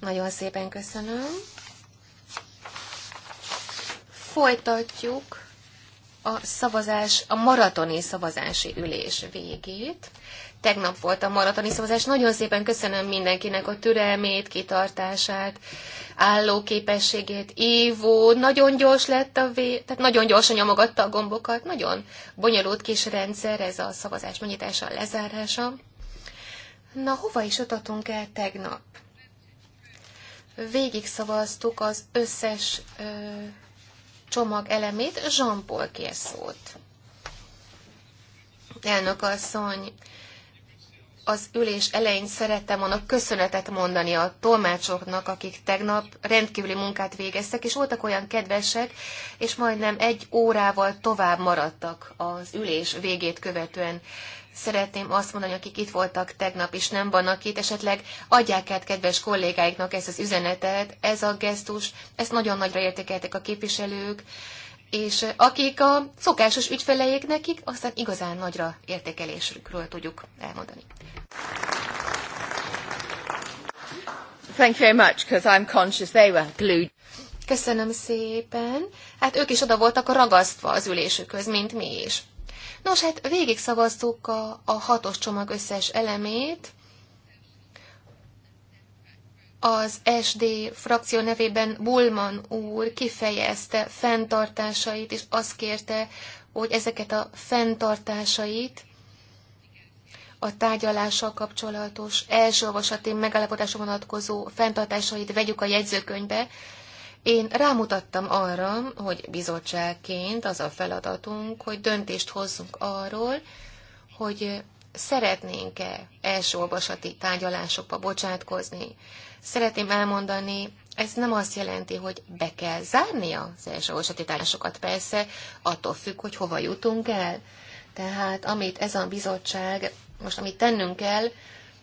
Nagyon szépen köszönöm. Folytatjuk a szavazás, a maratoni szavazási ülés végét. Tegnap volt a maratoni szavazás. Nagyon szépen köszönöm mindenkinek a türelmét, kitartását, állóképességét, ívó. Nagyon gyors lett a vé... tehát nagyon gyorsan nyomogatta a gombokat. Nagyon bonyolult kis rendszer ez a szavazás megnyitása, lezárása. Na, hova is utatunk el tegnap? végigszavaztuk az összes ö, csomag elemét. Jean-Paul kér szót. Elnök asszony, az ülés elején szerettem volna köszönetet mondani a tolmácsoknak, akik tegnap rendkívüli munkát végeztek, és voltak olyan kedvesek, és majdnem egy órával tovább maradtak az ülés végét követően szeretném azt mondani, akik itt voltak tegnap és nem vannak itt, esetleg adják át kedves kollégáiknak ezt az üzenetet, ez a gesztus, ezt nagyon nagyra értékeltek a képviselők, és akik a szokásos ügyfeleik nekik, aztán igazán nagyra értékelésükről tudjuk elmondani. Thank you very much, because I'm conscious they were glued. Köszönöm szépen. Hát ők is oda voltak ragasztva az ülésükhöz, mint mi is. Nos, hát végig szavaztuk a, a hatos csomag összes elemét. Az SD frakció nevében Bulman úr kifejezte fenntartásait, és azt kérte, hogy ezeket a fenntartásait a tárgyalással kapcsolatos első olvasati megállapodásra vonatkozó fenntartásait vegyük a jegyzőkönyvbe, én rámutattam arra, hogy bizottságként az a feladatunk, hogy döntést hozzunk arról, hogy szeretnénk-e első olvasati tárgyalásokba bocsátkozni. Szeretném elmondani, ez nem azt jelenti, hogy be kell zárni az első olvasati tárgyalásokat, persze, attól függ, hogy hova jutunk el. Tehát amit ez a bizottság, most amit tennünk kell,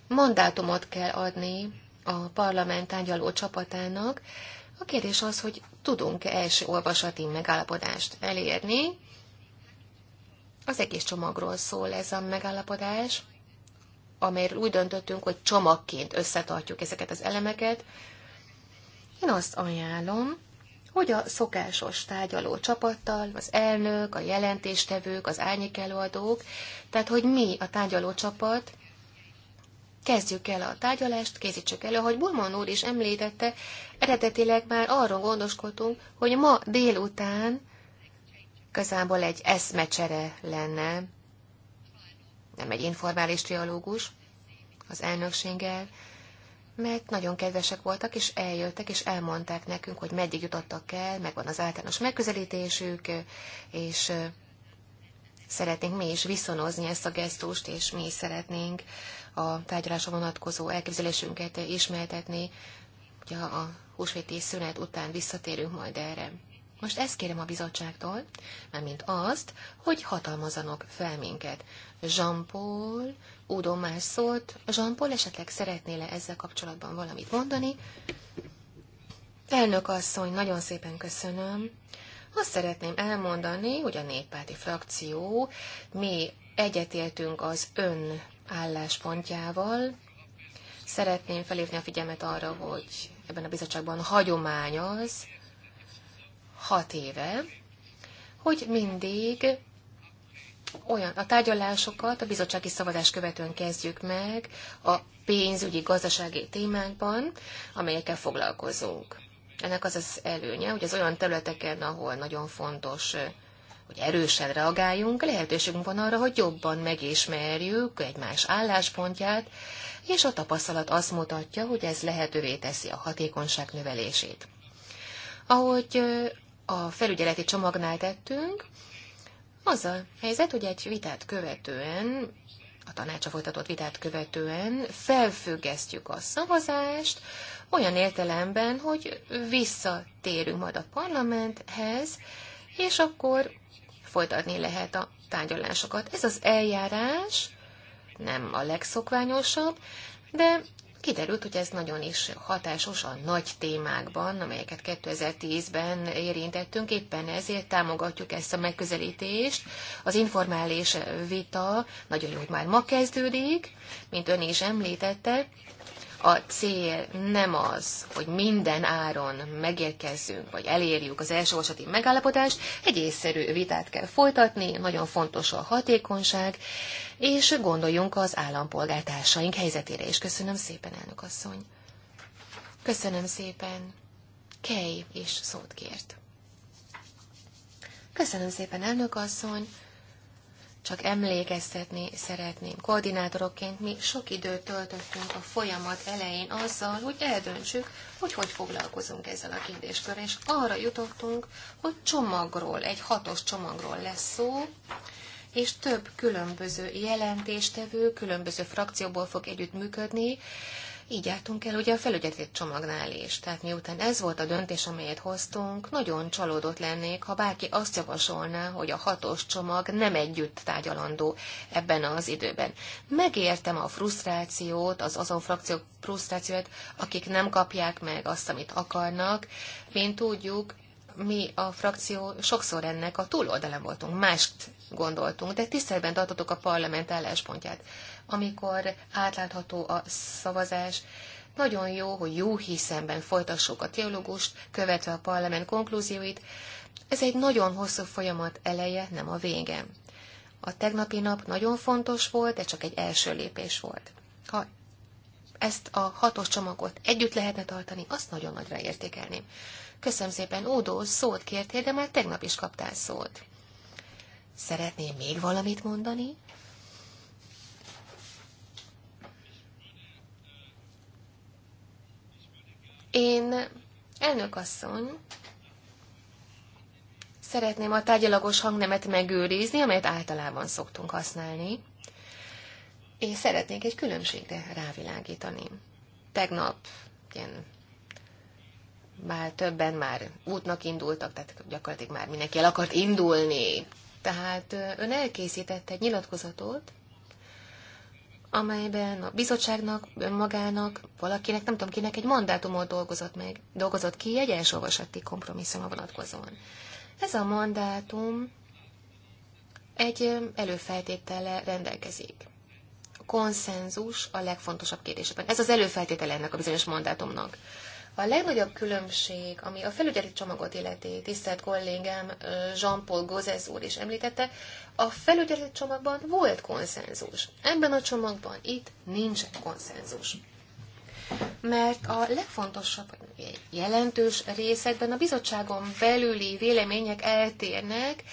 mandátumot kell adni a parlament tárgyaló csapatának, a kérdés az, hogy tudunk-e első olvasati megállapodást elérni. Az egész csomagról szól ez a megállapodás, amelyről úgy döntöttünk, hogy csomagként összetartjuk ezeket az elemeket. Én azt ajánlom, hogy a szokásos tárgyaló csapattal, az elnök, a jelentéstevők, az előadók, tehát hogy mi a tárgyaló csapat Kezdjük el a tárgyalást, készítsük elő, ahogy Burman úr is említette, eredetileg már arról gondoskodtunk, hogy ma délután igazából egy eszmecsere lenne, nem egy informális trialógus az elnökséggel, mert nagyon kedvesek voltak, és eljöttek, és elmondták nekünk, hogy meddig jutottak el, meg van az általános megközelítésük, és szeretnénk mi is viszonozni ezt a gesztust, és mi is szeretnénk a tárgyalásra vonatkozó elképzelésünket ismertetni, hogyha a húsvéti szünet után visszatérünk majd erre. Most ezt kérem a bizottságtól, mint azt, hogy hatalmazanok fel minket. Jean-Paul, Udo más szólt. Jean-Paul esetleg szeretnél-e ezzel kapcsolatban valamit mondani? Elnök asszony, nagyon szépen köszönöm. Azt szeretném elmondani, hogy a néppárti frakció, mi egyetértünk az ön álláspontjával. Szeretném felhívni a figyelmet arra, hogy ebben a bizottságban hagyomány az, hat éve, hogy mindig olyan, a tárgyalásokat a bizottsági szavazás követően kezdjük meg a pénzügyi, gazdasági témákban, amelyekkel foglalkozunk. Ennek az az előnye, hogy az olyan területeken, ahol nagyon fontos hogy erősen reagáljunk, lehetőségünk van arra, hogy jobban megismerjük egymás álláspontját, és a tapasztalat azt mutatja, hogy ez lehetővé teszi a hatékonyság növelését. Ahogy a felügyeleti csomagnál tettünk, az a helyzet, hogy egy vitát követően, a tanácsa folytatott vitát követően felfüggesztjük a szavazást, olyan értelemben, hogy visszatérünk majd a parlamenthez, és akkor folytatni lehet a tárgyalásokat. Ez az eljárás nem a legszokványosabb, de kiderült, hogy ez nagyon is hatásos a nagy témákban, amelyeket 2010-ben érintettünk, éppen ezért támogatjuk ezt a megközelítést. Az informális vita nagyon jó, hogy már ma kezdődik, mint ön is említette, a cél nem az, hogy minden áron megérkezzünk, vagy elérjük az első olvasati megállapodást, egy észszerű vitát kell folytatni, nagyon fontos a hatékonyság, és gondoljunk az állampolgártársaink helyzetére is. Köszönöm szépen, elnök asszony. Köszönöm szépen. Kej és szót kért. Köszönöm szépen, elnök asszony csak emlékeztetni szeretném. Koordinátorokként mi sok időt töltöttünk a folyamat elején azzal, hogy eldöntsük, hogy hogy foglalkozunk ezzel a kérdéskörrel, és arra jutottunk, hogy csomagról, egy hatos csomagról lesz szó, és több különböző jelentéstevő, különböző frakcióból fog együttműködni, így álltunk el ugye a felügyeleti csomagnál is. Tehát miután ez volt a döntés, amelyet hoztunk, nagyon csalódott lennék, ha bárki azt javasolná, hogy a hatos csomag nem együtt tárgyalandó ebben az időben. Megértem a frusztrációt, az azon frakciók frusztrációt, akik nem kapják meg azt, amit akarnak. Mint tudjuk, mi a frakció sokszor ennek a túloldalán voltunk, mást gondoltunk, de tiszteletben tartottuk a parlament álláspontját. Amikor átlátható a szavazás, nagyon jó, hogy jó hiszemben folytassuk a teológust, követve a parlament konklúzióit. Ez egy nagyon hosszú folyamat eleje, nem a vége. A tegnapi nap nagyon fontos volt, de csak egy első lépés volt. Ha ezt a hatos csomagot együtt lehetne tartani, azt nagyon nagyra értékelném. Köszönöm szépen, Ódó, szót kértél, de már tegnap is kaptál szót. Szeretnél még valamit mondani? Én, elnök asszony, szeretném a tárgyalagos hangnemet megőrizni, amelyet általában szoktunk használni, és szeretnék egy különbségre rávilágítani. Tegnap ilyen már többen már útnak indultak, tehát gyakorlatilag már mindenki el akart indulni. Tehát ön elkészítette egy nyilatkozatot, amelyben a bizottságnak, önmagának, valakinek, nem tudom kinek, egy mandátumot dolgozott meg, dolgozott ki egy elsolvasatti a vonatkozóan. Ez a mandátum egy előfeltétele rendelkezik. A konszenzus a legfontosabb kérdésben. Ez az előfeltétele ennek a bizonyos mandátumnak. A legnagyobb különbség, ami a felügyeleti csomagot illeti, tisztelt kollégám Jean-Paul Gozes úr is említette, a felügyeleti csomagban volt konszenzus. Ebben a csomagban itt nincs konszenzus. Mert a legfontosabb, jelentős részekben a bizottságon belüli vélemények eltérnek,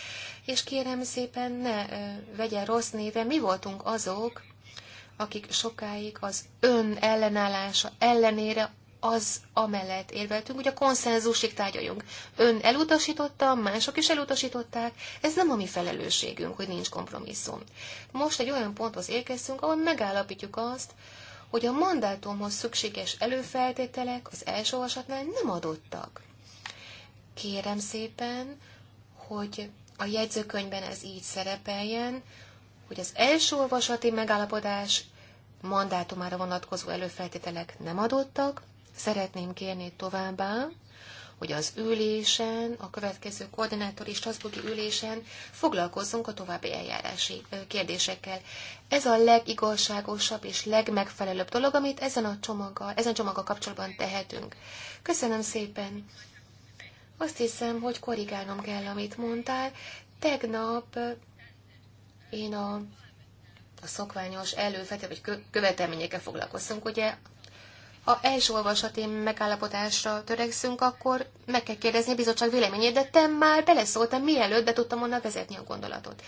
és kérem szépen ne vegye rossz néve, mi voltunk azok, akik sokáig az ön ellenállása ellenére az amellett érveltünk, hogy a konszenzusig tárgyaljunk. Ön elutasította, mások is elutasították, ez nem a mi felelősségünk, hogy nincs kompromisszum. Most egy olyan ponthoz érkeztünk, ahol megállapítjuk azt, hogy a mandátumhoz szükséges előfeltételek az első olvasatnál nem adottak. Kérem szépen, hogy a jegyzőkönyvben ez így szerepeljen, hogy az első olvasati megállapodás mandátumára vonatkozó előfeltételek nem adottak, Szeretném kérni továbbá, hogy az ülésen, a következő koordinátor és Strasburgi ülésen foglalkozzunk a további eljárási kérdésekkel. Ez a legigazságosabb és legmegfelelőbb dolog, amit ezen a csomaggal, ezen a csomaggal kapcsolatban tehetünk. Köszönöm szépen! Azt hiszem, hogy korrigálnom kell, amit mondtál. Tegnap én a a szokványos előfete vagy követelményekkel foglalkoztunk, ugye a első olvasati megállapodásra törekszünk, akkor meg kell kérdezni a bizottság véleményét, de te már beleszóltam, mielőtt be tudtam volna vezetni a gondolatot.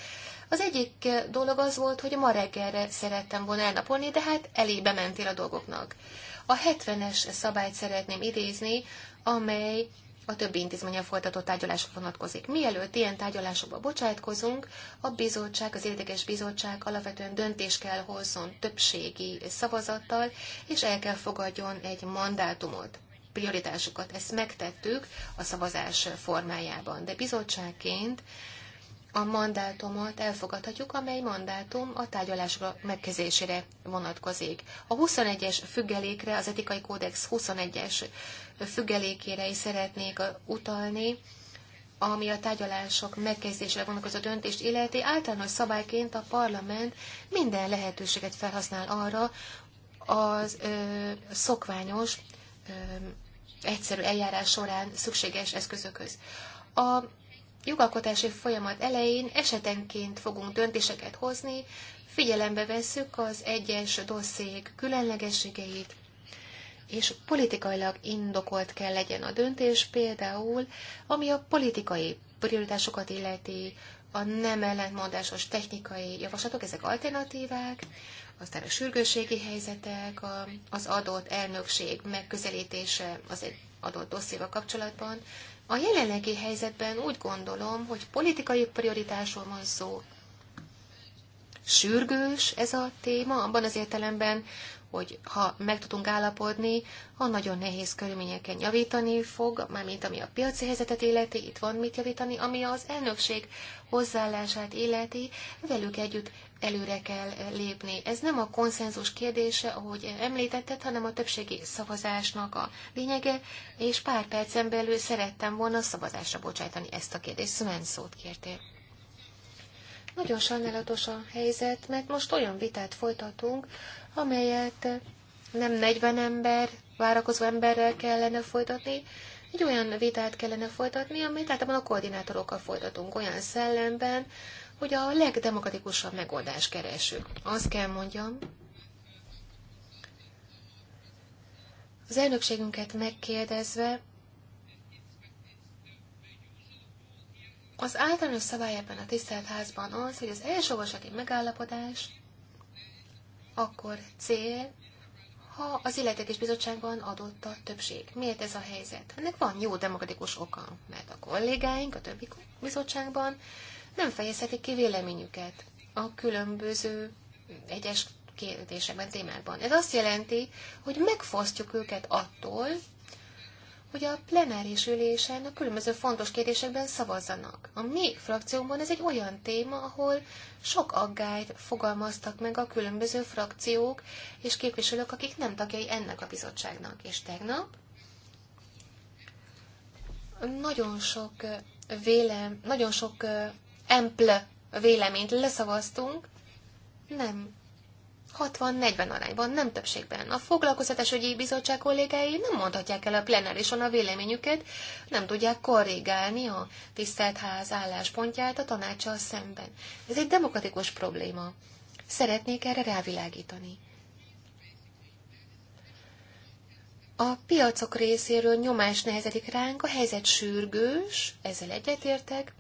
Az egyik dolog az volt, hogy ma reggelre szerettem volna elnapolni, de hát elébe mentél a dolgoknak. A 70-es szabályt szeretném idézni, amely a többi intézménye folytatott tárgyalásra vonatkozik. Mielőtt ilyen tárgyalásokba bocsátkozunk, a bizottság, az érdekes bizottság alapvetően döntés kell hozzon többségi szavazattal, és el kell fogadjon egy mandátumot prioritásokat. Ezt megtettük a szavazás formájában, de bizottságként a mandátumot elfogadhatjuk, amely mandátum a tárgyalásra megkezésére vonatkozik. A 21-es függelékre, az etikai kódex 21-es függelékére is szeretnék utalni, ami a tárgyalások megkezdésére vonatkozó döntést illeti, általános szabályként a parlament minden lehetőséget felhasznál arra, az ö, szokványos, ö, egyszerű eljárás során szükséges eszközökhöz. A jogalkotási folyamat elején esetenként fogunk döntéseket hozni, figyelembe vesszük az egyes dosszék különlegességeit, és politikailag indokolt kell legyen a döntés, például ami a politikai prioritásokat illeti, a nem ellentmondásos technikai javaslatok, ezek alternatívák, aztán a sürgősségi helyzetek, az adott elnökség megközelítése az egy adott dosszéval kapcsolatban, a jelenlegi helyzetben úgy gondolom, hogy politikai prioritásról van szó. Sürgős ez a téma, abban az értelemben, hogy ha meg tudunk állapodni, ha nagyon nehéz körülményeken javítani fog, mármint ami a piaci helyzetet illeti, itt van mit javítani, ami az elnökség hozzáállását illeti, velük együtt előre kell lépni. Ez nem a konszenzus kérdése, ahogy említetted, hanem a többségi szavazásnak a lényege, és pár percen belül szerettem volna szavazásra bocsájtani ezt a kérdést. Szóval szót kértél. Nagyon sajnálatos a helyzet, mert most olyan vitát folytatunk, amelyet nem 40 ember, várakozó emberrel kellene folytatni, egy olyan vitát kellene folytatni, amit általában a koordinátorokkal folytatunk olyan szellemben, hogy a legdemokratikusabb megoldást keresünk. Azt kell mondjam, az elnökségünket megkérdezve Az általános szabály ebben a tisztelt házban az, hogy az első olvasati megállapodás akkor cél, ha az illetékes bizottságban adott a többség. Miért ez a helyzet? Ennek van jó demokratikus oka, mert a kollégáink a többi bizottságban nem fejezhetik ki véleményüket a különböző egyes kérdésekben, témákban. Ez azt jelenti, hogy megfosztjuk őket attól, hogy a plenáris ülésen a különböző fontos kérdésekben szavazzanak. A mi frakciónkban ez egy olyan téma, ahol sok aggályt fogalmaztak meg a különböző frakciók és képviselők, akik nem tagjai ennek a bizottságnak. És tegnap nagyon sok vélem, nagyon sok emple véleményt leszavaztunk, nem 60-40 arányban, nem többségben. A foglalkoztatásügyi bizottság kollégái nem mondhatják el a plenárison a véleményüket, nem tudják korrigálni a tisztelt ház álláspontját a tanácssal szemben. Ez egy demokratikus probléma. Szeretnék erre rávilágítani. A piacok részéről nyomás nehezedik ránk, a helyzet sürgős, ezzel egyetértek.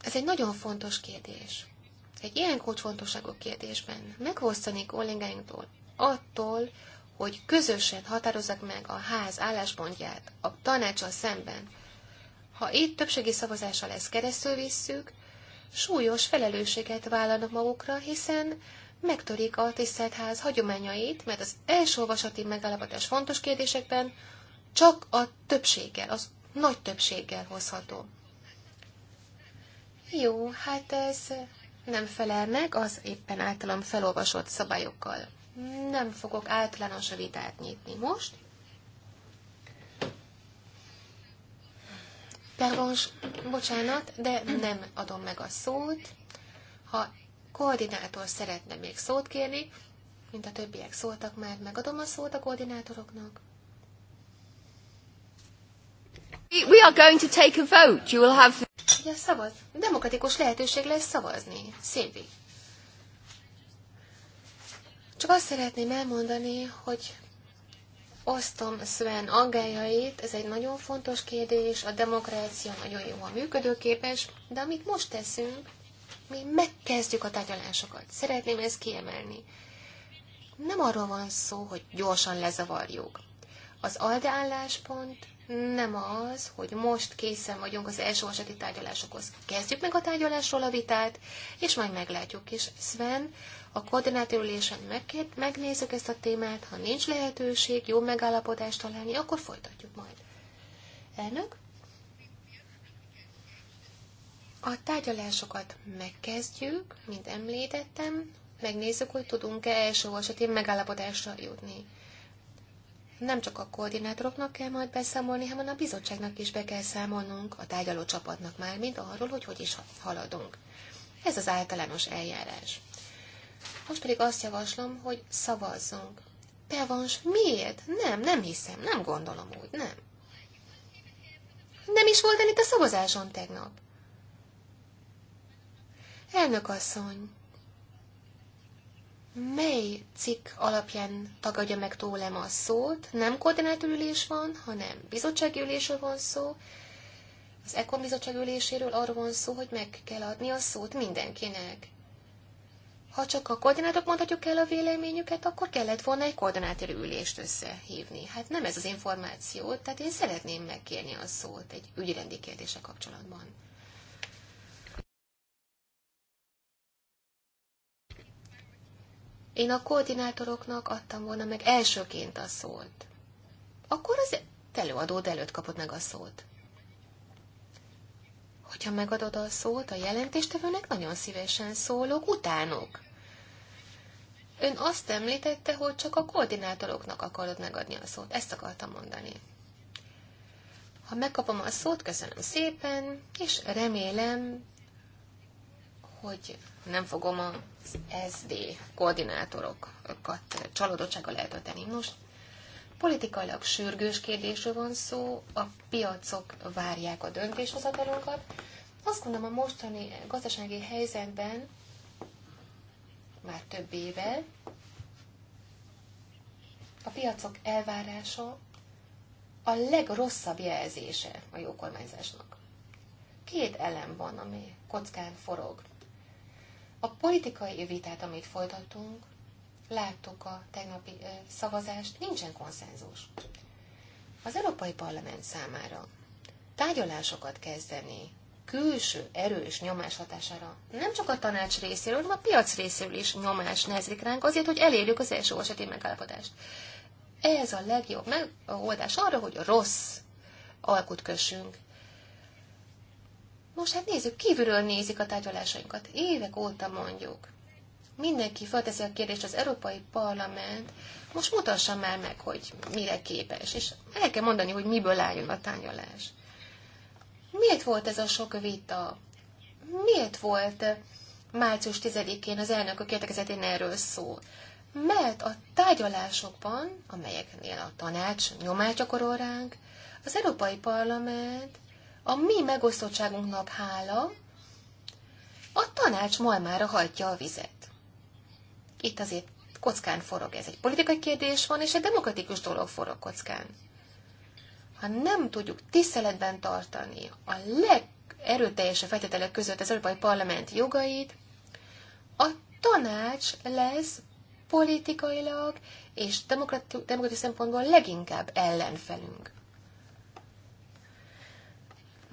Ez egy nagyon fontos kérdés egy ilyen kulcsfontosságú kérdésben meghosszanik Ollingerinktól attól, hogy közösen határozzak meg a ház álláspontját a tanácsal szemben. Ha itt többségi szavazással ezt keresztül visszük, súlyos felelősséget vállalnak magukra, hiszen megtörik a tisztelt ház hagyományait, mert az első olvasati megállapodás fontos kérdésekben csak a többséggel, az nagy többséggel hozható. Jó, hát ez nem felel meg az éppen általam felolvasott szabályokkal. Nem fogok általános a vitát nyitni most. Pervons, bocsánat, de nem adom meg a szót. Ha koordinátor szeretne még szót kérni, mint a többiek szóltak már, megadom a szót a koordinátoroknak. We are going to take a vote. You will have... Ja, szavaz. Demokratikus lehetőség lesz szavazni. Szilvi. Csak azt szeretném elmondani, hogy osztom Sven aggájait, ez egy nagyon fontos kérdés, a demokrácia nagyon jól működőképes, de amit most teszünk, mi megkezdjük a tárgyalásokat. Szeretném ezt kiemelni. Nem arról van szó, hogy gyorsan lezavarjuk. Az alde álláspont nem az, hogy most készen vagyunk az első vasati tárgyalásokhoz. Kezdjük meg a tárgyalásról a vitát, és majd meglátjuk is. Sven, a koordinátorülésen megnézzük ezt a témát, ha nincs lehetőség jó megállapodást találni, akkor folytatjuk majd. Elnök? A tárgyalásokat megkezdjük, mint említettem, megnézzük, hogy tudunk-e első olvasati megállapodásra jutni nem csak a koordinátoroknak kell majd beszámolni, hanem a bizottságnak is be kell számolnunk, a tárgyaló csapatnak már, mint arról, hogy hogy is haladunk. Ez az általános eljárás. Most pedig azt javaslom, hogy szavazzunk. Pevans, miért? Nem, nem hiszem, nem gondolom úgy, nem. Nem is volt itt a szavazáson tegnap. Elnök asszony, mely cikk alapján tagadja meg tólem a szót. Nem koordinátorülés van, hanem bizottsági ülésről van szó. Az ECOM bizottság üléséről arról van szó, hogy meg kell adni a szót mindenkinek. Ha csak a koordinátok mondhatjuk el a véleményüket, akkor kellett volna egy koordinátor ülést összehívni. Hát nem ez az információ, tehát én szeretném megkérni a szót egy ügyrendi kérdése kapcsolatban. Én a koordinátoroknak adtam volna meg elsőként a szót. Akkor az előadód előtt kapod meg a szót. Hogyha megadod a szót a jelentéstevőnek, nagyon szívesen szólok utánok. Ön azt említette, hogy csak a koordinátoroknak akarod megadni a szót. Ezt akartam mondani. Ha megkapom a szót, köszönöm szépen, és remélem hogy nem fogom az SD koordinátorokat lehet eltölteni. Most politikailag sürgős kérdésről van szó, a piacok várják a döntéshozatalunkat. Azt gondolom a mostani gazdasági helyzetben már több éve a piacok elvárása a legrosszabb jelzése a jó kormányzásnak. Két elem van, ami kockán forog. A politikai vitát, amit folytattunk, láttuk a tegnapi szavazást, nincsen konszenzus. Az Európai Parlament számára tárgyalásokat kezdeni külső erős nyomás hatására nem csak a tanács részéről, hanem a piac részéről is nyomás nehezik ránk azért, hogy elérjük az első olvasati megállapodást. Ez a legjobb megoldás arra, hogy rossz alkut kössünk, Nos, hát nézzük, kívülről nézik a tárgyalásainkat. Évek óta mondjuk. Mindenki felteszi a kérdést, az Európai Parlament most mutassa már meg, hogy mire képes, és el kell mondani, hogy miből álljon a tárgyalás. Miért volt ez a sok vita? Miért volt március 10-én az elnökök értekezetén erről szó? Mert a tárgyalásokban, amelyeknél a tanács nyomát gyakorol ránk, az Európai Parlament a mi megosztottságunknak hála, a tanács malmára hajtja a vizet. Itt azért kockán forog ez. Egy politikai kérdés van, és egy demokratikus dolog forog kockán. Ha nem tudjuk tiszteletben tartani a legerőteljesebb feltételek között az Európai Parlament jogait, a tanács lesz politikailag és demokrati, demokrati szempontból leginkább ellenfelünk.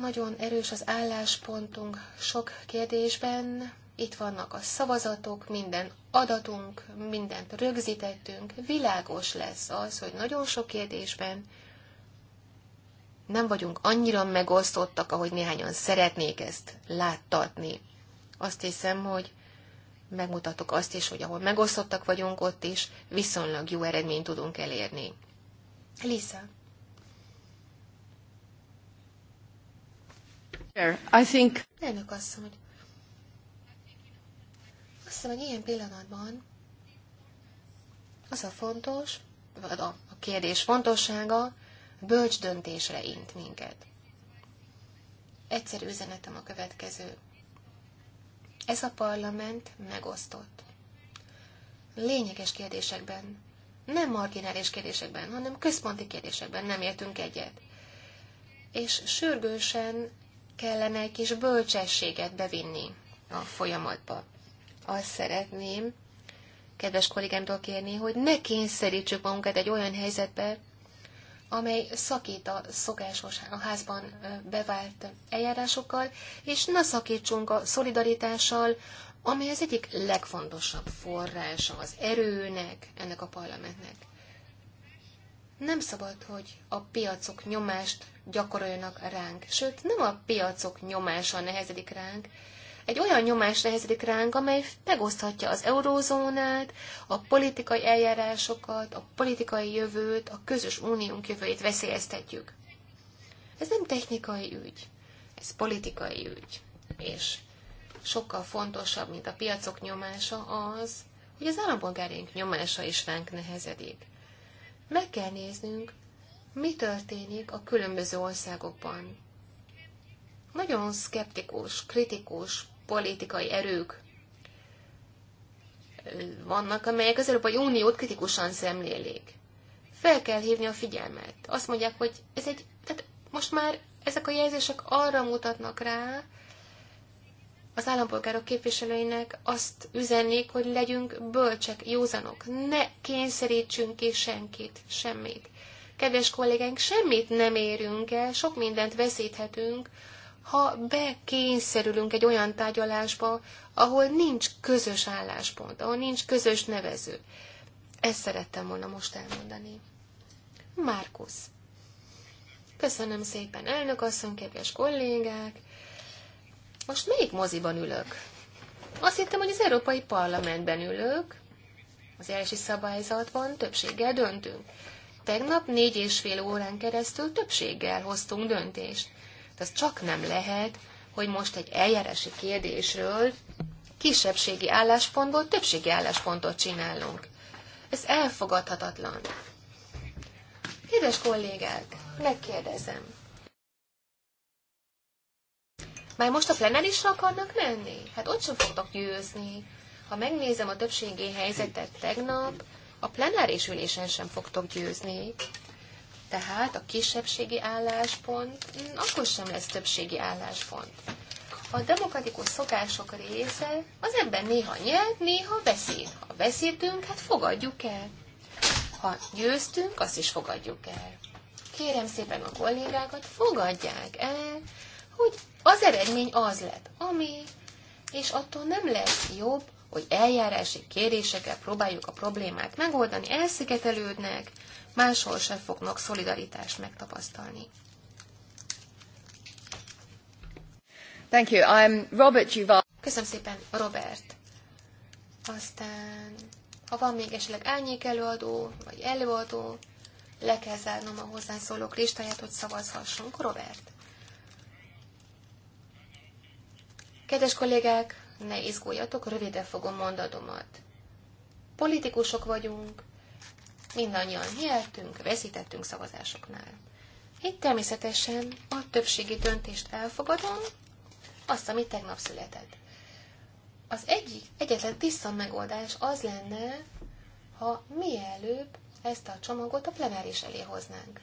Nagyon erős az álláspontunk sok kérdésben. Itt vannak a szavazatok, minden adatunk, mindent rögzítettünk. Világos lesz az, hogy nagyon sok kérdésben nem vagyunk annyira megosztottak, ahogy néhányan szeretnék ezt láttatni. Azt hiszem, hogy megmutatok azt is, hogy ahol megosztottak vagyunk, ott is viszonylag jó eredményt tudunk elérni. Lisa. Elnök asszony. Azt hiszem, hogy ilyen pillanatban az a fontos, vagy a kérdés fontossága, bölcs döntésre int minket. Egyszerű üzenetem a következő. Ez a parlament megosztott. Lényeges kérdésekben, nem marginális kérdésekben, hanem központi kérdésekben nem értünk egyet. És sürgősen kellene egy kis bölcsességet bevinni a folyamatba. Azt szeretném kedves kollégámtól kérni, hogy ne kényszerítsük magunkat egy olyan helyzetbe, amely szakít a szokásos a házban bevált eljárásokkal, és ne szakítsunk a szolidaritással, amely az egyik legfontosabb forrása az erőnek, ennek a parlamentnek. Nem szabad, hogy a piacok nyomást gyakoroljanak ránk. Sőt, nem a piacok nyomása nehezedik ránk. Egy olyan nyomás nehezedik ránk, amely megoszthatja az eurózónát, a politikai eljárásokat, a politikai jövőt, a közös uniónk jövőjét veszélyeztetjük. Ez nem technikai ügy, ez politikai ügy. És sokkal fontosabb, mint a piacok nyomása az, hogy az állampolgáraink nyomása is ránk nehezedik. Meg kell néznünk, mi történik a különböző országokban. Nagyon szkeptikus, kritikus politikai erők vannak, amelyek az Európai Uniót kritikusan szemlélik. Fel kell hívni a figyelmet. Azt mondják, hogy ez egy, tehát most már ezek a jelzések arra mutatnak rá, az állampolgárok képviselőinek azt üzennék, hogy legyünk bölcsek, józanok. Ne kényszerítsünk ki senkit, semmit. Kedves kollégánk, semmit nem érünk el, sok mindent veszíthetünk, ha bekényszerülünk egy olyan tárgyalásba, ahol nincs közös álláspont, ahol nincs közös nevező. Ezt szerettem volna most elmondani. Márkusz. Köszönöm szépen, elnök asszony, kedves kollégák! Most melyik moziban ülök? Azt hittem, hogy az Európai Parlamentben ülök. Az első szabályzatban többséggel döntünk. Tegnap négy és fél órán keresztül többséggel hoztunk döntést. De az csak nem lehet, hogy most egy eljárási kérdésről kisebbségi álláspontból többségi álláspontot csinálunk. Ez elfogadhatatlan. Kedves kollégák, megkérdezem, már most a plenárisra akarnak menni? Hát ott sem fogtok győzni. Ha megnézem a többségi helyzetet tegnap, a plenáris ülésen sem fogtok győzni. Tehát a kisebbségi álláspont mm, akkor sem lesz többségi álláspont. A demokratikus szokások része, az ebben néha nyert, néha beszéd. Ha beszéltünk, hát fogadjuk el. Ha győztünk, azt is fogadjuk el. Kérem szépen a kollégákat, fogadják el hogy az eredmény az lett, ami, és attól nem lesz jobb, hogy eljárási kérésekkel próbáljuk a problémát megoldani, elszigetelődnek, máshol sem fognak szolidaritást megtapasztalni. Thank you. I'm Robert Duval. Köszönöm szépen, Robert. Aztán, ha van még esetleg elnyék előadó, vagy előadó, le kell zárnom a hozzászólók listáját, hogy szavazhassunk. Robert. Kedves kollégák, ne izguljatok, röviden fogom mondatomat. Politikusok vagyunk, mindannyian nyertünk, veszítettünk szavazásoknál. Itt természetesen a többségi döntést elfogadom, azt, ami tegnap született. Az egyik, egyetlen tiszta megoldás az lenne, ha mielőbb ezt a csomagot a plenáris elé hoznánk.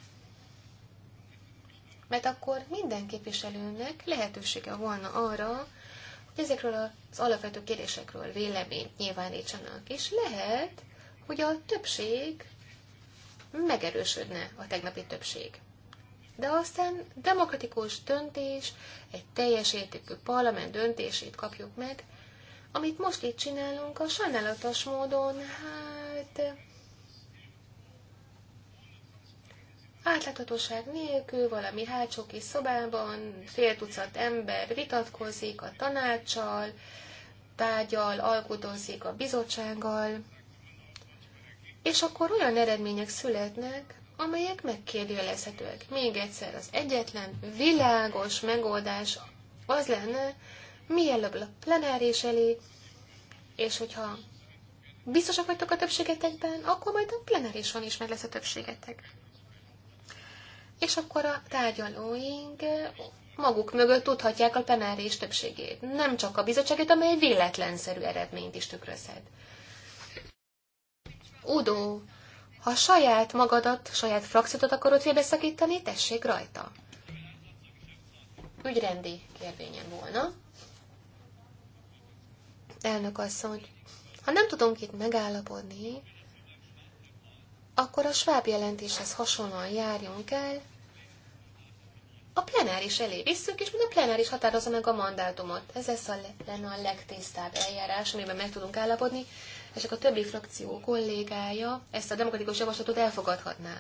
Mert akkor minden képviselőnek lehetősége volna arra, ezekről az alapvető kérdésekről véleményt nyilvánítsanak, és lehet, hogy a többség megerősödne a tegnapi többség. De aztán demokratikus döntés, egy teljes értékű parlament döntését kapjuk meg, amit most itt csinálunk, a sajnálatos módon, hát átláthatóság nélkül valami hátsó kis szobában fél tucat ember vitatkozik a tanácsal, tárgyal, alkudozik a bizottsággal, és akkor olyan eredmények születnek, amelyek megkérdőjelezhetőek. Még egyszer az egyetlen világos megoldás az lenne, mielőbb a plenáris elé, és hogyha biztosak vagytok a többségetekben, akkor majd a plenárison is meg lesz a többségetek és akkor a tárgyalóink maguk mögött tudhatják a plenáris többségét. Nem csak a bizottságét, amely véletlenszerű eredményt is tükrözhet. Udo, ha saját magadat, saját frakciót akarod félbeszakítani, tessék rajta. Ügyrendi kérvényen volna. Elnök asszony, ha nem tudunk itt megállapodni, akkor a sváb jelentéshez hasonlóan járjunk el, a plenáris elé visszük, és mind a plenáris határozza meg a mandátumot. Ez lesz a, lenne a legtisztább eljárás, amiben meg tudunk állapodni, és akkor a többi frakció kollégája ezt a demokratikus javaslatot elfogadhatná.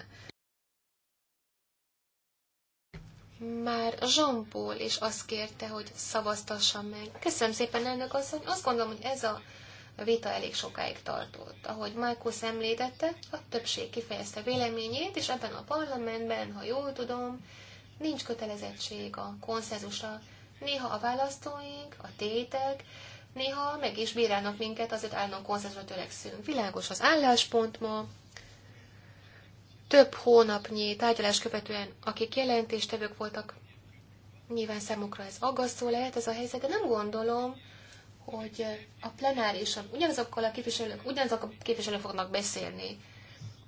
Már Jean-Paul is azt kérte, hogy szavaztassam meg. Köszönöm szépen, elnök asszony. Azt gondolom, hogy ez a a vita elég sokáig tartott. Ahogy Michael említette, a többség kifejezte véleményét, és ebben a parlamentben, ha jól tudom, nincs kötelezettség a konszenzusra. Néha a választóink, a tétek, néha meg is bírálnak minket, azért állandóan konszenzusra törekszünk. Világos az álláspont ma, több hónapnyi tárgyalás követően, akik jelentéstevők voltak, nyilván számukra ez aggasztó lehet ez a helyzet, de nem gondolom, hogy a plenárison ugyanazokkal a képviselők, ugyanazok a képviselők fognak beszélni.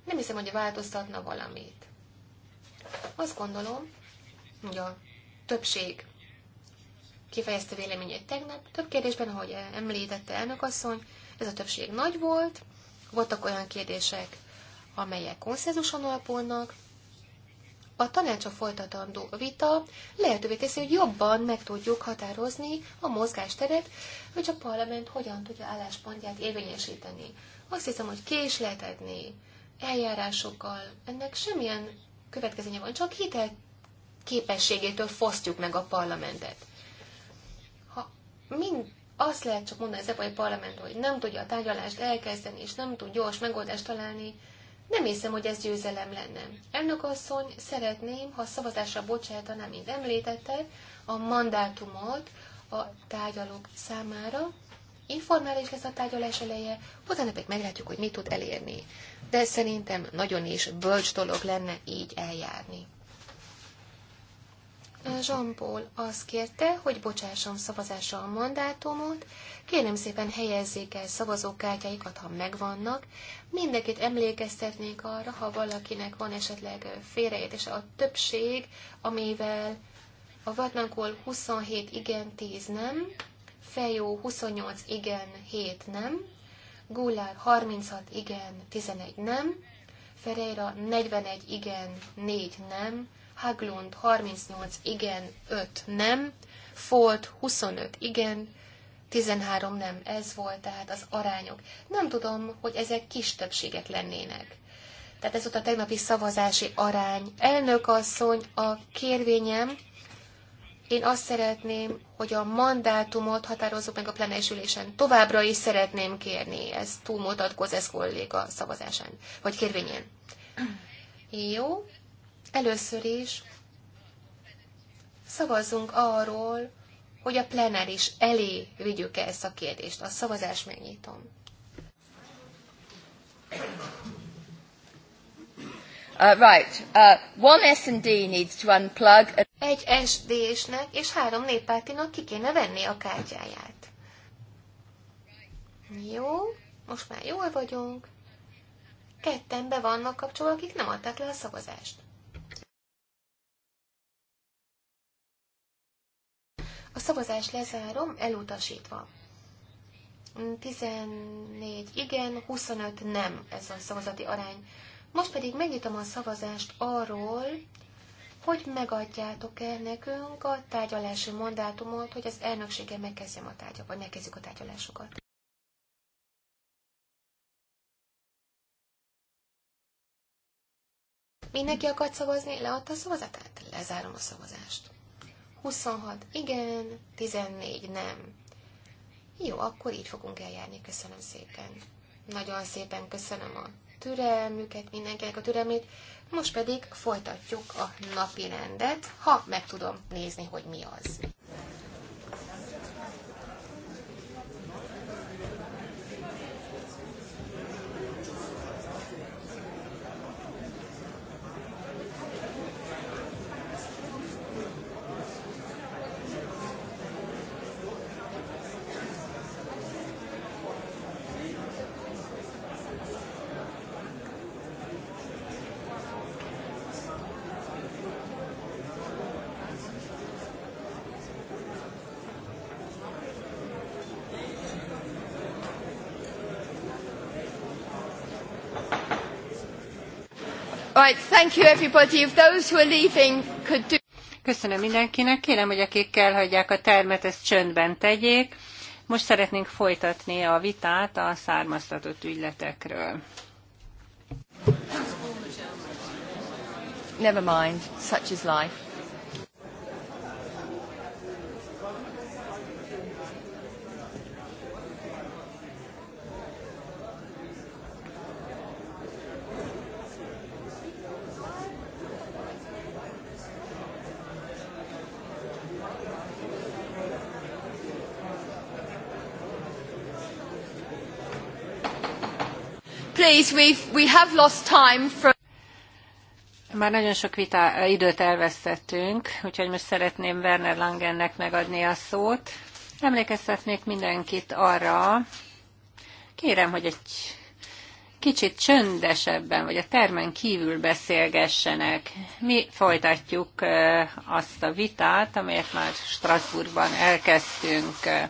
Nem hiszem, hogy változtatna valamit. Azt gondolom, hogy a többség kifejezte véleményét tegnap. Több kérdésben, ahogy említette asszony, ez a többség nagy volt. Voltak olyan kérdések, amelyek konszenzuson alapulnak, a tanácsa folytatandó vita lehetővé teszi, hogy jobban meg tudjuk határozni a mozgásteret, hogy a parlament hogyan tudja álláspontját érvényesíteni. Azt hiszem, hogy késletedni eljárásokkal ennek semmilyen következménye van, csak hitel képességétől fosztjuk meg a parlamentet. Ha mind azt lehet csak mondani az Európai Parlament, hogy nem tudja a tárgyalást elkezdeni, és nem tud gyors megoldást találni, nem hiszem, hogy ez győzelem lenne. Elnök asszony, szeretném, ha szavazásra bocsájtaná, mint említette, a mandátumot a tárgyalók számára. Informális lesz a tárgyalás eleje, utána pedig meglátjuk, hogy mit tud elérni. De szerintem nagyon is bölcs dolog lenne így eljárni. Jean-Paul azt kérte, hogy bocsássam szavazásra a mandátumot, kérem szépen helyezzék el szavazókártyáikat, ha megvannak. Mindenkit emlékeztetnék arra, ha valakinek van esetleg félreértése a többség, amivel a Vatnankol 27 igen, 10 nem, Fejó 28 igen, 7 nem, Gullár 36 igen, 11 nem, Ferreira 41 igen, 4 nem, Haglund 38 igen, 5 nem, Ford 25 igen, 13 nem. Ez volt tehát az arányok. Nem tudom, hogy ezek kis többségek lennének. Tehát ez volt a tegnapi szavazási arány. Elnök asszony, a kérvényem, én azt szeretném, hogy a mandátumot határozzuk meg a plenésülésen. Továbbra is szeretném kérni, ez túlmutatkoz ez kolléga szavazásán, vagy kérvényén. Jó, Először is szavazzunk arról, hogy a plenáris elé vigyük -e ezt a kérdést. A szavazás megnyitom. Uh, right. Uh, one S&D needs to unplug. Egy SD-snek és három néppártinak ki kéne venni a kártyáját. Jó, most már jól vagyunk. Ketten be vannak kapcsolva, akik nem adták le a szavazást. A szavazás lezárom, elutasítva. 14 igen, 25 nem ez a szavazati arány. Most pedig megnyitom a szavazást arról, hogy megadjátok-e nekünk a tárgyalási mandátumot, hogy az elnökséggel megkezdjem a tárgyat, vagy megkezdjük a tárgyalásokat. Mindenki akart szavazni, leadta a szavazatát? Lezárom a szavazást. 26 igen, 14 nem. Jó, akkor így fogunk eljárni. Köszönöm szépen. Nagyon szépen köszönöm a türelmüket, mindenkinek a türelmét. Most pedig folytatjuk a napi rendet, ha meg tudom nézni, hogy mi az. Right, thank you everybody. If those who are leaving could do... Köszönöm mindenkinek. Kérem, hogy akik elhagyják a termet, ezt csöndben tegyék. Most szeretnénk folytatni a vitát a származtatott ügyletekről. Never mind, such is life. Már nagyon sok vita, eh, időt elvesztettünk, úgyhogy most szeretném Werner Langennek megadni a szót. Emlékeztetnék mindenkit arra, kérem, hogy egy kicsit csöndesebben, vagy a termen kívül beszélgessenek. Mi folytatjuk eh, azt a vitát, amelyet már Strasbourgban elkezdtünk. Eh,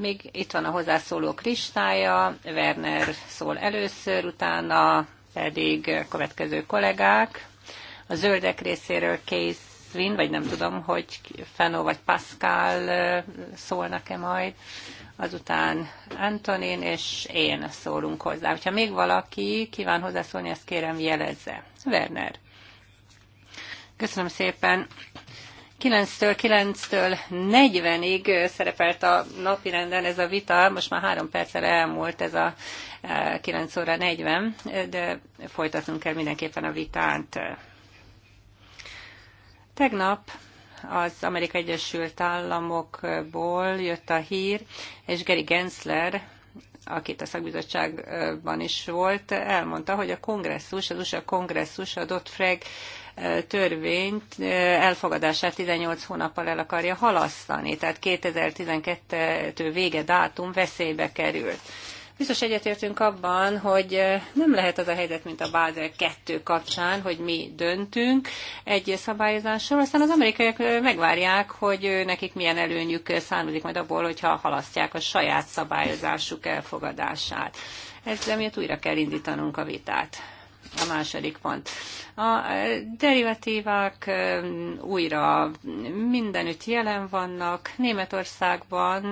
még itt van a hozzászóló kristálya, Werner szól először, utána pedig következő kollégák. A zöldek részéről Készvin, vagy nem tudom, hogy Fenó vagy Pascal szólnak-e majd, azután Antonin és én szólunk hozzá. Ha még valaki kíván hozzászólni, ezt kérem jelezze. Werner. Köszönöm szépen. 9-től 9-től 40-ig szerepelt a napirenden ez a vita, most már három perccel elmúlt ez a 9 óra 40, de folytatnunk kell mindenképpen a vitát. Tegnap az Amerikai Egyesült Államokból jött a hír, és Gary Gensler, akit a szakbizottságban is volt, elmondta, hogy a kongresszus, az USA kongresszus a Dodd-Frank törvényt elfogadását 18 hónappal el akarja halasztani, tehát 2012 vége dátum veszélybe került. Biztos egyetértünk abban, hogy nem lehet az a helyzet, mint a Bázel 2 kapcsán, hogy mi döntünk egy szabályozásról, aztán az amerikaiak megvárják, hogy nekik milyen előnyük származik majd abból, hogyha halasztják a saját szabályozásuk elfogadását. Ezzel miatt újra kell indítanunk a vitát a második pont. A derivatívák újra mindenütt jelen vannak. Németországban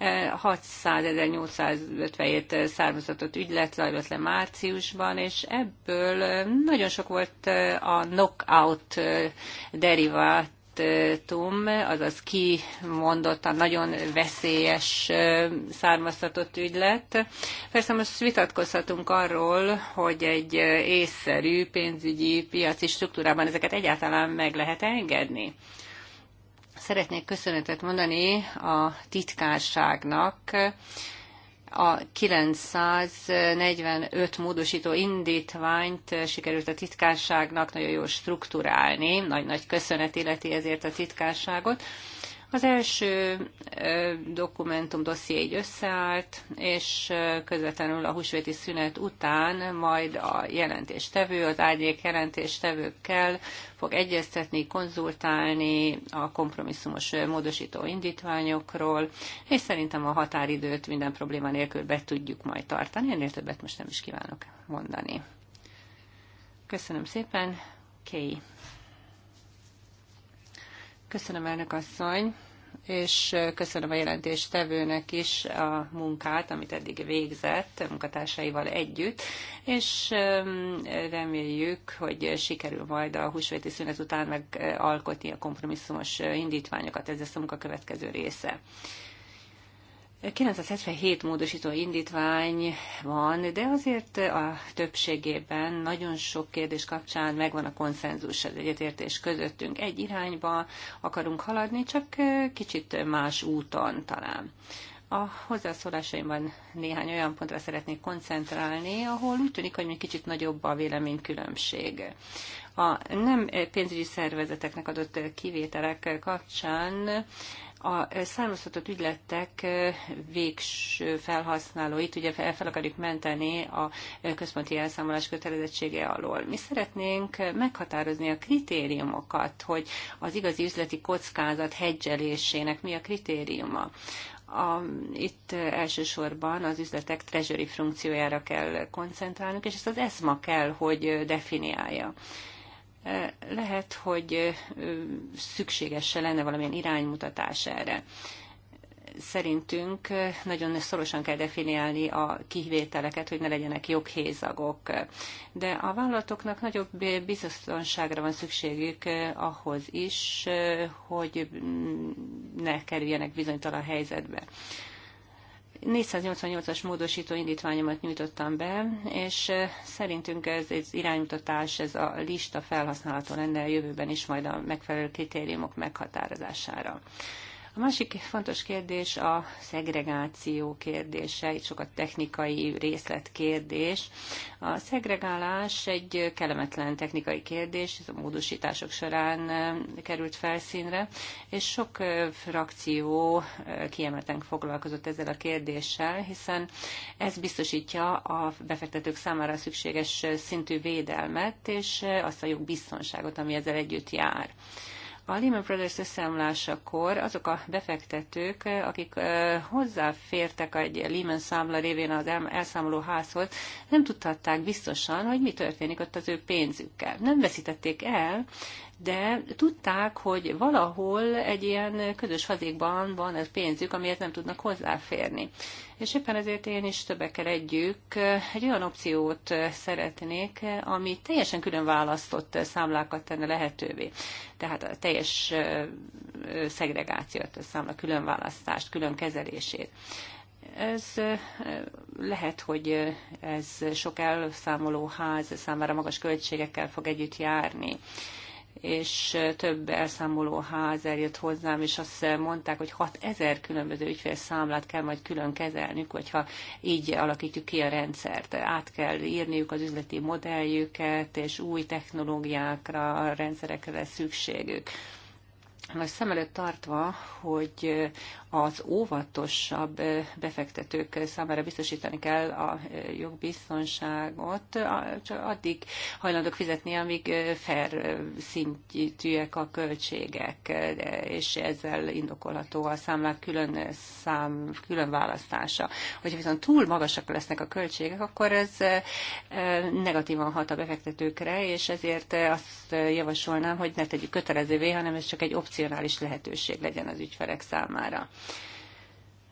600.857 származatot ügylet zajlott le márciusban, és ebből nagyon sok volt a knockout derivát mandátum, azaz kimondottan nagyon veszélyes származtatott ügylet. Persze most vitatkozhatunk arról, hogy egy észszerű pénzügyi piaci struktúrában ezeket egyáltalán meg lehet engedni. Szeretnék köszönetet mondani a titkárságnak, a 945 módosító indítványt sikerült a titkárságnak nagyon jól struktúrálni, nagy-nagy köszönet illeti ezért a titkárságot. Az első dokumentum dosszié így összeállt, és közvetlenül a húsvéti szünet után majd a jelentéstevő, az árnyék jelentéstevőkkel fog egyeztetni, konzultálni a kompromisszumos módosító indítványokról, és szerintem a határidőt minden probléma nélkül be tudjuk majd tartani. Ennél többet most nem is kívánok mondani. Köszönöm szépen, Kay. Köszönöm, elnök asszony és köszönöm a jelentéstevőnek is a munkát, amit eddig végzett munkatársaival együtt, és reméljük, hogy sikerül majd a húsvéti szünet után megalkotni a kompromisszumos indítványokat. Ez lesz a munka következő része. 977 módosító indítvány van, de azért a többségében nagyon sok kérdés kapcsán megvan a konszenzus az egyetértés közöttünk. Egy irányba akarunk haladni, csak kicsit más úton talán. A hozzászólásaimban néhány olyan pontra szeretnék koncentrálni, ahol úgy tűnik, hogy még kicsit nagyobb a véleménykülönbség. A nem pénzügyi szervezeteknek adott kivételek kapcsán a származtatott ügyletek végső felhasználóit ugye fel akarjuk menteni a központi elszámolás kötelezettsége alól. Mi szeretnénk meghatározni a kritériumokat, hogy az igazi üzleti kockázat hedzselésének mi a kritériuma. A, itt elsősorban az üzletek treasury funkciójára kell koncentrálnunk, és ezt az ESMA kell, hogy definiálja. Lehet, hogy szükséges se lenne valamilyen iránymutatás erre szerintünk nagyon szorosan kell definiálni a kivételeket, hogy ne legyenek joghézagok. De a vállalatoknak nagyobb biztonságra van szükségük ahhoz is, hogy mm, ne kerüljenek bizonytalan helyzetbe. 488-as módosító indítványomat nyújtottam be, és szerintünk ez egy iránymutatás, ez a lista felhasználható lenne a jövőben is majd a megfelelő kritériumok meghatározására. A másik fontos kérdés a szegregáció kérdése, itt sokat technikai részlet kérdés. A szegregálás egy kellemetlen technikai kérdés, ez a módosítások során eh, került felszínre, és sok eh, frakció eh, kiemelten foglalkozott ezzel a kérdéssel, hiszen ez biztosítja a befektetők számára szükséges szintű védelmet, és azt a jogbiztonságot, ami ezzel együtt jár. A Lehman Brothers összeomlásakor azok a befektetők, akik hozzáfértek egy Lehman számla révén az elszámoló házhoz, nem tudhatták biztosan, hogy mi történik ott az ő pénzükkel. Nem veszítették el, de tudták, hogy valahol egy ilyen közös fazékban van ez pénzük, amiért nem tudnak hozzáférni. És éppen ezért én is többekkel együtt egy olyan opciót szeretnék, ami teljesen külön választott számlákat tenne lehetővé. Tehát a teljes szegregációt, a számla különválasztást, külön kezelését. Ez lehet, hogy ez sok elszámoló ház számára magas költségekkel fog együtt járni és több ház eljött hozzám, és azt mondták, hogy 6000 különböző ügyfélszámlát kell majd külön kezelnünk, hogyha így alakítjuk ki a rendszert. Át kell írniuk az üzleti modelljüket, és új technológiákra, rendszerekre lesz szükségük vagy szem előtt tartva, hogy az óvatosabb befektetők számára biztosítani kell a jogbiztonságot, csak addig hajlandók fizetni, amíg fair szintűek a költségek, és ezzel indokolható a számlák külön, szám, külön választása. Hogyha viszont túl magasak lesznek a költségek, akkor ez e, negatívan hat a befektetőkre, és ezért azt javasolnám, hogy ne tegyük kötelezővé, hanem ez csak egy opció opcionális lehetőség legyen az ügyfelek számára.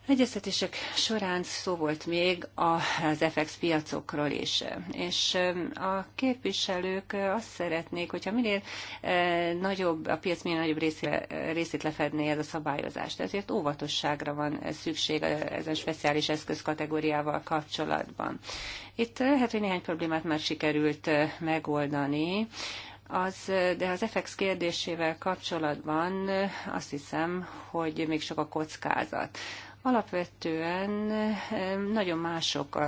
Egyeztetések során szó volt még az FX piacokról is, és a képviselők azt szeretnék, hogyha minél nagyobb, a piac minél nagyobb részét lefedné ez a szabályozást, Ezért óvatosságra van szükség ezen speciális eszközkategóriával kapcsolatban. Itt lehet, hogy néhány problémát már sikerült megoldani, az, de az FX kérdésével kapcsolatban azt hiszem, hogy még sok a kockázat. Alapvetően nagyon mások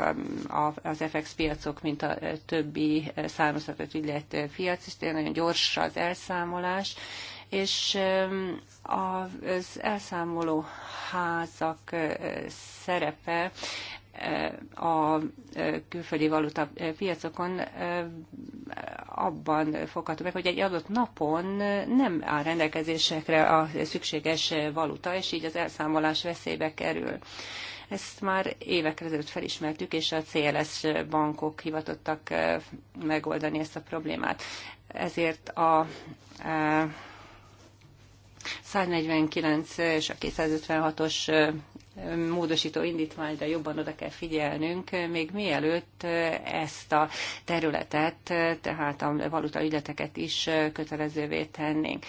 az FX piacok, mint a e, többi e, származtatott ügylet e, piac, és nagyon gyors az elszámolás, és az elszámoló házak szerepe a külföldi valuta piacokon abban fogható meg, hogy egy adott napon nem áll rendelkezésekre a szükséges valuta, és így az elszámolás veszélybe kerül. Ezt már évekre ezelőtt felismertük, és a CLS bankok hivatottak megoldani ezt a problémát. Ezért a 149 és a 256-os módosító indítványra jobban oda kell figyelnünk, még mielőtt ezt a területet, tehát a valuta ügyleteket is kötelezővé tennénk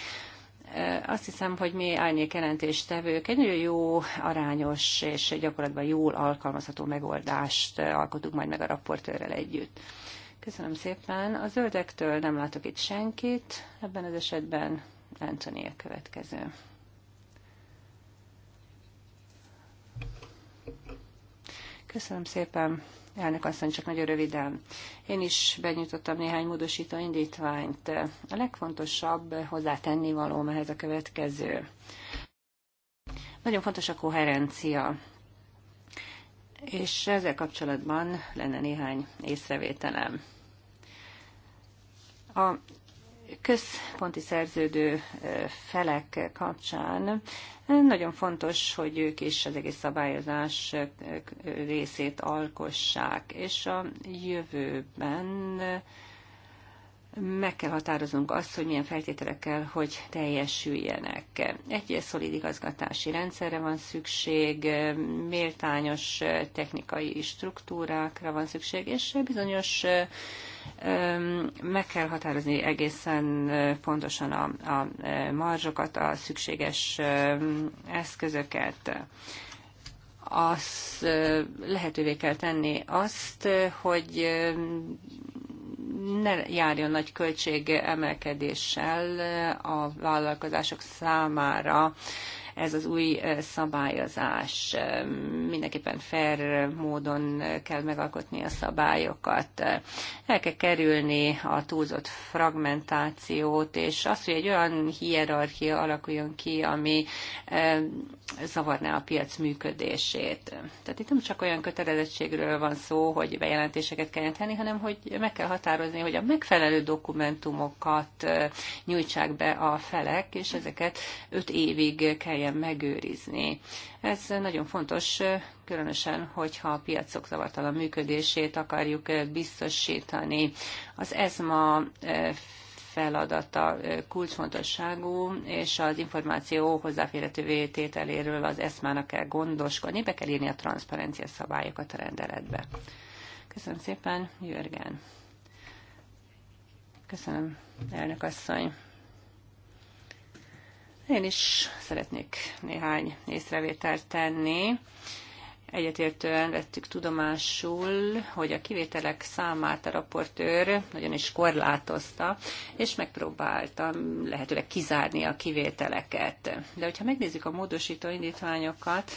azt hiszem, hogy mi árnyék jelentéstevők egy nagyon jó, arányos és gyakorlatban jól alkalmazható megoldást alkotunk majd meg a raportőrrel együtt. Köszönöm szépen. A zöldektől nem látok itt senkit, ebben az esetben a következő. Köszönöm szépen. Elnök asszony, csak nagyon röviden. Én is benyújtottam néhány módosító indítványt. A legfontosabb hozzátenni való ehhez a következő. Nagyon fontos a koherencia. És ezzel kapcsolatban lenne néhány észrevételem. A központi szerződő felek kapcsán nagyon fontos, hogy ők is az egész szabályozás részét alkossák, és a jövőben meg kell határoznunk azt, hogy milyen feltételekkel, hogy teljesüljenek. Egy szolid igazgatási rendszerre van szükség, méltányos technikai struktúrákra van szükség, és bizonyos meg kell határozni egészen pontosan a, a marzsokat, a szükséges eszközöket. Az lehetővé kell tenni azt, hogy ne járjon nagy költség emelkedéssel a vállalkozások számára ez az új szabályozás. Mindenképpen fair módon kell megalkotni a szabályokat. El kell kerülni a túlzott fragmentációt, és azt, hogy egy olyan hierarchia alakuljon ki, ami zavarná a piac működését. Tehát itt nem csak olyan kötelezettségről van szó, hogy bejelentéseket kell tenni, hanem hogy meg kell határozni, hogy a megfelelő dokumentumokat nyújtsák be a felek, és ezeket öt évig kell kelljen megőrizni. Ez nagyon fontos, különösen, hogyha a piacok zavartalan működését akarjuk eh, biztosítani. Az ESMA eh, feladata eh, kulcsfontosságú, és az információ hozzáférhetővé tételéről az eszmának kell gondoskodni, be kell írni a transzparencia szabályokat a rendeletbe. Köszönöm szépen, Jürgen. Köszönöm, elnök asszony. Én is szeretnék néhány észrevételt tenni. Egyetértően vettük tudomásul, hogy a kivételek számát a raportőr nagyon is korlátozta, és megpróbáltam lehetőleg kizárni a kivételeket. De hogyha megnézzük a módosító indítványokat,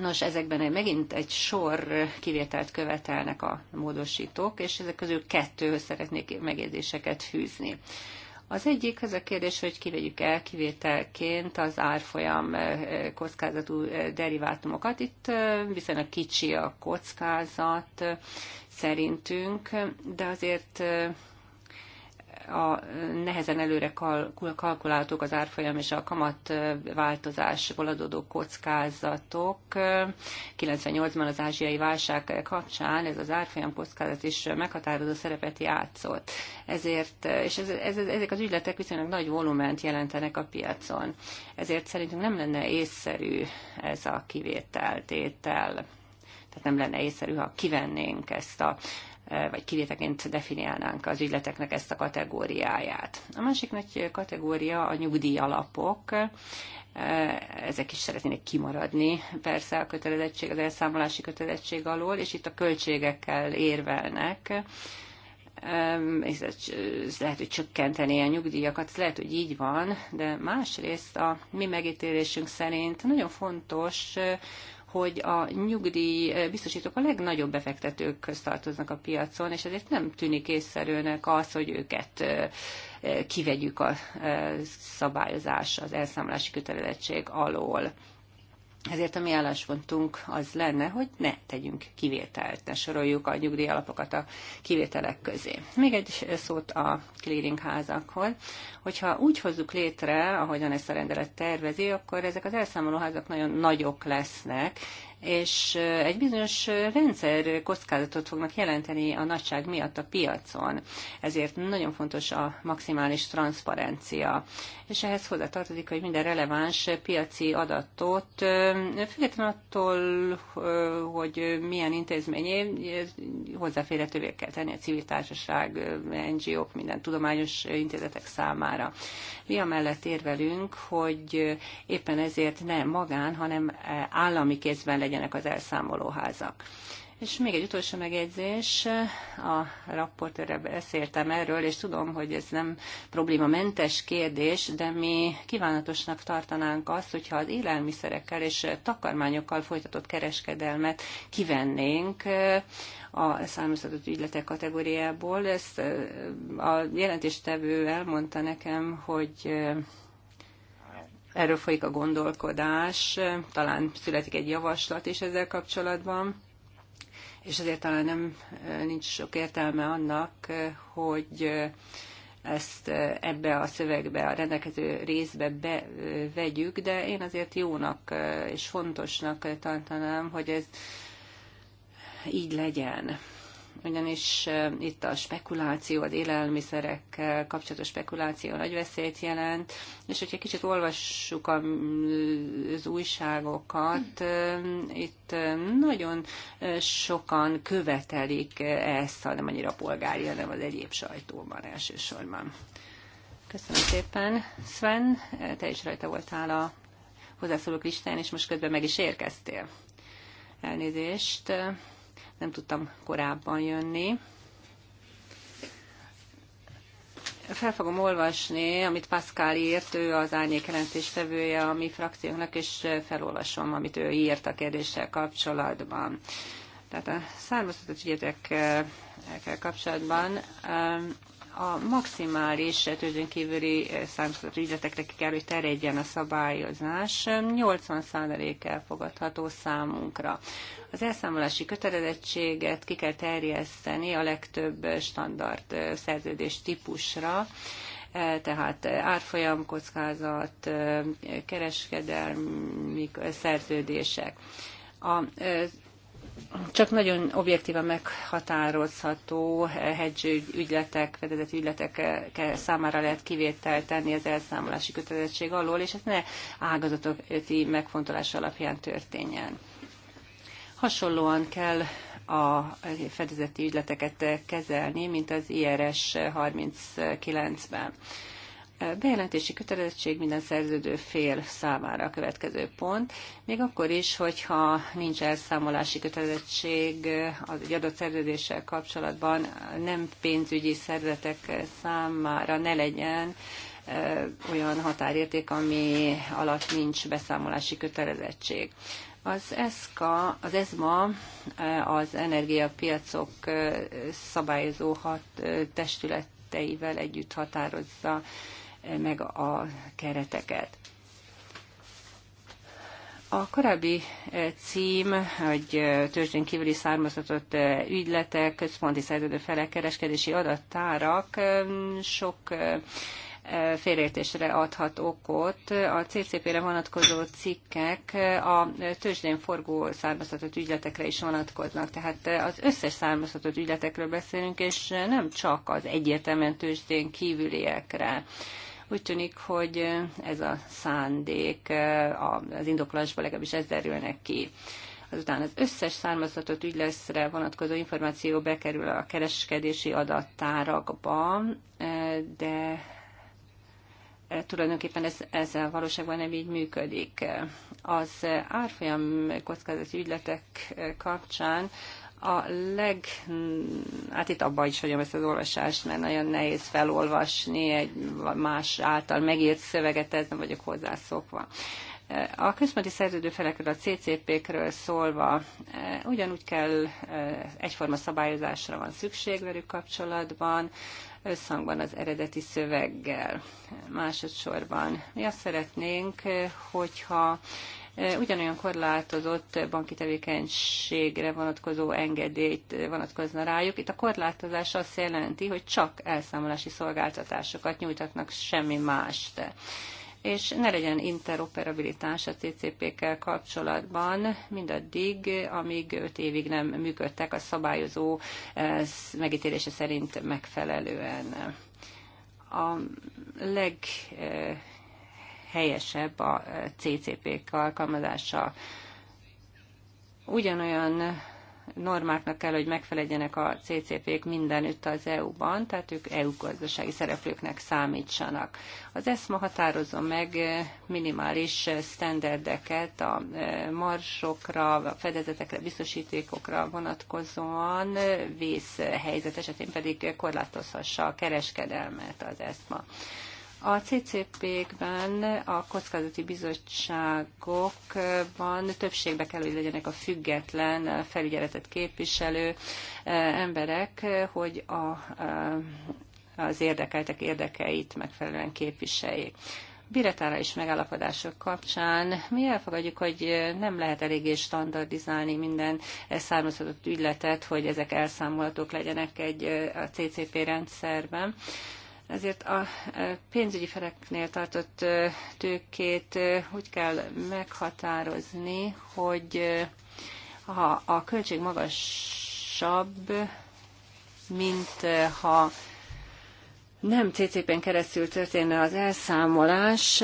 Nos, ezekben megint egy sor kivételt követelnek a módosítók, és ezek közül kettőhöz szeretnék megjegyzéseket fűzni. Az egyik az a kérdés, hogy kivegyük el kivételként az árfolyam eh, eh, kockázatú eh, derivátumokat. Itt viszonylag kicsi a kockázat szerintünk, de azért a nehezen előre kalkul, kalkuláltuk az árfolyam és a kamat változásból adódó kockázatok. 98-ban az ázsiai válság kapcsán ez az árfolyam kockázat is meghatározó szerepet játszott. Ezért, és ez, ez, ezek az ügyletek viszonylag nagy volument jelentenek a piacon. Ezért szerintünk nem lenne észszerű ez a kivételtétel. Tehát nem lenne észszerű, ha kivennénk ezt a vagy kivételként definiálnánk az ügyleteknek ezt a kategóriáját. A másik nagy kategória a nyugdíj alapok. Ezek is szeretnének kimaradni persze a kötelezettség, az elszámolási kötelezettség alól, és itt a költségekkel érvelnek ez lehet, hogy csökkenteni a nyugdíjakat, ez lehet, hogy így van, de másrészt a mi megítélésünk szerint nagyon fontos hogy a nyugdíj biztosítók a legnagyobb befektetők közt tartoznak a piacon, és ezért nem tűnik észszerűnek az, hogy őket kivegyük a szabályozás, az elszámolási kötelezettség alól. Ezért a mi álláspontunk az lenne, hogy ne tegyünk kivételt, ne soroljuk a nyugdíjalapokat a kivételek közé. Még egy szót a házakhoz. Hogyha úgy hozzuk létre, ahogyan ezt a rendelet tervezi, akkor ezek az házak nagyon nagyok lesznek, és egy bizonyos rendszer kockázatot fognak jelenteni a nagyság miatt a piacon. Ezért nagyon fontos a maximális transzparencia. És ehhez hozzátartozik, hogy minden releváns piaci adatot, függetlenül attól, hogy milyen intézményé, hozzáférhetővé kell tenni a civil társaság, NGO-k, minden tudományos intézetek számára. Mi amellett érvelünk, hogy éppen ezért nem magán, hanem állami kézben legyen legyenek az elszámolóházak. És még egy utolsó megjegyzés, a rapportőrre beszéltem erről, és tudom, hogy ez nem problémamentes kérdés, de mi kívánatosnak tartanánk azt, hogyha az élelmiszerekkel és takarmányokkal folytatott kereskedelmet kivennénk a származtatott ügyletek kategóriából. Ezt a jelentéstevő elmondta nekem, hogy Erről folyik a gondolkodás, talán születik egy javaslat is ezzel kapcsolatban, és ezért talán nem nincs sok értelme annak, hogy ezt ebbe a szövegbe, a rendelkező részbe bevegyük, de én azért jónak és fontosnak tartanám, hogy ez így legyen ugyanis itt a spekuláció, az élelmiszerekkel kapcsolatos spekuláció nagy veszélyt jelent, és hogyha kicsit olvassuk az újságokat, itt nagyon sokan követelik ezt, hanem annyira a polgári, hanem az egyéb sajtóban elsősorban. Köszönöm szépen. Sven, te is rajta voltál a hozzászólók listán és most közben meg is érkeztél. Elnézést nem tudtam korábban jönni. Fel fogom olvasni, amit Pascal írt, ő az árnyék jelentéstevője a mi frakciónknak, és felolvasom, amit ő írt a kérdéssel kapcsolatban. Tehát a származatot ügyetekkel kapcsolatban a maximális tőzsdénkívüli eh, számszakot ügyletekre kell, hogy terjedjen a szabályozás, 80% elfogadható számunkra. Az elszámolási kötelezettséget ki kell terjeszteni a legtöbb standard eh, szerződés típusra, eh, tehát árfolyam, kockázat, kereskedelmi szerződések. A csak nagyon objektíven meghatározható eh, hedge ügyletek, fedezeti ügyletek eh, számára lehet kivételt tenni az elszámolási kötelezettség alól, és ez ne ágazatok megfontolás alapján történjen. Hasonlóan kell a fedezeti ügyleteket eh, kezelni, mint az IRS 39-ben bejelentési kötelezettség minden szerződő fél számára a következő pont, még akkor is, hogyha nincs elszámolási kötelezettség az egy adott szerződéssel kapcsolatban, nem pénzügyi szervezetek számára ne legyen olyan határérték, ami alatt nincs beszámolási kötelezettség. Az ESZKA, az ESMA az energiapiacok szabályozó hat testületeivel együtt határozza meg a kereteket. A korábbi e, cím, hogy e, törzsén kívüli származatott e, ügyletek, központi szerződő felek, kereskedési adattárak sok félértésre adhat okot. A CCP-re vonatkozó cikkek a tőzsdén forgó származtatott ügyletekre is vonatkoznak, tehát az összes származtatott ügyletekről beszélünk, és nem csak az egyértelműen tőzsdén kívüliekre. Úgy tűnik, hogy ez a szándék e, az indoklásban legalábbis ez derülnek ki azután az összes származhatott ügyleszre vonatkozó információ bekerül a kereskedési adattárakba, e, de e, tulajdonképpen ez, ez a valóságban nem így működik. Az árfolyam kockázati ügyletek kapcsán a leg... Mm, hát itt abban is hagyom ezt az olvasást, mert nagyon nehéz felolvasni egy más által megírt szöveget, ez nem vagyok hozzászokva. E, a központi szerződő felekről, a CCP-kről szólva e, ugyanúgy kell e, egyforma szabályozásra van szükség velük kapcsolatban, összhangban az eredeti szöveggel. Másodszorban mi azt szeretnénk, hogyha Eh, ugyanolyan korlátozott banki tevékenységre vonatkozó engedélyt eh, vonatkozna rájuk. Itt a korlátozás azt jelenti, hogy csak elszámolási szolgáltatásokat nyújtatnak, semmi mást és ne legyen interoperabilitás a TCP-kkel kapcsolatban mindaddig, amíg 5 évig nem működtek a szabályozó eh, megítélése szerint megfelelően. A leg helyesebb a eh, CCP-k alkalmazása. Ugyanolyan normáknak kell, hogy megfelejjenek a CCP-k mindenütt az EU-ban, tehát ők EU gazdasági szereplőknek számítsanak. Az ESMA határozza meg eh, minimális eh, standardeket a marsokra, a fedezetekre, biztosítékokra vonatkozóan, vészhelyzet esetén pedig korlátozhassa a kereskedelmet az ESMA. A CCP-kben a kockázati bizottságokban többségbe kell, hogy legyenek a független felügyeletet képviselő eh, emberek, hogy a, eh, az érdekeltek érdekeit megfelelően képviseljék is megállapodások kapcsán mi elfogadjuk, hogy nem lehet eléggé standardizálni minden származhatott ügyletet, hogy ezek elszámolhatók legyenek egy eh, a CCP rendszerben. Ezért a e, pénzügyi feleknél tartott e, tőkét e, úgy kell meghatározni, hogy ha a költség magasabb, mint ha nem CCP-n keresztül történne az elszámolás,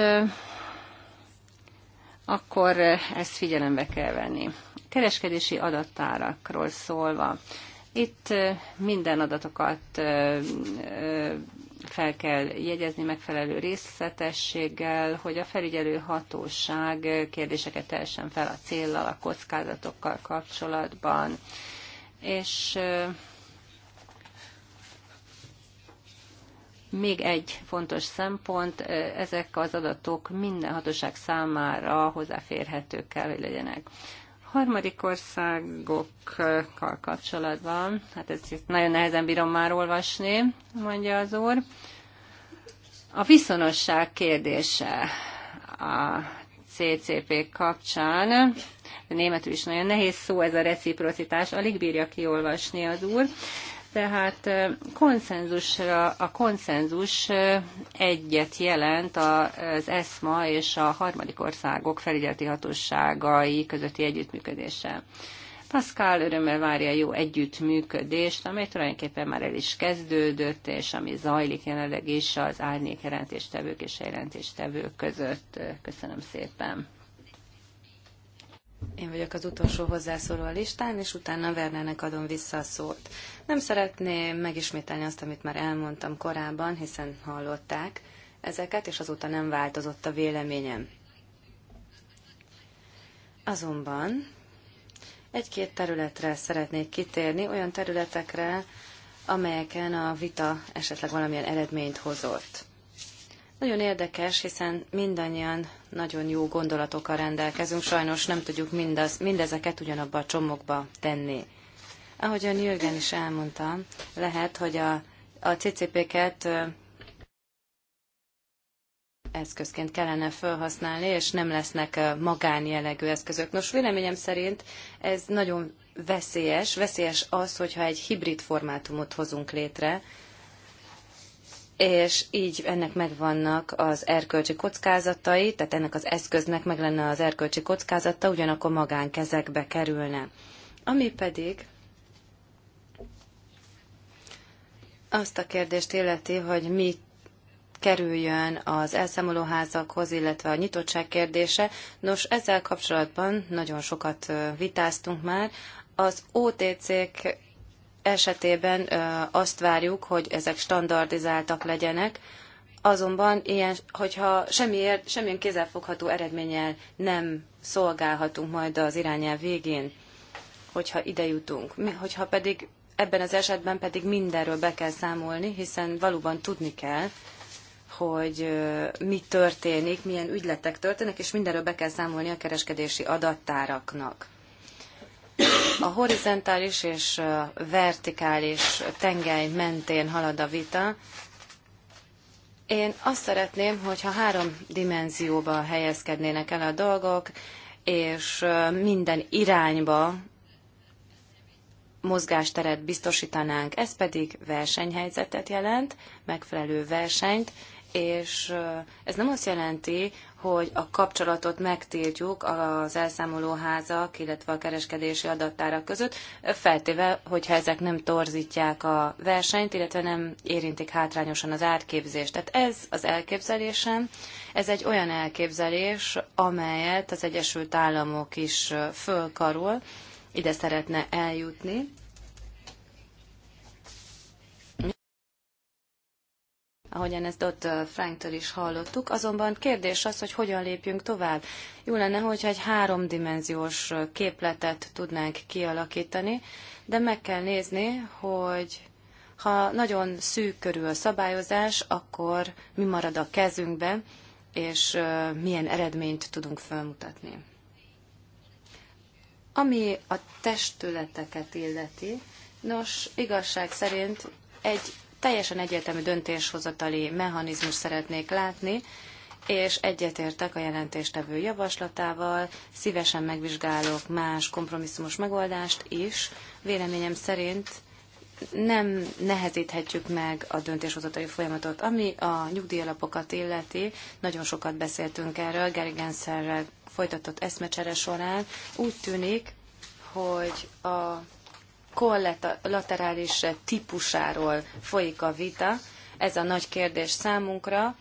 akkor ezt figyelembe kell venni. Kereskedési adattárakról szólva, itt minden adatokat fel kell jegyezni megfelelő részletességgel, hogy a felügyelő hatóság kérdéseket teljesen fel a céllal, a kockázatokkal kapcsolatban, és Még egy fontos szempont, ezek az adatok minden hatóság számára hozzáférhetők kell, hogy legyenek. Harmadik országokkal kapcsolatban, hát ezt nagyon nehezen bírom már olvasni, mondja az úr. A viszonosság kérdése a CCP kapcsán, németül is nagyon nehéz szó ez a reciprocitás, alig bírja kiolvasni az úr. Tehát konszenzusra, a konszenzus egyet jelent az ESMA és a harmadik országok felügyeleti hatóságai közötti együttműködéssel. Pascal örömmel várja jó együttműködést, amely tulajdonképpen már el is kezdődött, és ami zajlik jelenleg is az árnyék jelentéstevők és jelentéstevők között. Köszönöm szépen. Én vagyok az utolsó hozzászóló a listán, és utána Vernernek adom vissza a szót. Nem szeretném megismételni azt, amit már elmondtam korábban, hiszen hallották ezeket, és azóta nem változott a véleményem. Azonban egy-két területre szeretnék kitérni, olyan területekre, amelyeken a vita esetleg valamilyen eredményt hozott. Nagyon érdekes, hiszen mindannyian nagyon jó gondolatokkal rendelkezünk, sajnos nem tudjuk mindaz, mindezeket ugyanabba a csomagba tenni. Ahogy a Jürgen is elmondta, lehet, hogy a, a CCP-ket eszközként kellene felhasználni, és nem lesznek magánjellegű eszközök. Nos, véleményem szerint ez nagyon veszélyes. Veszélyes az, hogyha egy hibrid formátumot hozunk létre, és így ennek megvannak az erkölcsi kockázatai, tehát ennek az eszköznek meg lenne az erkölcsi kockázata, ugyanakkor magánkezekbe kerülne. Ami pedig azt a kérdést illeti, hogy mi kerüljön az elszámolóházakhoz, illetve a nyitottság kérdése. Nos, ezzel kapcsolatban nagyon sokat vitáztunk már. Az OTC-k esetében azt várjuk, hogy ezek standardizáltak legyenek, azonban ilyen, hogyha semmiért, semmilyen kézzelfogható eredménnyel nem szolgálhatunk majd az irányel végén, hogyha ide jutunk. Hogyha pedig ebben az esetben pedig mindenről be kell számolni, hiszen valóban tudni kell, hogy mi történik, milyen ügyletek történnek, és mindenről be kell számolni a kereskedési adattáraknak. A horizontális és vertikális tengely mentén halad a vita. Én azt szeretném, hogyha három dimenzióba helyezkednének el a dolgok, és minden irányba mozgásteret biztosítanánk. Ez pedig versenyhelyzetet jelent, megfelelő versenyt, és ez nem azt jelenti, hogy a kapcsolatot megtiltjuk az házak, illetve a kereskedési adattárak között, feltéve, hogyha ezek nem torzítják a versenyt, illetve nem érintik hátrányosan az árképzést. Tehát ez az elképzelésem, ez egy olyan elképzelés, amelyet az Egyesült Államok is fölkarol, ide szeretne eljutni. ahogyan ezt ott Franktől is hallottuk. Azonban kérdés az, hogy hogyan lépjünk tovább. Jó lenne, hogyha egy háromdimenziós képletet tudnánk kialakítani, de meg kell nézni, hogy ha nagyon szűk körül a szabályozás, akkor mi marad a kezünkben, és milyen eredményt tudunk felmutatni. Ami a testületeket illeti, nos, igazság szerint egy teljesen egyértelmű döntéshozatali mechanizmus szeretnék látni, és egyetértek a jelentéstevő javaslatával, szívesen megvizsgálok más kompromisszumos megoldást is. Véleményem szerint nem nehezíthetjük meg a döntéshozatali folyamatot. Ami a nyugdíjalapokat illeti, nagyon sokat beszéltünk erről, Gary Genszerrel folytatott eszmecsere során. Úgy tűnik, hogy a kollaterális típusáról folyik a vita. Ez a nagy kérdés számunkra.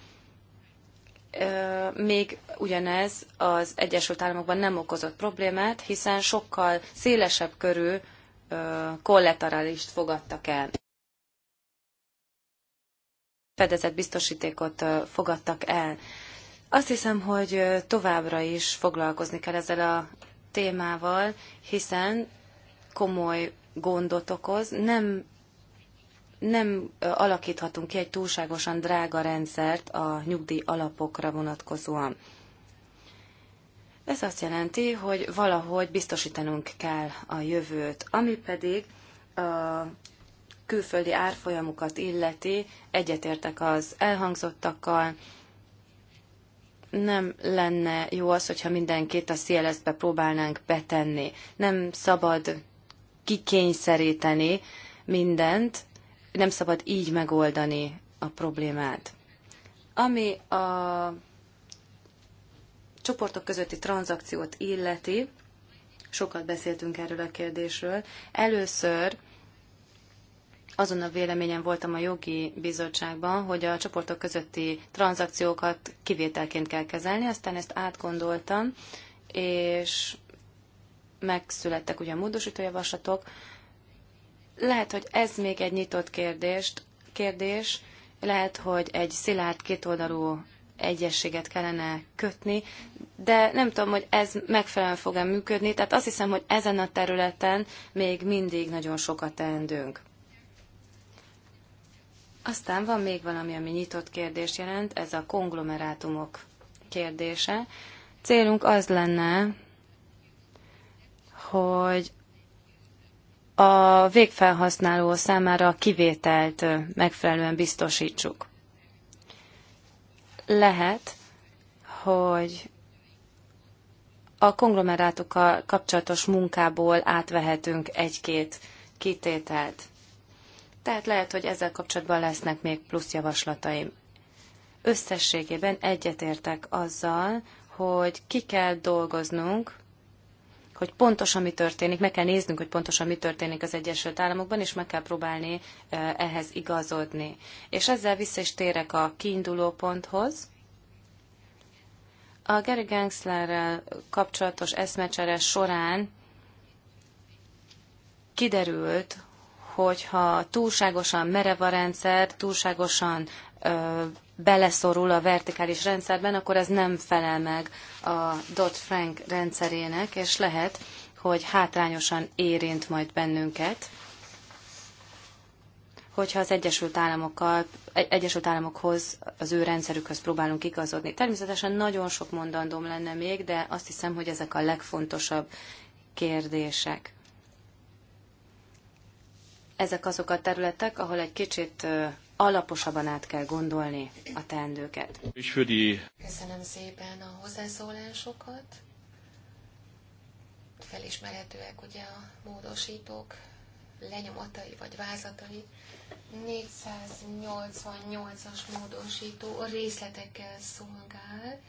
Még ugyanez az Egyesült Államokban nem okozott problémát, hiszen sokkal szélesebb körű kollaterálist fogadtak el fedezett biztosítékot fogadtak el. Azt hiszem, hogy továbbra is foglalkozni kell ezzel a témával, hiszen komoly gondot okoz. Nem, nem alakíthatunk ki egy túlságosan drága rendszert a nyugdíj alapokra vonatkozóan. Ez azt jelenti, hogy valahogy biztosítanunk kell a jövőt, ami pedig a külföldi árfolyamukat illeti, egyetértek az elhangzottakkal, nem lenne jó az, hogyha mindenkit a CLS-be próbálnánk betenni. Nem szabad kikényszeríteni mindent, nem szabad így megoldani a problémát. Ami a csoportok közötti tranzakciót illeti, sokat beszéltünk erről a kérdésről. Először azon a véleményen voltam a jogi bizottságban, hogy a csoportok közötti tranzakciókat kivételként kell kezelni, aztán ezt átgondoltam, és megszülettek ugye módosító módosítójavaslatok. Lehet, hogy ez még egy nyitott kérdést, kérdés, lehet, hogy egy szilárd kétoldalú egyességet kellene kötni, de nem tudom, hogy ez megfelelően fog-e működni, tehát azt hiszem, hogy ezen a területen még mindig nagyon sokat teendünk. Aztán van még valami, ami nyitott kérdés jelent, ez a konglomerátumok kérdése. Célunk az lenne, hogy a végfelhasználó számára a kivételt megfelelően biztosítsuk. Lehet, hogy a konglomerátokkal kapcsolatos munkából átvehetünk egy-két kitételt. Tehát lehet, hogy ezzel kapcsolatban lesznek még plusz javaslataim. Összességében egyetértek azzal, hogy ki kell dolgoznunk hogy pontosan mi történik, meg kell néznünk, hogy pontosan mi történik az Egyesült Államokban, és meg kell próbálni ehhez igazodni. És ezzel vissza is térek a kiinduló ponthoz. A Gary Gangslerrel kapcsolatos eszmecsere során kiderült, hogyha túlságosan merev a rendszer, túlságosan ö, beleszorul a vertikális rendszerben, akkor ez nem felel meg a Dodd-Frank rendszerének, és lehet, hogy hátrányosan érint majd bennünket, hogyha az Egyesült, Államokkal, Egyesült Államokhoz, az ő rendszerükhöz próbálunk igazodni. Természetesen nagyon sok mondandóm lenne még, de azt hiszem, hogy ezek a legfontosabb kérdések. Ezek azok a területek, ahol egy kicsit alaposabban át kell gondolni a teendőket. Köszönöm szépen a hozzászólásokat. Felismerhetőek ugye a módosítók lenyomatai vagy vázatai. 488-as módosító részletekkel szolgál,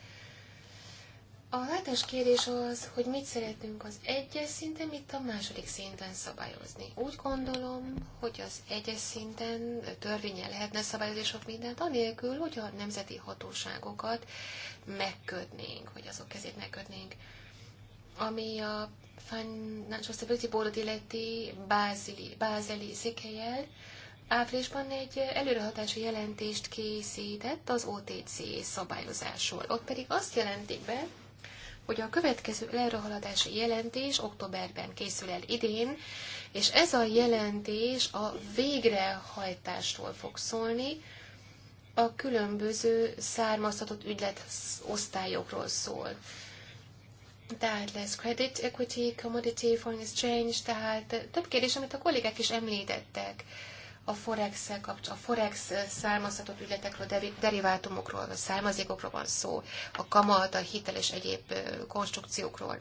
a hetes kérdés az, hogy mit szeretünk az egyes szinten, mit a második szinten szabályozni. Úgy gondolom, hogy az egyes szinten törvénye lehetne szabályozni sok mindent, anélkül, hogy a nemzeti hatóságokat megkötnénk, hogy azok kezét megkötnénk. Ami a Financial Stability Board illeti bázili, bázeli székelyel, Áprilisban egy előrehatási jelentést készített az OTC szabályozásról. Ott pedig azt jelentik be, hogy a következő előrehaladási jelentés októberben készül el idén, és ez a jelentés a végrehajtásról fog szólni, a különböző származtatott ügylet osztályokról szól. Tehát lesz credit, equity, commodity, foreign exchange, tehát több kérdés, amit a kollégák is említettek a forex a forex származhatott ügyletekről, derivátumokról, vagy származékokról van szó, a kamat, a hitel és egyéb konstrukciókról.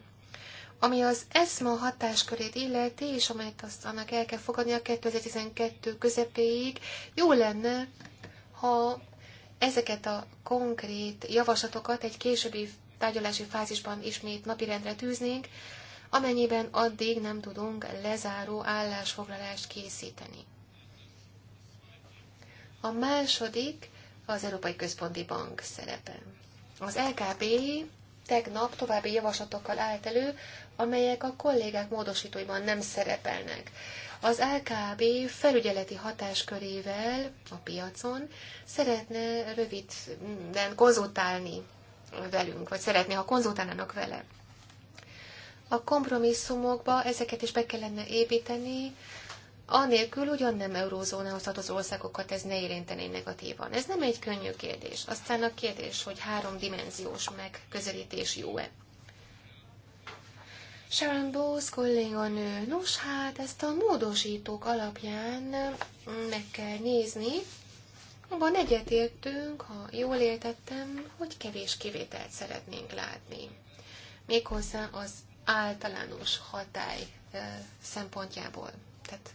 Ami az ESMA hatáskörét illeti, és amelyet azt annak el kell a 2012 közepéig, jó lenne, ha ezeket a konkrét javaslatokat egy későbbi tárgyalási fázisban ismét napirendre tűznénk, amennyiben addig nem tudunk lezáró állásfoglalást készíteni. A második az Európai Központi Bank szerepe. Az LKB tegnap további javaslatokkal állt elő, amelyek a kollégák módosítóiban nem szerepelnek. Az LKB felügyeleti hatáskörével a piacon szeretne röviden konzultálni velünk, vagy szeretné, ha konzultálnának vele. A kompromisszumokba ezeket is be kellene építeni, anélkül, hogy a nem eurózónához tartozó országokat ez ne érintené negatívan. Ez nem egy könnyű kérdés. Aztán a kérdés, hogy háromdimenziós megközelítés jó-e. Sharon Bowles kolléganő, nos hát ezt a módosítók alapján meg kell nézni. Abban egyetértünk, ha jól értettem, hogy kevés kivételt szeretnénk látni. Méghozzá az általános hatály szempontjából. Tehát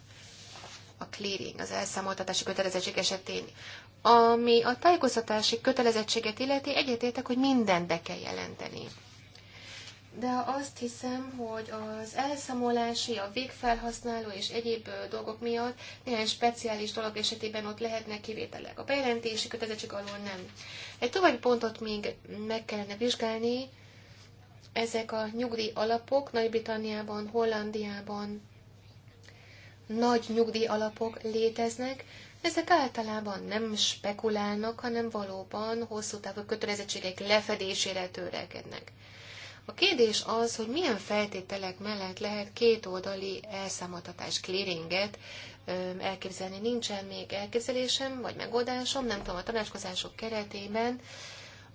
a clearing, az elszámoltatási kötelezettség esetén. Ami a tájékoztatási kötelezettséget illeti, egyetértek, hogy mindent be kell jelenteni. De azt hiszem, hogy az elszámolási, a végfelhasználó és egyéb dolgok miatt néhány speciális dolog esetében ott lehetnek kivételek. A bejelentési kötelezettség alól nem. Egy további pontot még meg kellene vizsgálni, ezek a nyugdíj alapok Nagy-Britanniában, Hollandiában, nagy nyugdíj alapok léteznek, ezek általában nem spekulálnak, hanem valóban hosszú távú kötelezettségek lefedésére törekednek. A kérdés az, hogy milyen feltételek mellett lehet kétoldali elszámoltatás clearinget elképzelni. Nincsen még elképzelésem vagy megoldásom, nem tudom, a tanácskozások keretében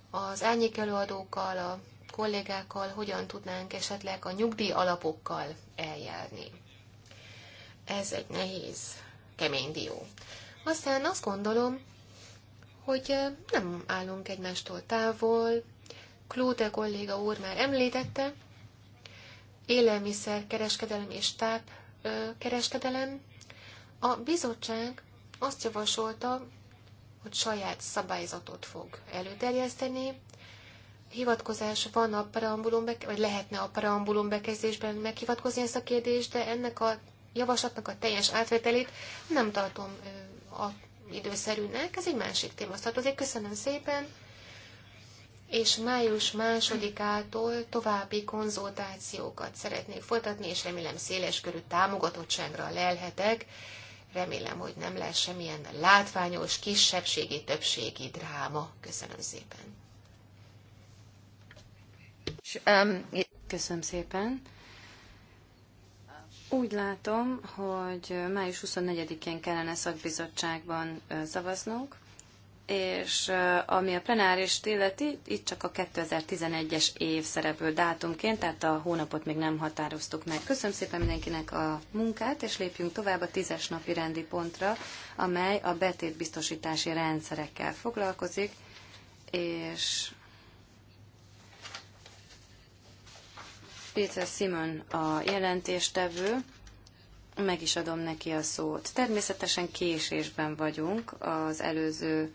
az árnyék előadókkal, a kollégákkal hogyan tudnánk esetleg a nyugdíj alapokkal eljárni ez egy nehéz, kemény dió. Aztán azt gondolom, hogy nem állunk egymástól távol. Klóde kolléga úr már említette, élelmiszer kereskedelem és táp kereskedelem. A bizottság azt javasolta, hogy saját szabályzatot fog előterjeszteni. Hivatkozás van a preambulum, vagy lehetne a preambulum bekezdésben meghivatkozni ezt a kérdést, de ennek a javaslatnak a teljes átvételét nem tartom a időszerűnek, ez egy másik téma tartozik. Köszönöm szépen, és május másodikától további konzultációkat szeretnék folytatni, és remélem széles körű támogatottságra lelhetek. Remélem, hogy nem lesz semmilyen látványos kisebbségi, többségi dráma. Köszönöm szépen. Köszönöm szépen. Úgy látom, hogy május 24-én kellene szakbizottságban szavaznunk, és ami a plenáris illeti, itt csak a 2011-es év szereplő dátumként, tehát a hónapot még nem határoztuk meg. Köszönöm szépen mindenkinek a munkát, és lépjünk tovább a tízes napi rendi pontra, amely a betétbiztosítási rendszerekkel foglalkozik, és Péter Simon a jelentéstevő, meg is adom neki a szót. Természetesen késésben vagyunk az előző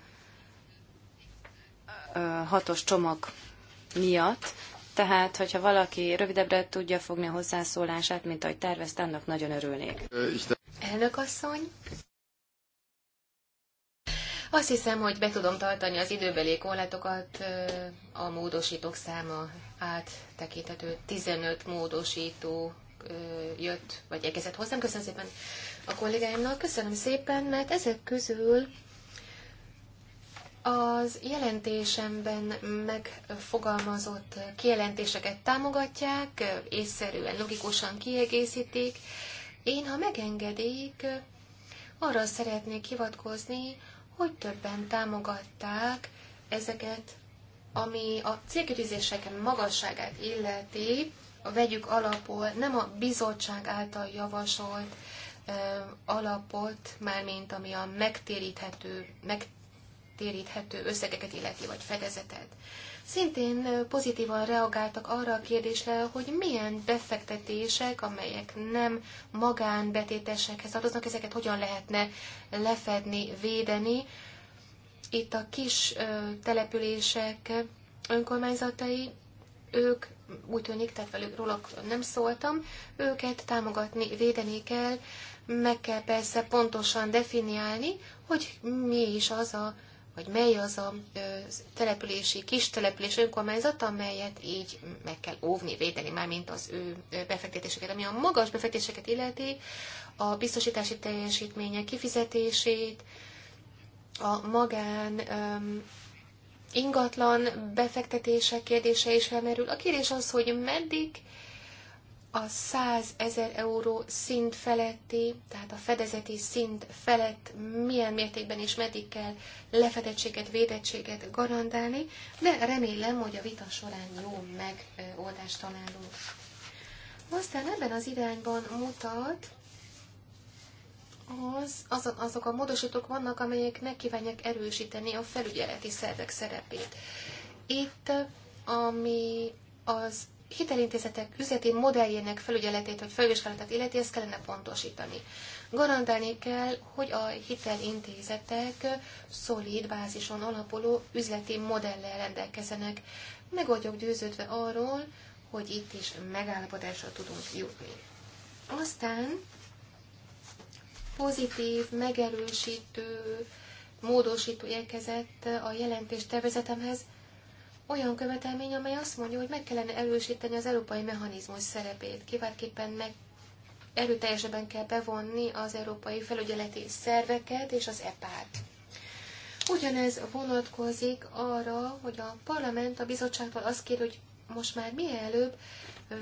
hatos csomag miatt, tehát, hogyha valaki rövidebbre tudja fogni a hozzászólását, mint ahogy tervezte, annak nagyon örülnék. Elnök asszony, azt hiszem, hogy be tudom tartani az időbeli korlátokat, a módosítók száma áttekintető 15 módosító jött, vagy érkezett hozzám. Köszönöm szépen a kollégáimnak, köszönöm szépen, mert ezek közül az jelentésemben megfogalmazott kijelentéseket támogatják, észszerűen, logikusan kiegészítik. Én, ha megengedik, arra szeretnék hivatkozni, hogy többen támogatták ezeket, ami a célkitűzések magasságát illeti, vegyük alapul nem a bizottság által javasolt ö, alapot, mármint ami a megtéríthető, megtéríthető összegeket illeti, vagy fedezetet szintén pozitívan reagáltak arra a kérdésre, hogy milyen befektetések, amelyek nem magánbetétesekhez tartoznak, ezeket hogyan lehetne lefedni, védeni. Itt a kis települések önkormányzatai, ők úgy tűnik, tehát velük róluk nem szóltam, őket támogatni, védeni kell, meg kell persze pontosan definiálni, hogy mi is az a hogy mely az a települési, kis település önkormányzat, amelyet így meg kell óvni, védeni, már mint az ő befektetéseket. Ami a magas befektetéseket illeti, a biztosítási teljesítmények kifizetését, a magán um, ingatlan befektetések kérdése is felmerül. A kérdés az, hogy meddig a 100 ezer euró szint feletti, tehát a fedezeti szint felett milyen mértékben és meddig kell lefedettséget, védettséget garantálni, de remélem, hogy a vita során jó megoldást találunk. Aztán ebben az irányban mutat, az, az, azok a módosítók vannak, amelyek megkívánják erősíteni a felügyeleti szervek szerepét. Itt, ami az hitelintézetek üzleti modelljének felügyeletét vagy felvizsgálatát illeti, ezt kellene pontosítani. Garantálni kell, hogy a hitelintézetek szolid bázison alapuló üzleti modellel rendelkezenek. Meg vagyok győződve arról, hogy itt is megállapodásra tudunk jutni. Aztán pozitív, megerősítő, módosító érkezett a jelentés tervezetemhez, olyan követelmény, amely azt mondja, hogy meg kellene erősíteni az európai mechanizmus szerepét. Kiváltképpen meg erőteljesebben kell bevonni az európai felügyeleti szerveket és az EPÁT. Ugyanez vonatkozik arra, hogy a parlament a bizottságtól azt kér, hogy most már mielőbb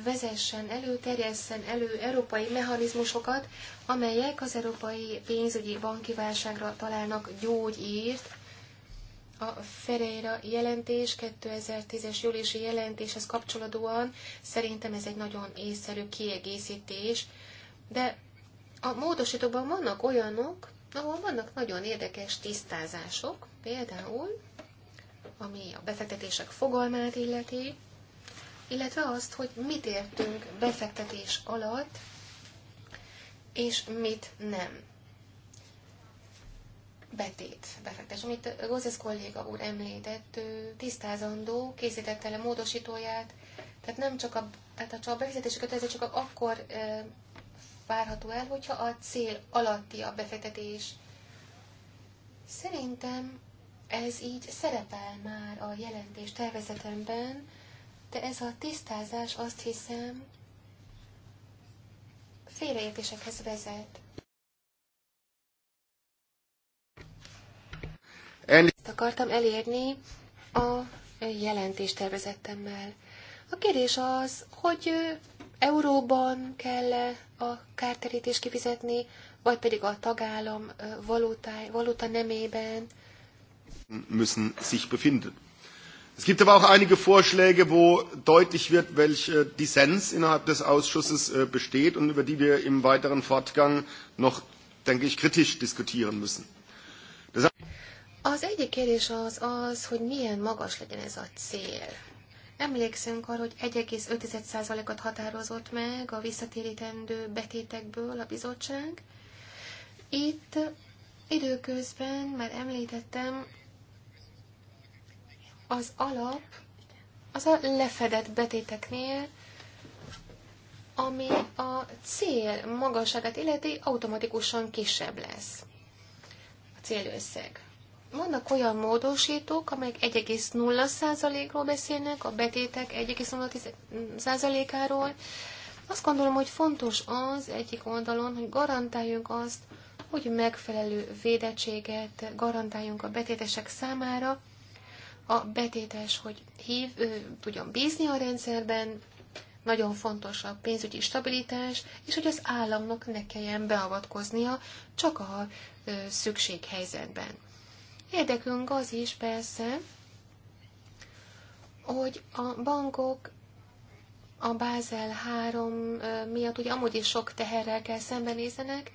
vezessen elő, terjesszen elő európai mechanizmusokat, amelyek az európai pénzügyi banki válságra találnak gyógyírt, a Ferreira jelentés, 2010-es júliusi jelentéshez kapcsolódóan szerintem ez egy nagyon észszerű kiegészítés, de a módosítókban vannak olyanok, ahol vannak nagyon érdekes tisztázások, például, ami a befektetések fogalmát illeti, illetve azt, hogy mit értünk befektetés alatt, és mit nem betét befektetés. Amit Rózes kolléga úr említett, ő tisztázandó, készítette le módosítóját, tehát nem csak a, tehát a, csak a befizetési kötelező csak akkor e, várható el, hogyha a cél alatti a befektetés. Szerintem ez így szerepel már a jelentés tervezetemben, de ez a tisztázás azt hiszem félreértésekhez vezet. Ezt akartam elérni a jelentéstervezetemmel. A kérdés az, hogy euróban kell -e a kárterítést kifizetni, vagy pedig a tagállam valutá, valuta nemében. Müssen sich befinden. Es gibt aber auch einige Vorschläge, wo deutlich wird, welche Dissens innerhalb des Ausschusses äh, besteht und über die wir im weiteren Fortgang noch, denke ich, kritisch diskutieren müssen. heißt az egyik kérdés az az, hogy milyen magas legyen ez a cél. Emlékszünk arra, hogy 15 ot határozott meg a visszatérítendő betétekből a bizottság. Itt időközben már említettem, az alap az a lefedett betéteknél, ami a cél magasságát illeti, automatikusan kisebb lesz a célösszeg. Vannak olyan módosítók, amelyek 1,0%-ról beszélnek, a betétek 1,0%-áról. Azt gondolom, hogy fontos az egyik oldalon, hogy garantáljunk azt, hogy megfelelő védettséget garantáljunk a betétesek számára, a betétes, hogy hív, ő, tudjon bízni a rendszerben, nagyon fontos a pénzügyi stabilitás, és hogy az államnak ne kelljen beavatkoznia csak a ö, szükséghelyzetben. Érdekünk az is persze, hogy a bankok a Bázel 3 miatt ugye amúgy is sok teherrel kell szembenézenek,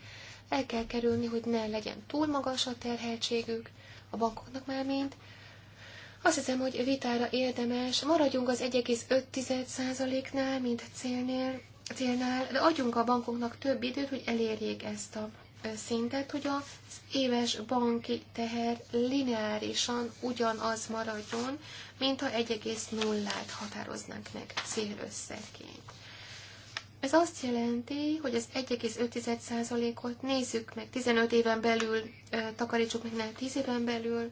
el kell kerülni, hogy ne legyen túl magas a terheltségük, a bankoknak már mint. Azt hiszem, hogy vitára érdemes, maradjunk az 1,5%-nál, mint célnél, célnál, de adjunk a bankoknak több időt, hogy elérjék ezt a szintet, hogy az éves banki teher lineárisan ugyanaz maradjon, mint ha 1,0-át határoznánk meg célösszegként. Ez azt jelenti, hogy az 1,5%-ot nézzük meg 15 éven belül, takarítsuk meg ne 10 éven belül,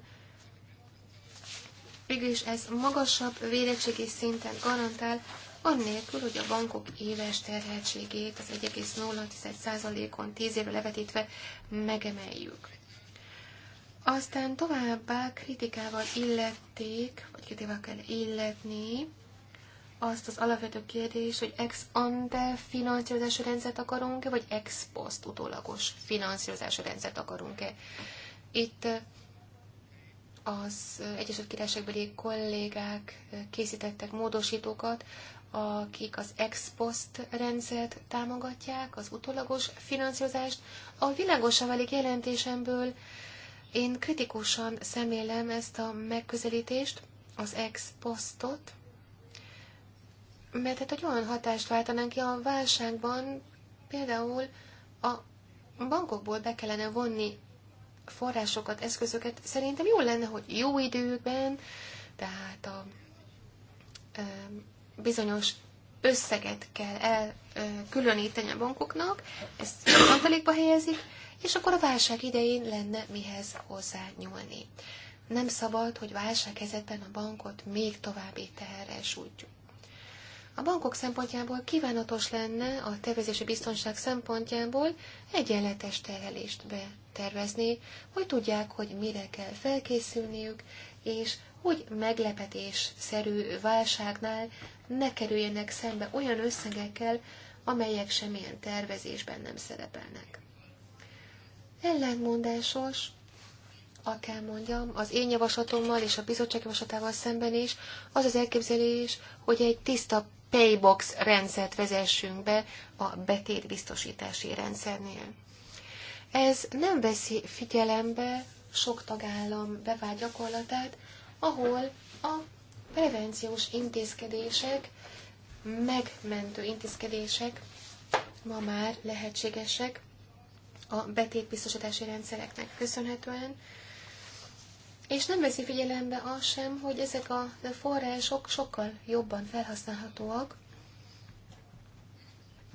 mégis ez magasabb védettségi szinten garantál annélkül, hogy a bankok éves terheltségét az 1,01%-on 10 évre levetítve megemeljük. Aztán továbbá kritikával illették, vagy kritikával kell illetni azt az alapvető kérdés, hogy ex ante finanszírozási rendszert akarunk-e, vagy ex post utólagos finanszírozási rendszert akarunk-e. Itt eh, az Egyesült Királyságbeli kollégák eh, készítettek módosítókat akik az ex post rendszert támogatják, az utólagos finanszírozást. A világosan válik jelentésemből én kritikusan szemlélem ezt a megközelítést, az ex postot, mert hát egy olyan hatást váltanánk ki a válságban, például a bankokból be kellene vonni forrásokat, eszközöket. Szerintem jó lenne, hogy jó időkben, tehát a bizonyos összeget kell elkülöníteni a bankoknak, ezt tartalékba helyezik, és akkor a válság idején lenne mihez hozzá nyúlni. Nem szabad, hogy válság válsághelyzetben a bankot még további teherrel sújtjuk. A bankok szempontjából kívánatos lenne a tervezési biztonság szempontjából egyenletes terhelést betervezni, hogy tudják, hogy mire kell felkészülniük, és hogy meglepetés-szerű válságnál ne kerüljenek szembe olyan összegekkel, amelyek semmilyen tervezésben nem szerepelnek. Ellentmondásos, akár mondjam, az én javaslatommal és a bizottság javaslatával szemben is az az elképzelés, hogy egy tiszta paybox rendszert vezessünk be a betétbiztosítási rendszernél. Ez nem veszi figyelembe sok tagállam bevált gyakorlatát, ahol a prevenciós intézkedések, megmentő intézkedések ma már lehetségesek a betétbiztosítási rendszereknek köszönhetően, és nem veszi figyelembe az sem, hogy ezek a források sokkal jobban felhasználhatóak,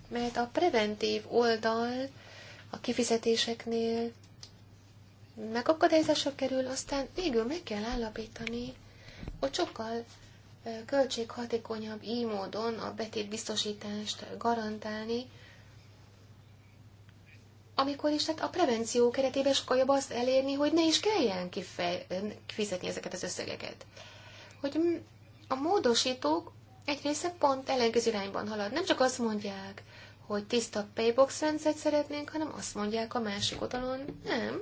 mert a preventív oldal a kifizetéseknél megakadályozásra kerül, aztán végül meg kell állapítani, ott sokkal költséghatékonyabb így módon a betétbiztosítást garantálni, amikor is tehát a prevenció keretében sokkal jobb azt elérni, hogy ne is kelljen kifej, fizetni ezeket az összegeket. Hogy a módosítók egy része pont ellenkező irányban halad. Nem csak azt mondják, hogy tiszta paybox rendszert szeretnénk, hanem azt mondják a másik oldalon, nem,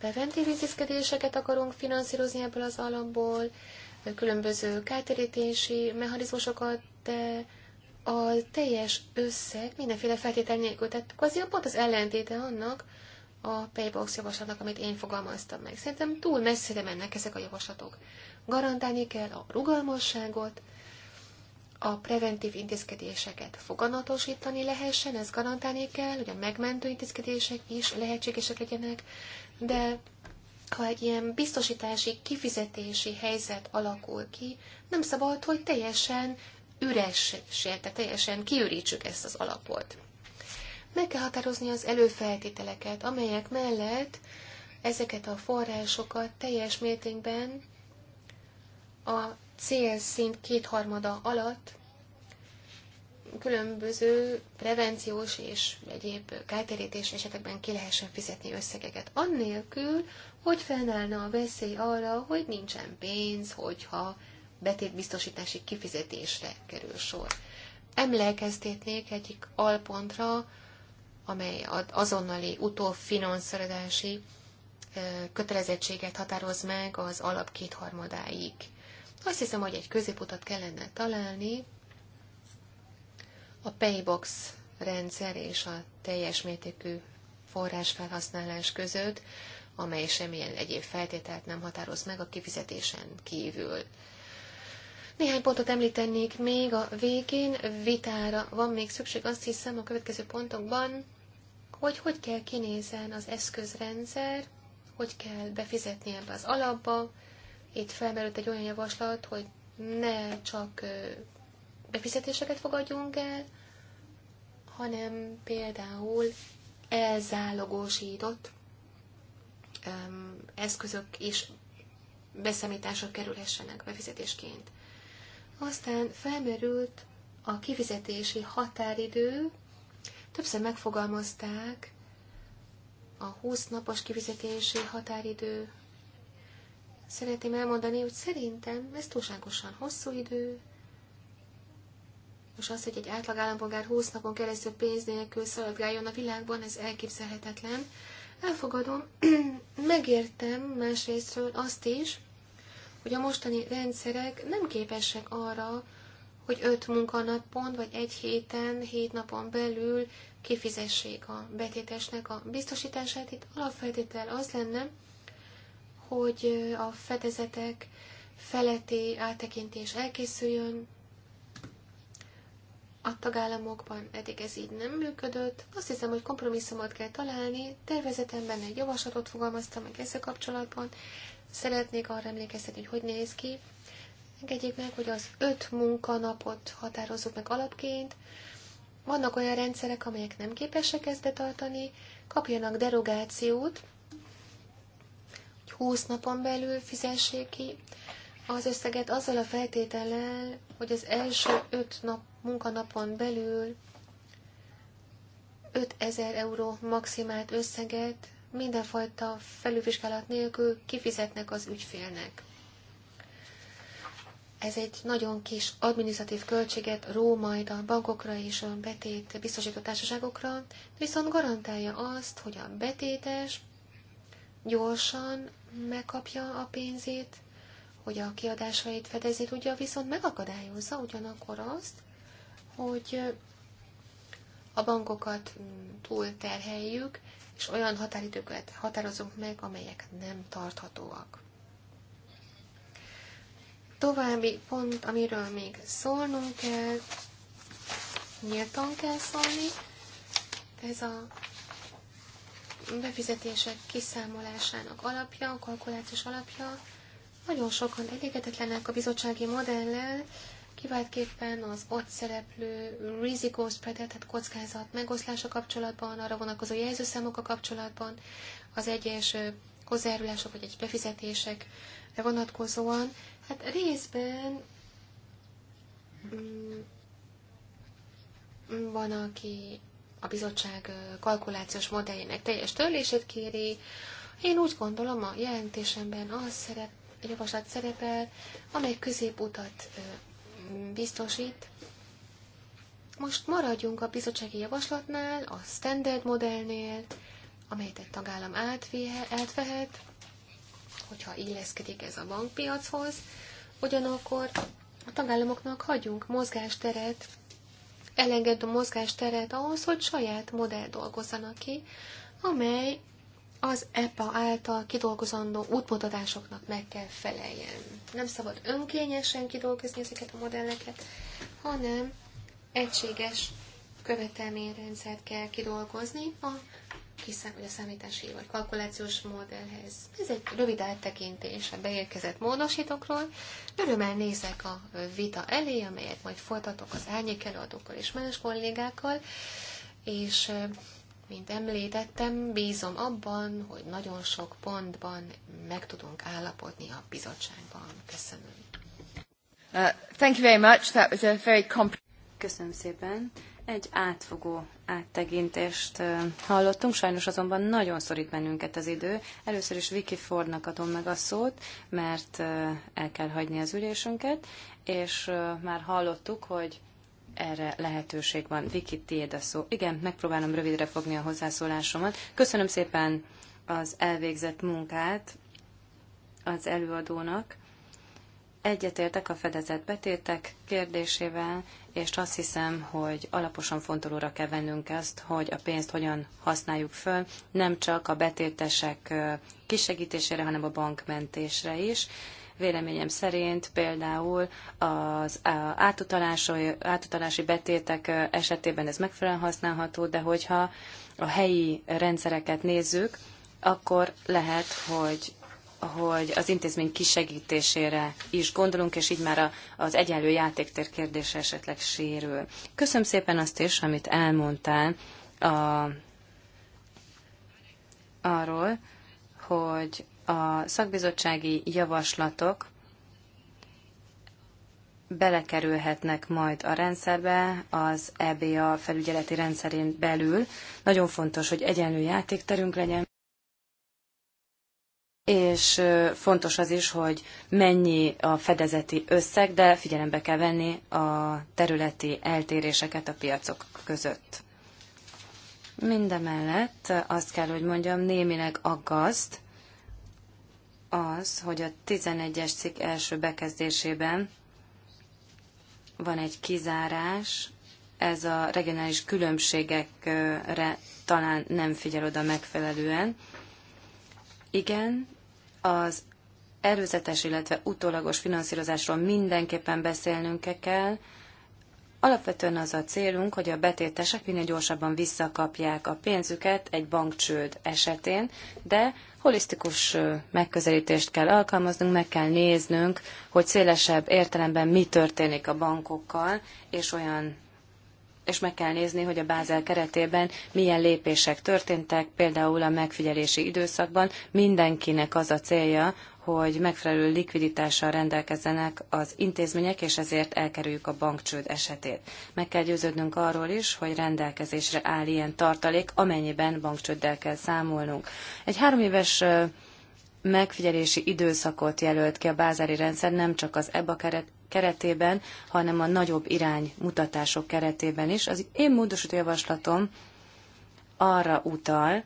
preventív intézkedéseket akarunk finanszírozni ebből az alapból, különböző kártérítési mechanizmusokat, de a teljes összeg mindenféle feltétel nélkül. Tehát kvázi pont az ellentéte annak a Paybox javaslatnak, amit én fogalmaztam meg. Szerintem túl messzire mennek ezek a javaslatok. Garantálni kell a rugalmasságot, a preventív intézkedéseket foganatosítani lehessen, Ez garantálni kell, hogy a megmentő intézkedések is lehetségesek legyenek, de ha egy ilyen biztosítási, kifizetési helyzet alakul ki, nem szabad, hogy teljesen üres, tehát teljesen kiürítsük ezt az alapot. Meg kell határozni az előfeltételeket, amelyek mellett ezeket a forrásokat teljes mértékben a célszint kétharmada alatt különböző prevenciós és egyéb kártérítés esetekben ki lehessen fizetni összegeket. Annélkül, hogy fennállna a veszély arra, hogy nincsen pénz, hogyha betétbiztosítási kifizetésre kerül sor. Emlékeztetnék egyik alpontra, amely azonnali utófinanszírozási kötelezettséget határoz meg az alap kétharmadáig. Azt hiszem, hogy egy középutat kellene találni, a Paybox rendszer és a teljes mértékű forrásfelhasználás között, amely semmilyen egyéb feltételt nem határoz meg a kifizetésen kívül. Néhány pontot említenék még a végén, vitára van még szükség, azt hiszem a következő pontokban, hogy hogy kell kinézen az eszközrendszer, hogy kell befizetni ebbe az alapba. Itt felmerült egy olyan javaslat, hogy ne csak befizetéseket fogadjunk el, hanem például elzálogosított eszközök is beszámítások kerülhessenek befizetésként. Aztán felmerült a kifizetési határidő, többször megfogalmazták a 20 napos kifizetési határidő. Szeretném elmondani, hogy szerintem ez túlságosan hosszú idő, most az, hogy egy átlag állampolgár 20 napon keresztül pénz nélkül szaladgáljon a világban, ez elképzelhetetlen. Elfogadom, megértem másrésztről azt is, hogy a mostani rendszerek nem képesek arra, hogy öt munkanapon vagy egy héten, hét napon belül kifizessék a betétesnek a biztosítását. Itt alapfeltétel az lenne, hogy a fedezetek feletti áttekintés elkészüljön, a tagállamokban eddig ez így nem működött. Azt hiszem, hogy kompromisszumot kell találni. Tervezetemben egy javaslatot fogalmaztam meg ezzel kapcsolatban. Szeretnék arra emlékeztetni, hogy hogy néz ki. Engedjék meg, hogy az öt munkanapot határozzuk meg alapként. Vannak olyan rendszerek, amelyek nem képesek ezt betartani, kapjanak derogációt, hogy 20 napon belül fizessék ki az összeget azzal a feltétellel, hogy az első öt nap, munkanapon belül 5000 euró maximált összeget mindenfajta felülvizsgálat nélkül kifizetnek az ügyfélnek. Ez egy nagyon kis adminisztratív költséget ró majd a bankokra és a betét biztosított társaságokra, viszont garantálja azt, hogy a betétes gyorsan megkapja a pénzét, hogy a kiadásait fedezi tudja, viszont megakadályozza ugyanakkor azt, hogy a bankokat túl terheljük, és olyan határidőket határozunk meg, amelyek nem tarthatóak. További pont, amiről még szólnunk kell, nyíltan kell szólni, ez a befizetések kiszámolásának alapja, a kalkulációs alapja, nagyon sokan elégedetlenek a bizottsági modellel, kiváltképpen az ott szereplő risiko spreadet, tehát kockázat megoszlása kapcsolatban, arra vonatkozó a kapcsolatban, az egyes hozzájárulások vagy egy befizetések vonatkozóan. Hát részben mm, mm, van, aki a bizottság kalkulációs modelljének teljes törlését kéri. Én úgy gondolom, a jelentésemben az szerep, javaslat szerepel, amely középutat biztosít. Most maradjunk a bizottsági javaslatnál, a standard modellnél, amelyet egy tagállam átvehet, hogyha illeszkedik ez a bankpiachoz, ugyanakkor a tagállamoknak hagyunk mozgásteret, elengedő mozgásteret ahhoz, hogy saját modell dolgozzanak ki, amely az EPA által kidolgozandó útmutatásoknak meg kell feleljen. Nem szabad önkényesen kidolgozni ezeket a modelleket, hanem egységes követelményrendszert kell kidolgozni a kiszám, vagy a számítási vagy kalkulációs modellhez. Ez egy rövid áttekintés a beérkezett módosítókról. Örömmel nézek a vita elé, amelyet majd folytatok az árnyék előadókkal és más kollégákkal, és mint említettem, bízom abban, hogy nagyon sok pontban meg tudunk állapodni a bizottságban. Köszönöm. Uh, thank you very much. That was a very Köszönöm szépen. Egy átfogó áttekintést uh, hallottunk, sajnos azonban nagyon szorít bennünket az idő. Először is Vicky Fordnak adom meg a szót, mert uh, el kell hagyni az ülésünket, és uh, már hallottuk, hogy erre lehetőség van. Viki, tiéd a szó. Igen, megpróbálom rövidre fogni a hozzászólásomat. Köszönöm szépen az elvégzett munkát az előadónak. Egyetértek a fedezett betétek kérdésével, és azt hiszem, hogy alaposan fontolóra kell vennünk ezt, hogy a pénzt hogyan használjuk föl, nem csak a betétesek kisegítésére, hanem a bankmentésre is. Véleményem szerint például az átutalási, átutalási betétek esetében ez megfelelően használható, de hogyha a helyi rendszereket nézzük, akkor lehet, hogy hogy az intézmény kisegítésére is gondolunk, és így már a, az egyenlő játéktér kérdése esetleg sérül. Köszönöm szépen azt is, amit elmondtál a, arról, hogy a szakbizottsági javaslatok belekerülhetnek majd a rendszerbe, az EBA felügyeleti rendszerén belül. Nagyon fontos, hogy egyenlő játékterünk legyen, és fontos az is, hogy mennyi a fedezeti összeg, de figyelembe kell venni a területi eltéréseket a piacok között. Mindemellett azt kell, hogy mondjam, némileg aggaszt, az, hogy a 11-es cikk első bekezdésében van egy kizárás, ez a regionális különbségekre talán nem figyel oda megfelelően. Igen, az előzetes, illetve utólagos finanszírozásról mindenképpen beszélnünk kell. Alapvetően az a célunk, hogy a betétesek minél gyorsabban visszakapják a pénzüket egy bankcsőd esetén, de holisztikus megközelítést kell alkalmaznunk, meg kell néznünk, hogy szélesebb értelemben mi történik a bankokkal, és olyan és meg kell nézni, hogy a Bázel keretében milyen lépések történtek, például a megfigyelési időszakban mindenkinek az a célja, hogy megfelelő likviditással rendelkezzenek az intézmények, és ezért elkerüljük a bankcsőd esetét. Meg kell győződnünk arról is, hogy rendelkezésre áll ilyen tartalék, amennyiben bankcsőddel kell számolnunk. Egy három éves megfigyelési időszakot jelölt ki a bázári rendszer nem csak az EBA keret, keretében, hanem a nagyobb iránymutatások keretében is. Az én módosító javaslatom arra utal,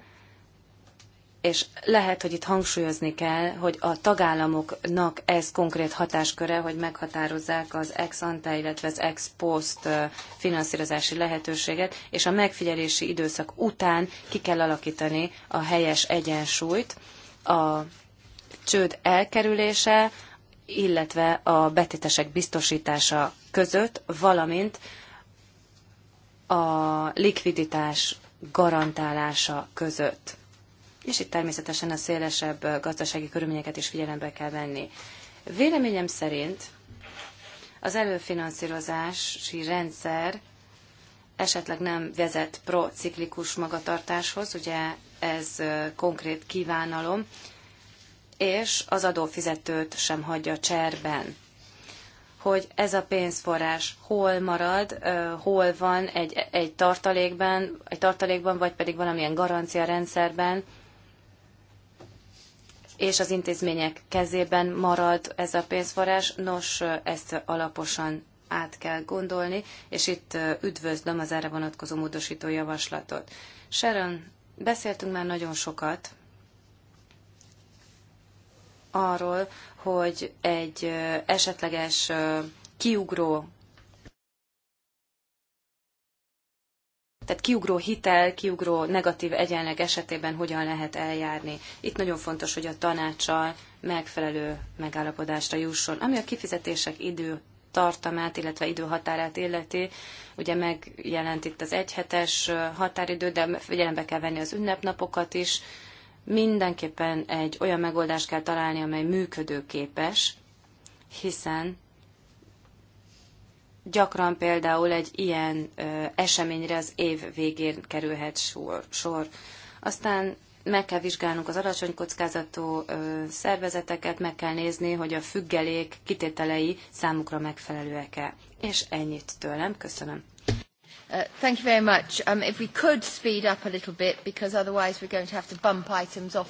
és lehet, hogy itt hangsúlyozni kell, hogy a tagállamoknak ez konkrét hatásköre, hogy meghatározzák az ex ante, illetve az ex post finanszírozási lehetőséget, és a megfigyelési időszak után ki kell alakítani a helyes egyensúlyt, a csőd elkerülése, illetve a betétesek biztosítása között, valamint a likviditás garantálása között és itt természetesen a szélesebb gazdasági körülményeket is figyelembe kell venni. Véleményem szerint az előfinanszírozási rendszer esetleg nem vezet prociklikus magatartáshoz, ugye ez konkrét kívánalom, és az adófizetőt sem hagyja cserben hogy ez a pénzforrás hol marad, hol van egy, egy, tartalékban, egy tartalékban, vagy pedig valamilyen garancia rendszerben, és az intézmények kezében marad ez a pénzforrás. Nos, ezt alaposan át kell gondolni, és itt üdvözlöm az erre vonatkozó módosító javaslatot. Sharon, beszéltünk már nagyon sokat arról, hogy egy esetleges kiugró tehát kiugró hitel, kiugró negatív egyenleg esetében hogyan lehet eljárni. Itt nagyon fontos, hogy a tanácssal megfelelő megállapodásra jusson. Ami a kifizetések idő tartamát, illetve időhatárát illeti. Ugye megjelent itt az egyhetes határidő, de figyelembe kell venni az ünnepnapokat is. Mindenképpen egy olyan megoldást kell találni, amely működőképes, hiszen gyakran például egy ilyen ö, eseményre az év végén kerülhet sor. sor. Aztán meg kell vizsgálnunk az alacsony kockázatú ö, szervezeteket, meg kell nézni, hogy a függelék kitételei számukra megfelelőek-e. És ennyit tőlem, köszönöm. Uh, thank you very much. Um, if we could speed up a little bit, because otherwise we're going to have to bump items off.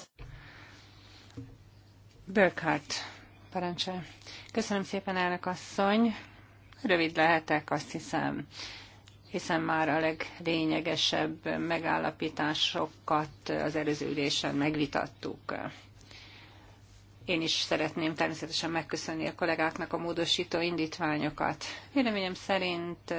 Burkhardt, parancsol. Köszönöm szépen, elnök asszony. Rövid lehetek, azt hiszem, hiszen már a leglényegesebb megállapításokat az előző ülésen megvitattuk. Én is szeretném természetesen megköszönni a kollégáknak a módosító indítványokat. Véleményem szerint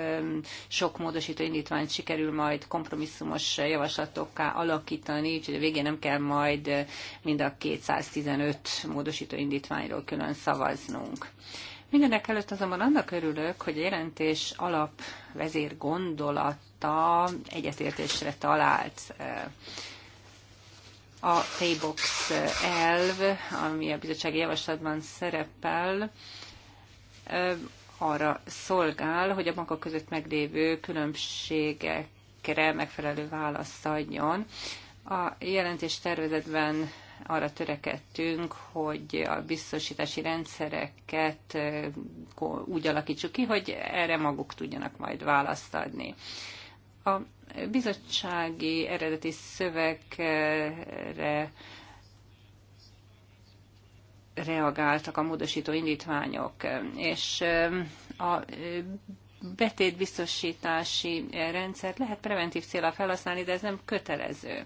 sok módosító indítványt sikerül majd kompromisszumos javaslatokká alakítani, úgyhogy a végén nem kell majd mind a 215 módosító indítványról külön szavaznunk. Mindenek előtt azonban annak örülök, hogy a jelentés alap vezér gondolata egyetértésre talált eh, a Paybox eh, elv, ami a bizottsági javaslatban szerepel, eh, arra szolgál, hogy a bankok között meglévő különbségekre megfelelő választ adjon. A jelentés tervezetben arra törekedtünk, hogy a biztosítási rendszereket eh, úgy alakítsuk ki, hogy erre maguk tudjanak majd választ adni. A bizottsági eredeti szövegre reagáltak a módosító indítványok, és eh, a betétbiztosítási rendszert lehet preventív célra felhasználni, de ez nem kötelező.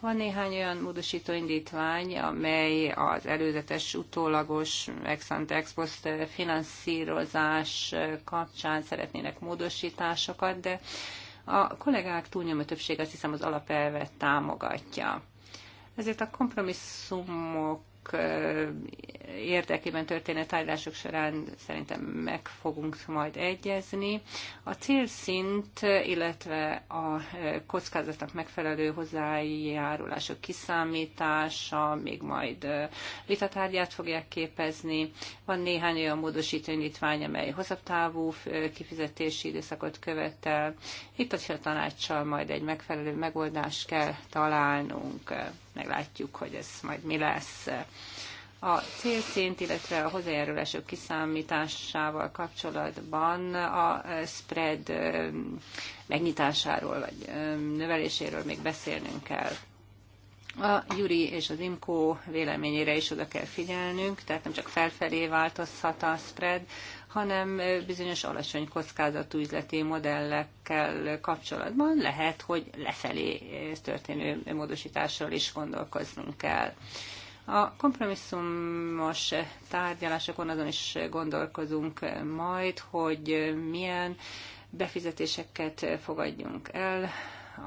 Van néhány olyan módosító indítvány, amely az előzetes, utólagos ex ante ex post finanszírozás kapcsán szeretnének módosításokat, de a kollégák túlnyomó többség azt hiszem az alapelvet támogatja. Ezért a kompromisszumok Eh, érdekében történő tárgyalások során szerintem meg fogunk majd egyezni. A célszint, illetve a eh, kockázatnak megfelelő hozzájárulások kiszámítása még majd eh, vitatárgyát fogják képezni. Van néhány olyan módosító indítvány, amely hosszabb távú kifizetési időszakot követel. Itt a tanácssal majd egy megfelelő megoldást kell találnunk meglátjuk, hogy ez majd mi lesz. A célszint, illetve a hozzájárulások kiszámításával kapcsolatban a spread megnyitásáról vagy növeléséről még beszélnünk kell. A Juri és az Imkó véleményére is oda kell figyelnünk, tehát nem csak felfelé változhat a spread, hanem bizonyos alacsony kockázatú üzleti modellekkel kapcsolatban lehet, hogy lefelé történő módosításról is gondolkoznunk kell. A kompromisszumos tárgyalásokon azon is gondolkozunk majd, hogy milyen befizetéseket fogadjunk el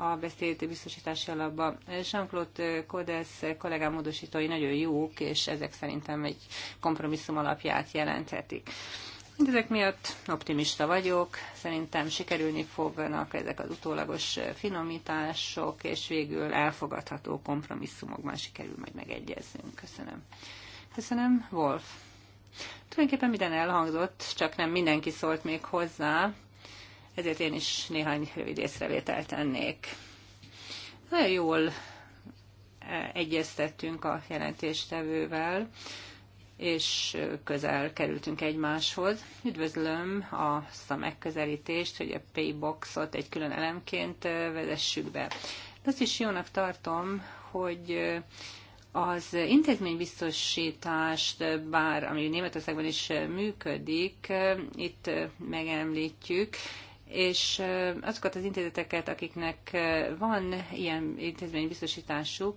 a beszéd biztosítási alapba. Jean-Claude Codes kollégám módosítói nagyon jók, és ezek szerintem egy kompromisszum alapját jelenthetik. Mindezek miatt optimista vagyok, szerintem sikerülni fognak ezek az utólagos eh, finomítások, és végül elfogadható kompromisszumokban sikerül majd megegyeznünk. Köszönöm. Köszönöm, Wolf. Tulajdonképpen minden elhangzott, csak nem mindenki szólt még hozzá, ezért én is néhány rövid észrevételt tennék. Nagyon jól eh, egyeztettünk a jelentéstevővel és közel kerültünk egymáshoz. Üdvözlöm azt a megközelítést, hogy a payboxot egy külön elemként vezessük be. Azt is jónak tartom, hogy az intézménybiztosítást, bár ami Németországban is működik, itt megemlítjük, és azokat az intézeteket, akiknek van ilyen intézménybiztosításuk,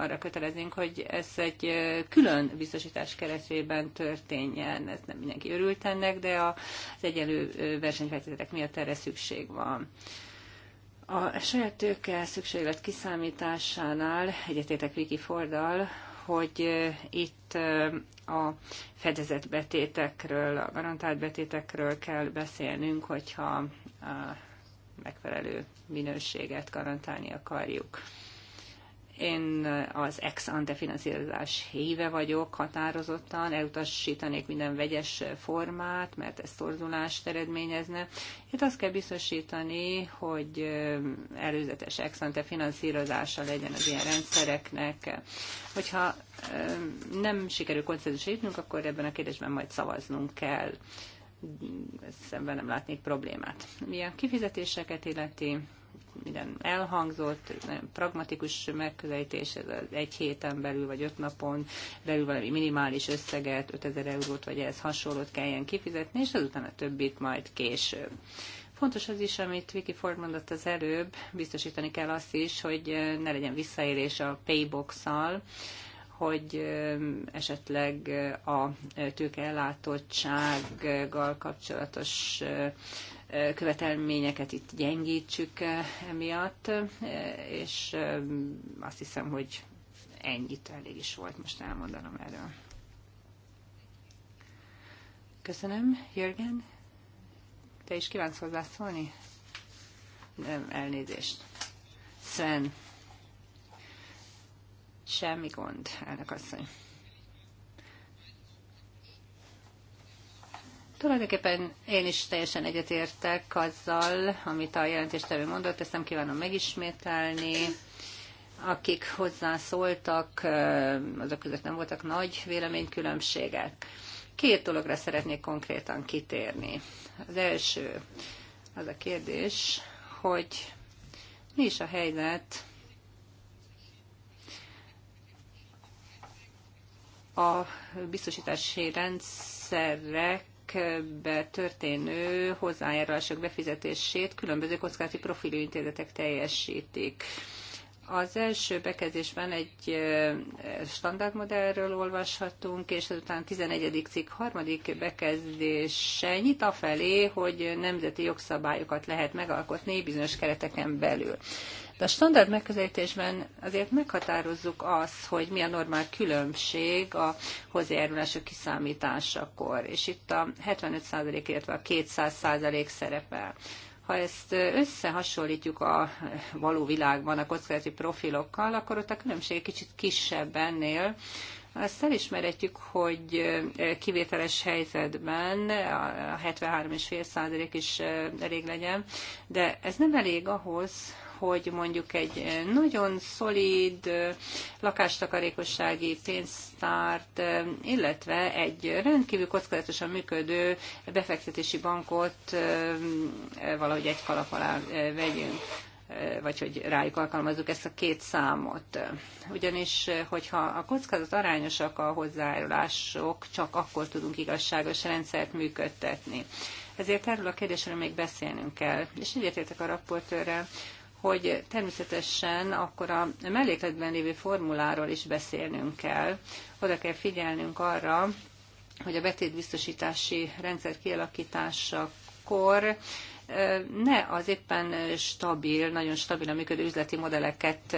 arra köteleznénk, hogy ez egy külön biztosítás keretében történjen. Ez nem mindenki örült ennek, de az egyenlő versenyfeltételek miatt erre szükség van. A saját tőke szükséglet kiszámításánál egyetétek Viki Fordal, hogy itt a fedezett betétekről, a garantált betétekről kell beszélnünk, hogyha megfelelő minőséget garantálni akarjuk. Én az ex-ante finanszírozás híve vagyok határozottan, elutasítanék minden vegyes formát, mert ez torzulást eredményezne. Itt azt kell biztosítani, hogy előzetes ex-ante finanszírozása legyen az ilyen rendszereknek. Hogyha nem sikerül konszenzus jutnunk, akkor ebben a kérdésben majd szavaznunk kell szemben nem látnék problémát. Mi a kifizetéseket illeti, minden elhangzott, nagyon pragmatikus megközelítés, ez az egy héten belül, vagy öt napon belül valami minimális összeget, 5000 eurót, vagy ehhez hasonlót kelljen kifizetni, és azután a többit majd később. Fontos az is, amit Vicky Ford mondott az előbb, biztosítani kell azt is, hogy ne legyen visszaélés a paybox-szal, hogy esetleg a tőkeellátottsággal kapcsolatos követelményeket itt gyengítsük eh, emiatt, eh, és eh, azt hiszem, hogy ennyit elég is volt most elmondanom erről. Köszönöm, Jörgen. Te is kívánsz hozzászólni? Nem, elnézést. Sven. Semmi gond, elnök asszony. Tulajdonképpen én is teljesen egyetértek azzal, amit a jelentéstevő mondott, ezt nem kívánom megismételni. Akik hozzászóltak, azok között nem voltak nagy véleménykülönbségek. Két dologra szeretnék konkrétan kitérni. Az első az a kérdés, hogy mi is a helyzet a biztosítási rendszerek ügyekbe történő hozzájárulások befizetését különböző kockázati profilú intézetek teljesítik. Az első bekezdésben egy standardmodellről olvashatunk, és azután 11. cikk harmadik bekezdése nyit a felé, hogy nemzeti jogszabályokat lehet megalkotni bizonyos kereteken belül. De a standard megközelítésben azért meghatározzuk azt, hogy mi a normál különbség a hozzájárulások kiszámításakor, és itt a 75% illetve a 200% szerepel. Ha ezt összehasonlítjuk a való világban a kockázati profilokkal, akkor ott a különbség egy kicsit kisebb ennél, azt elismerhetjük, hogy kivételes helyzetben a 73,5% is elég legyen, de ez nem elég ahhoz, hogy mondjuk egy eh, nagyon szolid eh, lakástakarékossági pénztárt, eh, illetve egy rendkívül kockázatosan működő befektetési bankot valahogy egy kalap alá vegyünk vagy hogy rájuk alkalmazzuk ezt a két számot. Ugyanis, hogyha a kockázat arányosak a hozzájárulások, csak akkor tudunk igazságos rendszert működtetni. Ezért erről a kérdésről még beszélnünk kell. És egyetértek a raportőrrel, hogy természetesen akkor a mellékletben lévő formuláról is beszélnünk kell. Oda kell figyelnünk arra, hogy a betétbiztosítási rendszer kialakításakor ne az éppen stabil, nagyon stabil a működő üzleti modelleket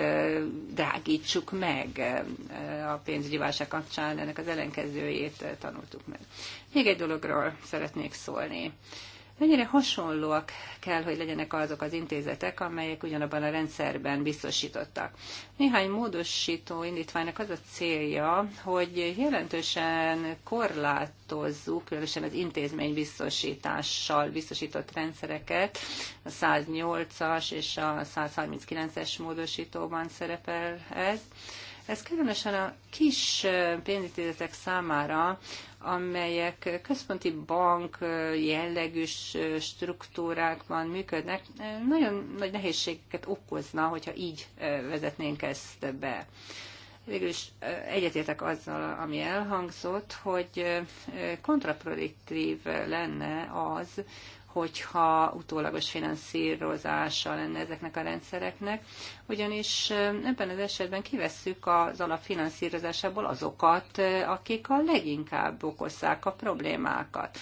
drágítsuk meg a pénzügyi válság kapcsán, ennek az ellenkezőjét tanultuk meg. Még egy dologról szeretnék szólni. Mennyire hasonlóak kell, hogy legyenek azok az intézetek, amelyek ugyanabban a rendszerben biztosítottak. Néhány módosító indítványnak az a célja, hogy jelentősen korlátozzuk, különösen az intézménybiztosítással biztosított rendszereket. A 108-as és a 139-es módosítóban szerepel ez ez különösen a kis pénzintézetek számára, amelyek központi bank jellegű struktúrákban működnek, nagyon nagy nehézségeket okozna, hogyha így vezetnénk ezt be. Végül is egyetértek azzal, ami elhangzott, hogy kontraproduktív lenne az, hogyha utólagos finanszírozása lenne ezeknek a rendszereknek, ugyanis ebben az esetben kivesszük az alapfinanszírozásából azokat, akik a leginkább okozzák a problémákat.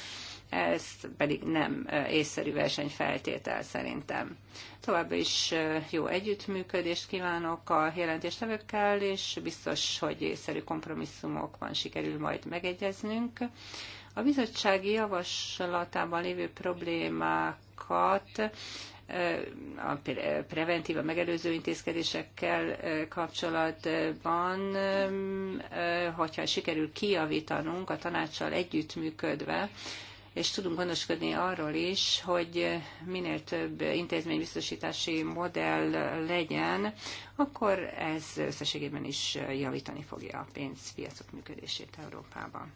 Ez pedig nem észszerű versenyfeltétel szerintem. Továbbá is jó együttműködést kívánok a jelentéstevőkkel, és biztos, hogy észszerű kompromisszumokban sikerül majd megegyeznünk. A bizottsági javaslatában lévő problémákat a preventív, a megelőző intézkedésekkel kapcsolatban, hogyha sikerül kiavítanunk a tanácssal együttműködve, és tudunk gondoskodni arról is, hogy minél több intézménybiztosítási modell legyen, akkor ez összességében is javítani fogja a pénzpiacok működését Európában.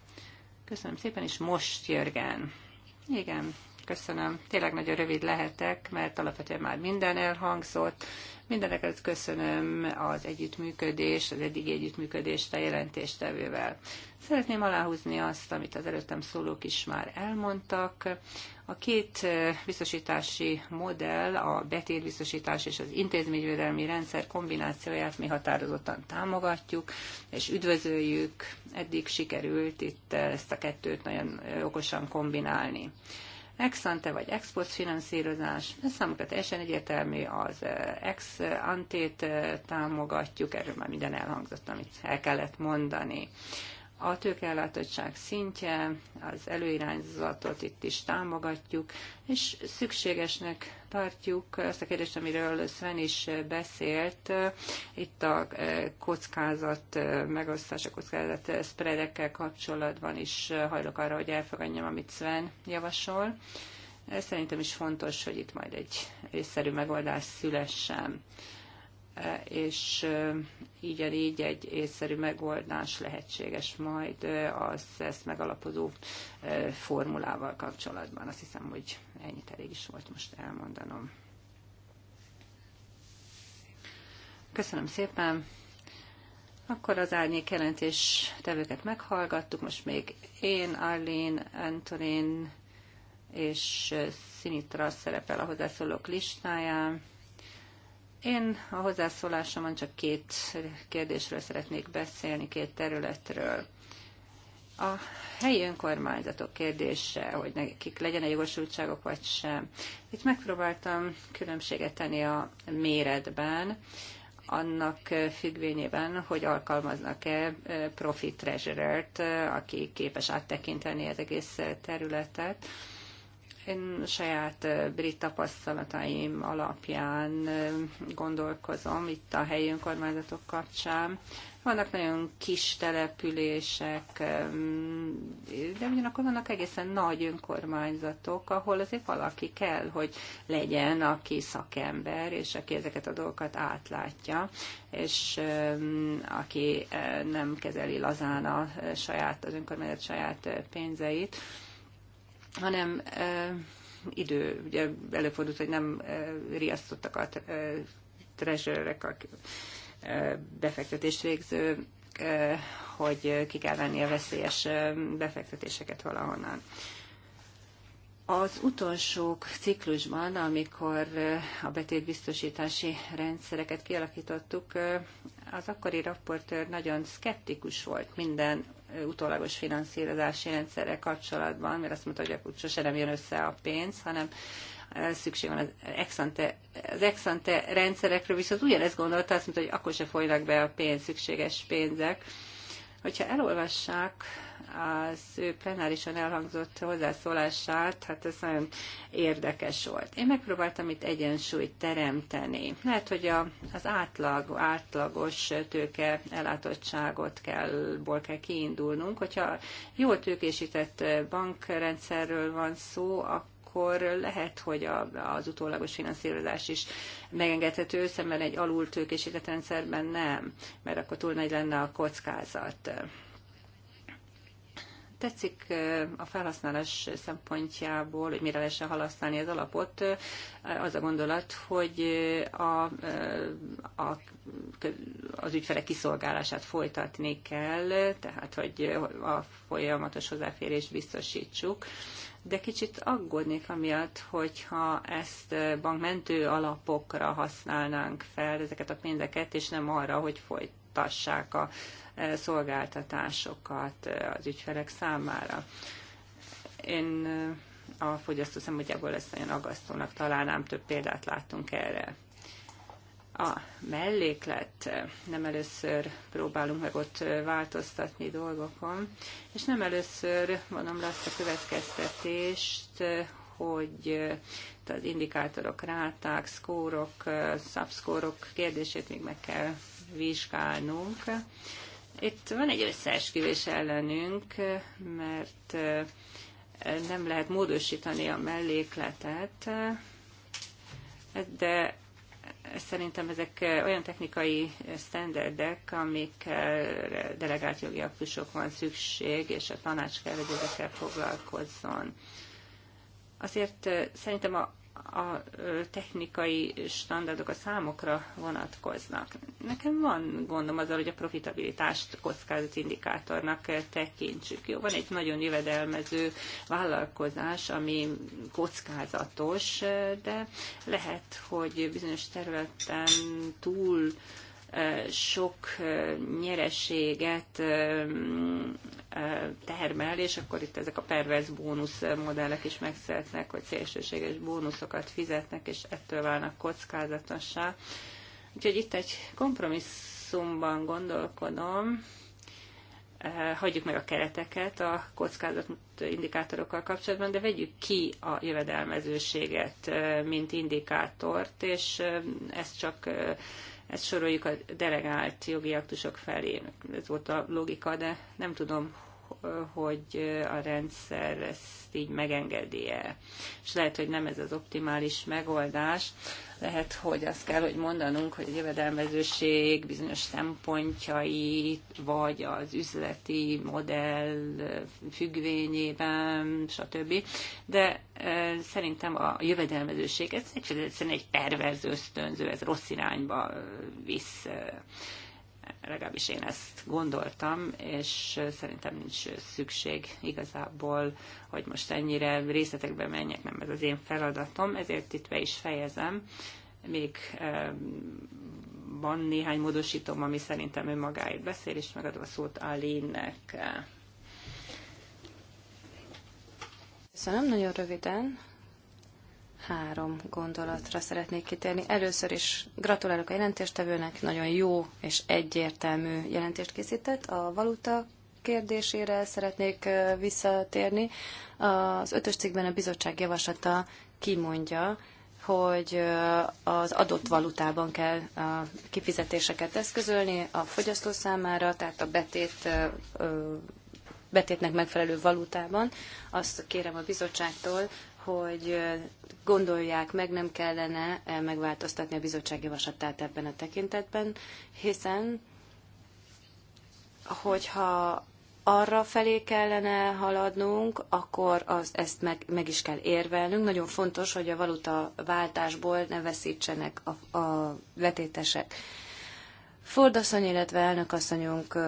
Köszönöm szépen, és most Jörgen. Igen, köszönöm. Tényleg nagyon rövid lehetek, mert alapvetően már minden elhangzott. Mindeneket köszönöm az együttműködést, az eddigi együttműködést a jelentéstevővel. Szeretném aláhúzni azt, amit az előttem szólók is már elmondtak. A két biztosítási modell, a betétbiztosítás és az intézményvédelmi rendszer kombinációját mi határozottan támogatjuk, és üdvözöljük. Eddig sikerült itt ezt a kettőt nagyon okosan kombinálni ex-ante vagy export finanszírozás. Ez számukra teljesen egyértelmű, az ex-antét támogatjuk, erről már minden elhangzott, amit el kellett mondani a tőkeellátottság szintje, az előirányzatot itt is támogatjuk, és szükségesnek tartjuk azt a kérdést, amiről Sven is beszélt, itt a eh, kockázat eh, megosztás, a kockázat spreadekkel kapcsolatban is hajlok arra, hogy elfogadjam, amit Sven javasol. Eh, szerintem is fontos, hogy itt majd egy észszerű megoldás szülessen és eh, így a négy egy észszerű megoldás lehetséges majd eh, az ezt megalapozó eh, formulával kapcsolatban. Azt hiszem, hogy ennyit elég is volt most elmondanom. Köszönöm szépen! Akkor az árnyék jelentés tevőket meghallgattuk, most még én, Arlén, Antonin és Sinitra szerepel a hozzászólók listáján. Én a hozzászólásomon csak két kérdésről szeretnék beszélni, két területről. A helyi önkormányzatok kérdése, hogy nekik legyen a jogosultságok vagy sem. Itt megpróbáltam különbséget tenni a méretben, annak függvényében, hogy alkalmaznak-e eh, profit treasurer eh, aki képes áttekinteni az egész eh, területet én saját brit tapasztalataim alapján gondolkozom itt a helyi önkormányzatok kapcsán. Vannak nagyon kis települések, de ugyanakkor vannak egészen nagy önkormányzatok, ahol azért valaki kell, hogy legyen, aki szakember, és aki ezeket a dolgokat átlátja, és aki nem kezeli lazán a saját, az önkormányzat saját pénzeit hanem idő, ugye előfordult, hogy nem riasztottak a treasurerek a befektetést végző, hogy ki kell venni a veszélyes befektetéseket valahonnan. Az utolsó ciklusban, amikor a betétbiztosítási rendszereket kialakítottuk, az akkori rapportőr nagyon szkeptikus volt minden utólagos finanszírozási rendszerre kapcsolatban, mert azt mondta, hogy akkor sose nem jön össze a pénz, hanem e, szükség van az exante, az exante rendszerekről, viszont ugyanezt gondolta, azt mondta, hogy akkor se folynak be a pénz, szükséges pénzek. Hogyha elolvassák az ő plenárisan elhangzott hozzászólását, hát ez nagyon érdekes volt. Én megpróbáltam itt egyensúlyt teremteni. Lehet, hogy a, az átlag, átlagos tőke ellátottságot kell, ból kell kiindulnunk. Hogyha jó tőkésített bankrendszerről van szó, akkor akkor lehet, hogy a, az utólagos finanszírozás is megengedhető, szemben egy alul tőkésített rendszerben nem, mert akkor túl nagy lenne a kockázat tetszik a felhasználás szempontjából, hogy mire lehessen halasztani az alapot, az a gondolat, hogy a, a, az ügyfelek kiszolgálását folytatni kell, tehát hogy a folyamatos hozzáférést biztosítsuk de kicsit aggódnék amiatt, hogyha ezt bankmentő alapokra használnánk fel ezeket a pénzeket, és nem arra, hogy folyt juttassák a eh, szolgáltatásokat eh, az ügyfelek számára. Én eh, a fogyasztó szempontjából ezt nagyon agasztónak találnám, több példát láttunk erre. A melléklet, nem először próbálunk meg ott változtatni dolgokon, és nem először mondom le azt a következtetést, hogy az indikátorok, ráták, szkórok, szabszkórok kérdését még meg kell vizsgálnunk. Itt van egy összeesküvés ellenünk, mert nem lehet módosítani a mellékletet, de szerintem ezek olyan technikai standardek, amikkel delegált jogi aktusok van szükség, és a tanács kell, hogy ezekkel foglalkozzon. Azért szerintem a a technikai standardok a számokra vonatkoznak. Nekem van gondom azzal, hogy a profitabilitást indikátornak tekintsük. Jó, van egy nagyon jövedelmező vállalkozás, ami kockázatos, de lehet, hogy bizonyos területen túl sok nyereséget termel, és akkor itt ezek a pervers bónusz modellek is megszeretnek, hogy szélsőséges bónuszokat fizetnek, és ettől válnak kockázatossá. Úgyhogy itt egy kompromisszumban gondolkodom, hagyjuk meg a kereteket a kockázat indikátorokkal kapcsolatban, de vegyük ki a jövedelmezőséget, mint indikátort, és ezt csak ezt soroljuk a delegált jogi aktusok felé. Ez volt a logika, de nem tudom, hogy a rendszer ezt így megengedi-e. És lehet, hogy nem ez az optimális megoldás. Lehet, hogy azt kell, hogy mondanunk, hogy a jövedelmezőség bizonyos szempontjai, vagy az üzleti modell függvényében, stb. De szerintem a jövedelmezőség ez egyszerűen egy perverz ösztönző, ez rossz irányba visz legalábbis én ezt gondoltam, és szerintem nincs szükség igazából, hogy most ennyire részletekbe menjek, nem ez az én feladatom, ezért itt be is fejezem. Még van néhány módosítom, ami szerintem ő magáért beszél, és megadva a szót Alinnek. Köszönöm, nagyon röviden három gondolatra szeretnék kitérni. Először is gratulálok a jelentéstevőnek, nagyon jó és egyértelmű jelentést készített. A valuta kérdésére szeretnék visszatérni. Az ötös cikkben a bizottság javaslata kimondja, hogy az adott valutában kell a kifizetéseket eszközölni a fogyasztó számára, tehát a betét betétnek megfelelő valutában. Azt kérem a bizottságtól, hogy gondolják meg, nem kellene megváltoztatni a bizottság javaslatát ebben a tekintetben, hiszen hogyha arra felé kellene haladnunk, akkor az, ezt meg, meg is kell érvelnünk. Nagyon fontos, hogy a valuta váltásból ne veszítsenek a, a vetétesek. Fordasszony, illetve elnökasszonyunk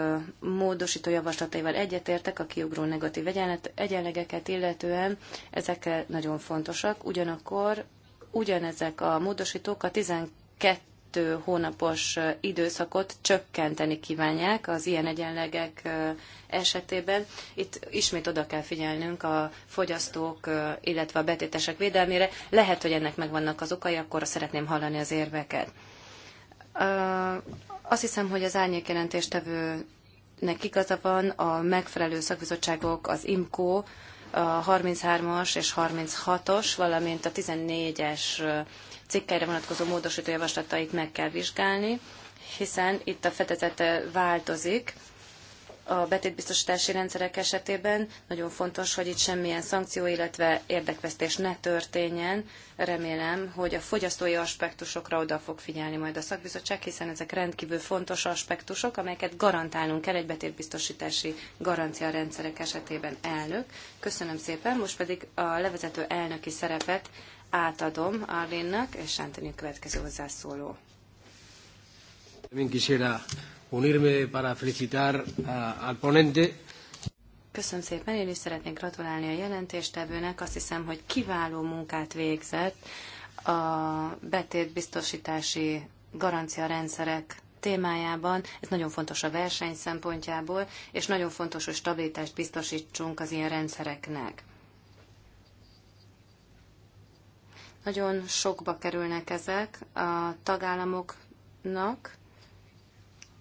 módosító javaslataival egyetértek a kiugró negatív egyenlegeket illetően, ezek nagyon fontosak, ugyanakkor ugyanezek a módosítók a 12 hónapos időszakot csökkenteni kívánják az ilyen egyenlegek esetében. Itt ismét oda kell figyelnünk a fogyasztók, illetve a betétesek védelmére. Lehet, hogy ennek megvannak az okai, akkor szeretném hallani az érveket azt hiszem, hogy az árnyékjelentéstevőnek igaza van, a megfelelő szakbizottságok, az IMCO, a 33-as és 36-os, valamint a 14-es cikkeire vonatkozó módosító javaslatait meg kell vizsgálni, hiszen itt a fedezete változik, a betétbiztosítási rendszerek esetében. Nagyon fontos, hogy itt semmilyen szankció, illetve érdekvesztés ne történjen. Remélem, hogy a fogyasztói aspektusokra oda fog figyelni majd a szakbizottság, hiszen ezek rendkívül fontos aspektusok, amelyeket garantálnunk kell egy betétbiztosítási garancia rendszerek esetében elnök. Köszönöm szépen, most pedig a levezető elnöki szerepet átadom Arlinnak, és Antoni következő hozzászóló. Mindenki unirme para felicitar al ponente. Köszönöm szépen, én is szeretnék gratulálni a jelentéstevőnek. Azt hiszem, hogy kiváló munkát végzett a betétbiztosítási garancia rendszerek témájában. Ez nagyon fontos a verseny szempontjából, és nagyon fontos, hogy stabilitást biztosítsunk az ilyen rendszereknek. Nagyon sokba kerülnek ezek a tagállamoknak,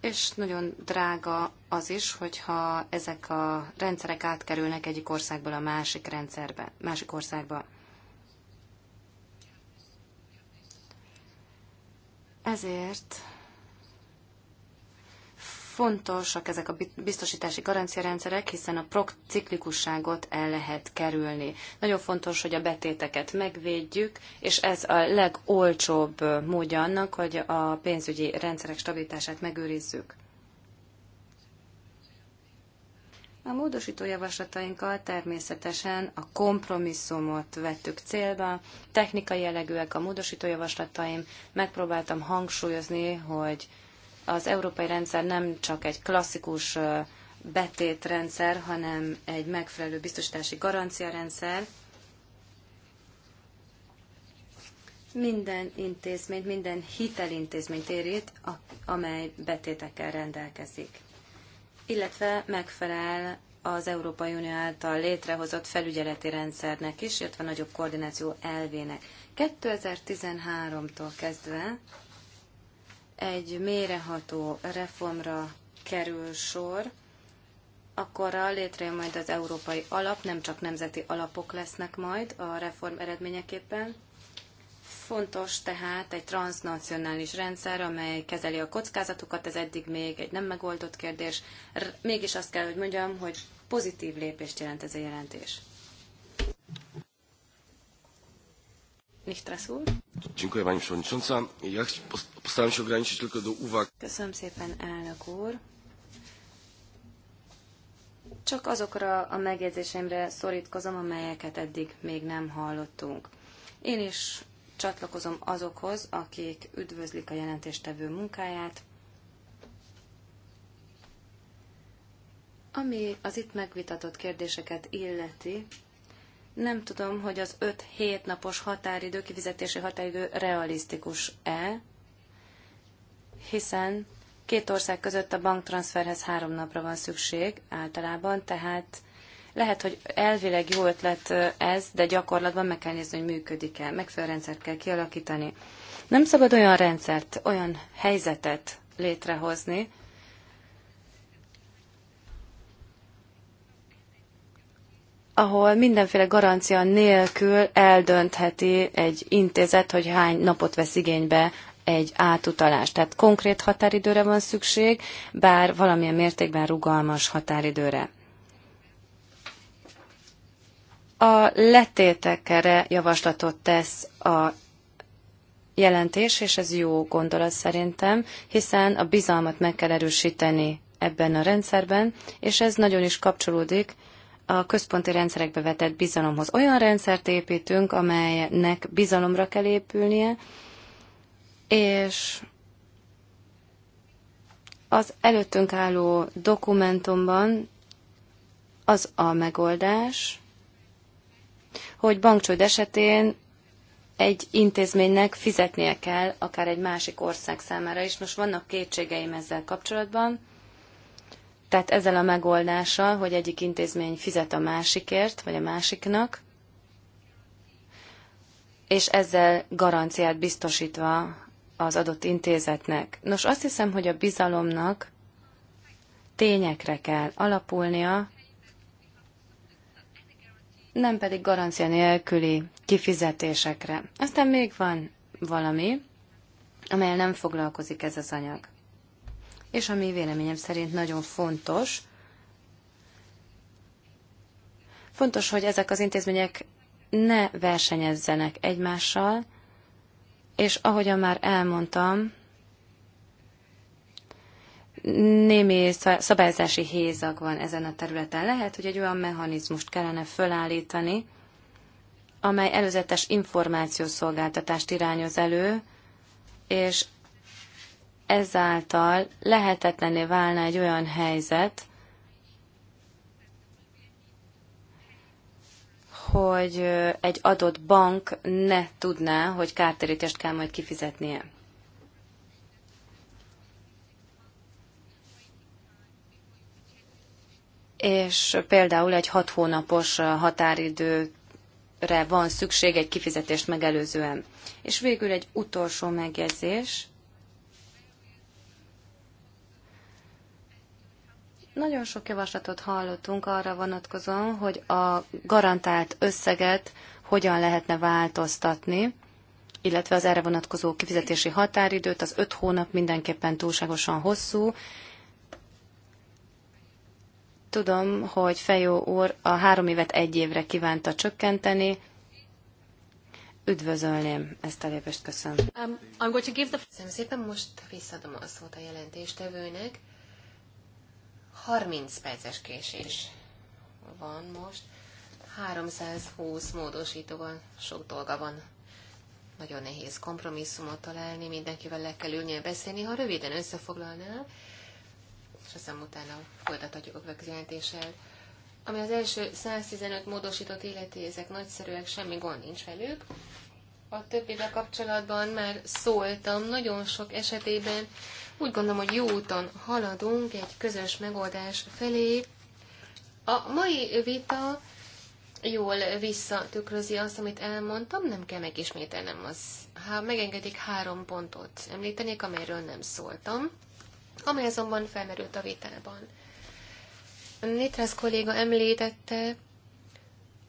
és nagyon drága az is, hogyha ezek a rendszerek átkerülnek egyik országból a másik rendszerbe, másik országba. Ezért fontosak ezek a biztosítási garanciarendszerek, hiszen a prokciklikusságot el lehet kerülni. Nagyon fontos, hogy a betéteket megvédjük, és ez a legolcsóbb módja annak, hogy a pénzügyi rendszerek stabilitását megőrizzük. A módosító javaslatainkkal természetesen a kompromisszumot vettük célba. Technikai jellegűek a módosító javaslataim. Megpróbáltam hangsúlyozni, hogy az európai rendszer nem csak egy klasszikus betétrendszer, hanem egy megfelelő biztosítási garanciarendszer. Minden intézményt, minden hitelintézményt érít, amely betétekkel rendelkezik, illetve megfelel az Európai Unió által létrehozott felügyeleti rendszernek is, illetve nagyobb koordináció elvének. 2013-tól kezdve egy méreható reformra kerül sor, akkor a létrejön majd az európai alap, nem csak nemzeti alapok lesznek majd a reform eredményeképpen. Fontos tehát egy transnacionális rendszer, amely kezeli a kockázatokat, ez eddig még egy nem megoldott kérdés. Mégis azt kell, hogy mondjam, hogy pozitív lépést jelent ez a jelentés. Dziękuję Pani Przewodnicząca. Ja postaram się ograniczyć tylko do uwag. Köszönöm szépen, elnök úr. Csak azokra a megjegyzésemre szorítkozom, amelyeket eddig még nem hallottunk. Én is csatlakozom azokhoz, akik üdvözlik a jelentéstevő munkáját, Ami az itt megvitatott kérdéseket illeti, nem tudom, hogy az 5-7 napos határidő, kifizetési határidő realisztikus-e, hiszen két ország között a banktranszferhez három napra van szükség általában, tehát lehet, hogy elvileg jó ötlet ez, de gyakorlatban meg kell nézni, hogy működik-e, megfelelő rendszert kell kialakítani. Nem szabad olyan rendszert, olyan helyzetet létrehozni, ahol mindenféle garancia nélkül eldöntheti egy intézet, hogy hány napot vesz igénybe egy átutalás. Tehát konkrét határidőre van szükség, bár valamilyen mértékben rugalmas határidőre. A letétekre javaslatot tesz a jelentés, és ez jó gondolat szerintem, hiszen a bizalmat meg kell erősíteni ebben a rendszerben, és ez nagyon is kapcsolódik a központi rendszerekbe vetett bizalomhoz. Olyan rendszert építünk, amelynek bizalomra kell épülnie, és az előttünk álló dokumentumban az a megoldás, hogy bankcsőd esetén egy intézménynek fizetnie kell akár egy másik ország számára is. Nos, vannak kétségeim ezzel kapcsolatban. Tehát ezzel a megoldással, hogy egyik intézmény fizet a másikért, vagy a másiknak, és ezzel garanciát biztosítva az adott intézetnek. Nos, azt hiszem, hogy a bizalomnak tényekre kell alapulnia, nem pedig garancia nélküli kifizetésekre. Aztán még van valami, amelyel nem foglalkozik ez az anyag és ami véleményem szerint nagyon fontos, fontos, hogy ezek az intézmények ne versenyezzenek egymással, és ahogyan már elmondtam, némi szabályzási hézag van ezen a területen. Lehet, hogy egy olyan mechanizmust kellene fölállítani, amely előzetes információszolgáltatást irányoz elő, és ezáltal lehetetlené válna egy olyan helyzet, hogy egy adott bank ne tudná, hogy kártérítést kell majd kifizetnie. És például egy hat hónapos határidőre van szükség egy kifizetést megelőzően. És végül egy utolsó megjegyzés. Nagyon sok javaslatot hallottunk arra vonatkozóan, hogy a garantált összeget hogyan lehetne változtatni, illetve az erre vonatkozó kifizetési határidőt, az öt hónap mindenképpen túlságosan hosszú. Tudom, hogy Fejó úr a három évet egy évre kívánta csökkenteni. Üdvözölném ezt a lépést, köszönöm. Um, I'm going to give the... szépen, most visszadom a szót a jelentéstevőnek. 30 perces késés van most. 320 módosítóval sok dolga van. Nagyon nehéz kompromisszumot találni, mindenkivel le kell ülnie beszélni. Ha röviden összefoglalnál, és aztán utána folytatjuk a következjelentéssel. Ami az első 115 módosított életi, ezek nagyszerűek, semmi gond nincs velük a többivel kapcsolatban már szóltam, nagyon sok esetében úgy gondolom, hogy jó úton haladunk egy közös megoldás felé. A mai vita jól visszatükrözi azt, amit elmondtam, nem kell megismételnem az. Ha megengedik, három pontot említenék, amelyről nem szóltam, amely azonban felmerült a vitában. Nitrász kolléga említette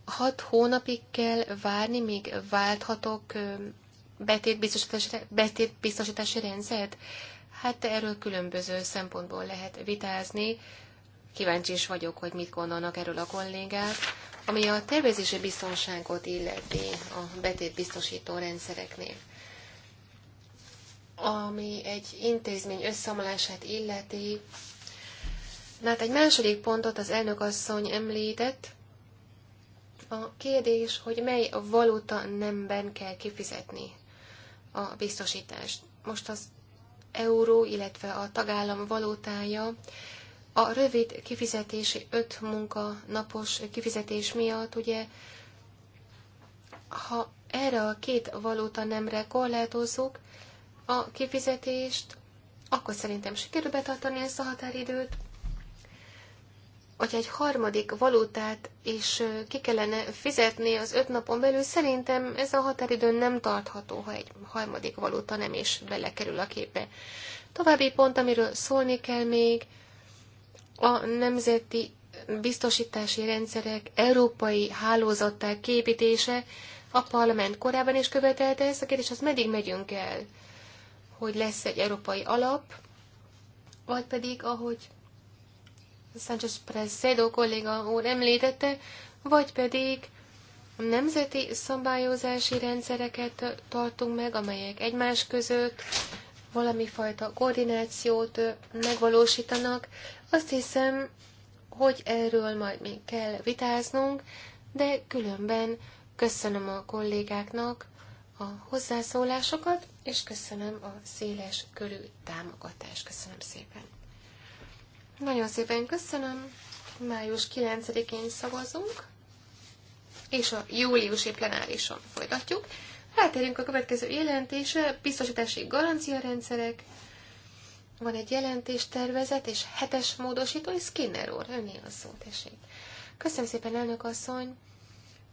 hat hónapig kell várni, míg válthatok betétbiztosítási, betétbiztosítási rendszert? Hát erről különböző szempontból lehet vitázni. Kíváncsi is vagyok, hogy mit gondolnak erről a kollégák. Ami a tervezési biztonságot illeti a betétbiztosító rendszereknél, ami egy intézmény összeomlását illeti, Na hát egy második pontot az elnök asszony említett, a kérdés, hogy mely valuta nemben kell kifizetni a biztosítást. Most az euró, illetve a tagállam valótája a rövid kifizetési öt munkanapos kifizetés miatt ugye, ha erre a két valóta nemre korlátozzuk a kifizetést, akkor szerintem sikerül betartani ezt a határidőt, hogyha egy harmadik valutát is ki kellene fizetni az öt napon belül, szerintem ez a határidő nem tartható, ha egy harmadik valuta nem is belekerül a képbe. További pont, amiről szólni kell még, a nemzeti biztosítási rendszerek európai hálózatták képítése, a parlament korábban is követelte ezt a kérdést, az meddig megyünk el, hogy lesz egy európai alap, vagy pedig, ahogy Sánchez Presedo kolléga úr említette, vagy pedig nemzeti szabályozási rendszereket tartunk meg, amelyek egymás között valami fajta koordinációt megvalósítanak. Azt hiszem, hogy erről majd még kell vitáznunk, de különben köszönöm a kollégáknak a hozzászólásokat, és köszönöm a széles körű támogatást. Köszönöm szépen! Nagyon szépen köszönöm. Május 9-én szavazunk, és a júliusi plenárison folytatjuk. Rátérünk a következő jelentésre, biztosítási garanciarendszerek. Van egy jelentéstervezet és hetes módosító, és Skinner úr, önné a szó, tessék. Köszönöm szépen, elnök asszony.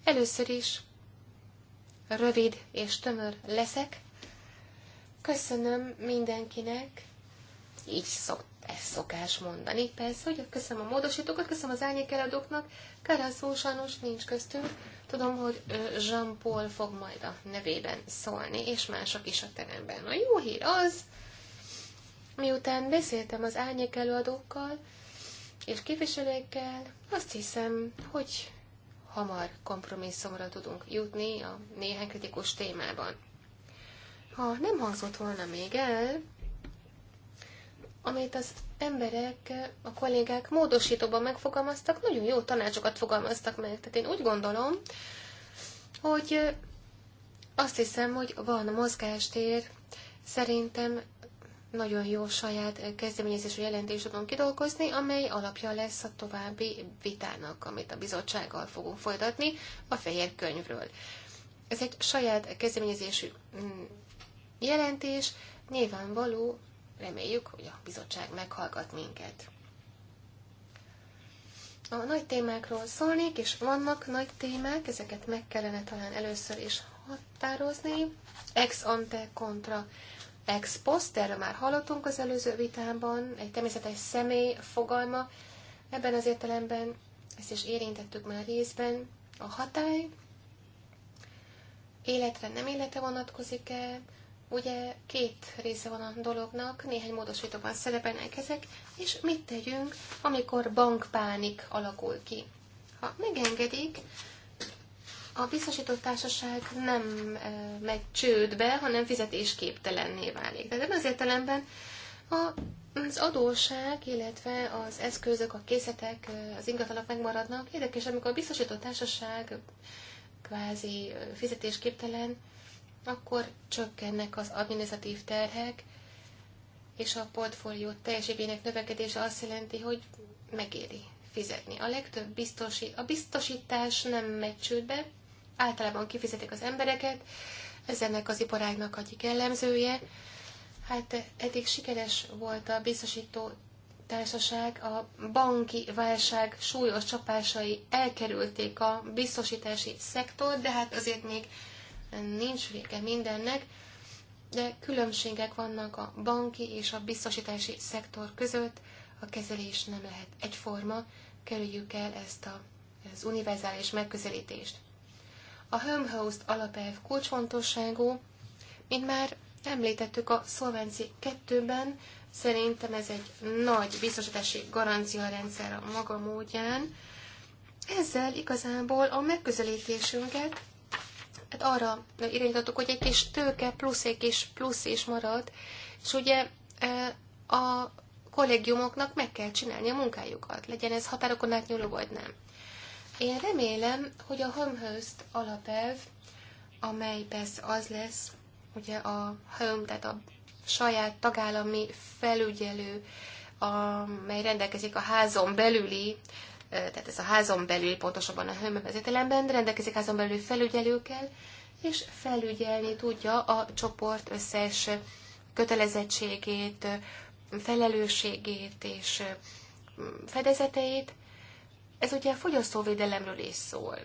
Először is rövid és tömör leszek. Köszönöm mindenkinek. Így szokt ezt szokás mondani. Persze, hogy köszönöm a módosítókat, köszönöm az árnyékeladóknak. Karaszó sajnos nincs köztünk. Tudom, hogy Jean-Paul fog majd a nevében szólni, és mások is a teremben. A jó hír az, miután beszéltem az árnyékelőadókkal és képviselőkkel, azt hiszem, hogy hamar kompromisszumra tudunk jutni a néhány kritikus témában. Ha nem hangzott volna még el, amelyet az emberek, a kollégák módosítóban megfogalmaztak, nagyon jó tanácsokat fogalmaztak meg. Tehát én úgy gondolom, hogy azt hiszem, hogy van mozgástér, szerintem nagyon jó saját kezdeményezésű jelentést tudunk kidolgozni, amely alapja lesz a további vitának, amit a bizottsággal fogunk folytatni a fehér könyvről. Ez egy saját kezdeményezésű mm, jelentés, nyilvánvaló, Reméljük, hogy a bizottság meghallgat minket. A nagy témákról szólnék, és vannak nagy témák, ezeket meg kellene talán először is határozni. Ex ante contra, ex post, erről már hallottunk az előző vitában, egy természetes személy fogalma. Ebben az értelemben ezt is érintettük már részben. A hatály életre nem életre vonatkozik-e, Ugye két része van a dolognak, néhány módosítóban szerepelnek ezek, és mit tegyünk, amikor bankpánik alakul ki. Ha megengedik, a biztosított társaság nem e, megy csődbe, hanem fizetésképtelenné válik. De ebben az értelemben az adóság, illetve az eszközök, a készletek, e, az ingatlanok megmaradnak. Érdekes, amikor a biztosított társaság kvázi e, fizetésképtelen, akkor csökkennek az administratív terhek, és a portfólió teljességének növekedése azt jelenti, hogy megéri fizetni. A legtöbb biztosi, a biztosítás nem megy csődbe, általában kifizetik az embereket, ez ennek az iparágnak egyik jellemzője. Hát eddig sikeres volt a biztosító társaság, a banki válság súlyos csapásai elkerülték a biztosítási szektort, de hát azért még nincs vége mindennek, de különbségek vannak a banki és a biztosítási szektor között, a kezelés nem lehet egyforma, kerüljük el ezt a, az univerzális megközelítést. A Home Host alapelv kulcsfontosságú, mint már említettük a Szolvenci 2-ben, szerintem ez egy nagy biztosítási garancia rendszer a maga módján. Ezzel igazából a megközelítésünket Hát arra irányítottuk, hogy egy kis tőke plusz egy kis plusz is marad, és ugye a kollégiumoknak meg kell csinálni a munkájukat, legyen ez határokon átnyúló vagy nem. Én remélem, hogy a Homehost alapelv, amely persze az lesz, ugye a Home, tehát a saját tagállami felügyelő, amely rendelkezik a házon belüli tehát ez a házon belül, pontosabban a hőmövezetelemben rendelkezik házon belül felügyelőkkel, és felügyelni tudja a csoport összes kötelezettségét, felelősségét és fedezeteit. Ez ugye a fogyasztóvédelemről is szól.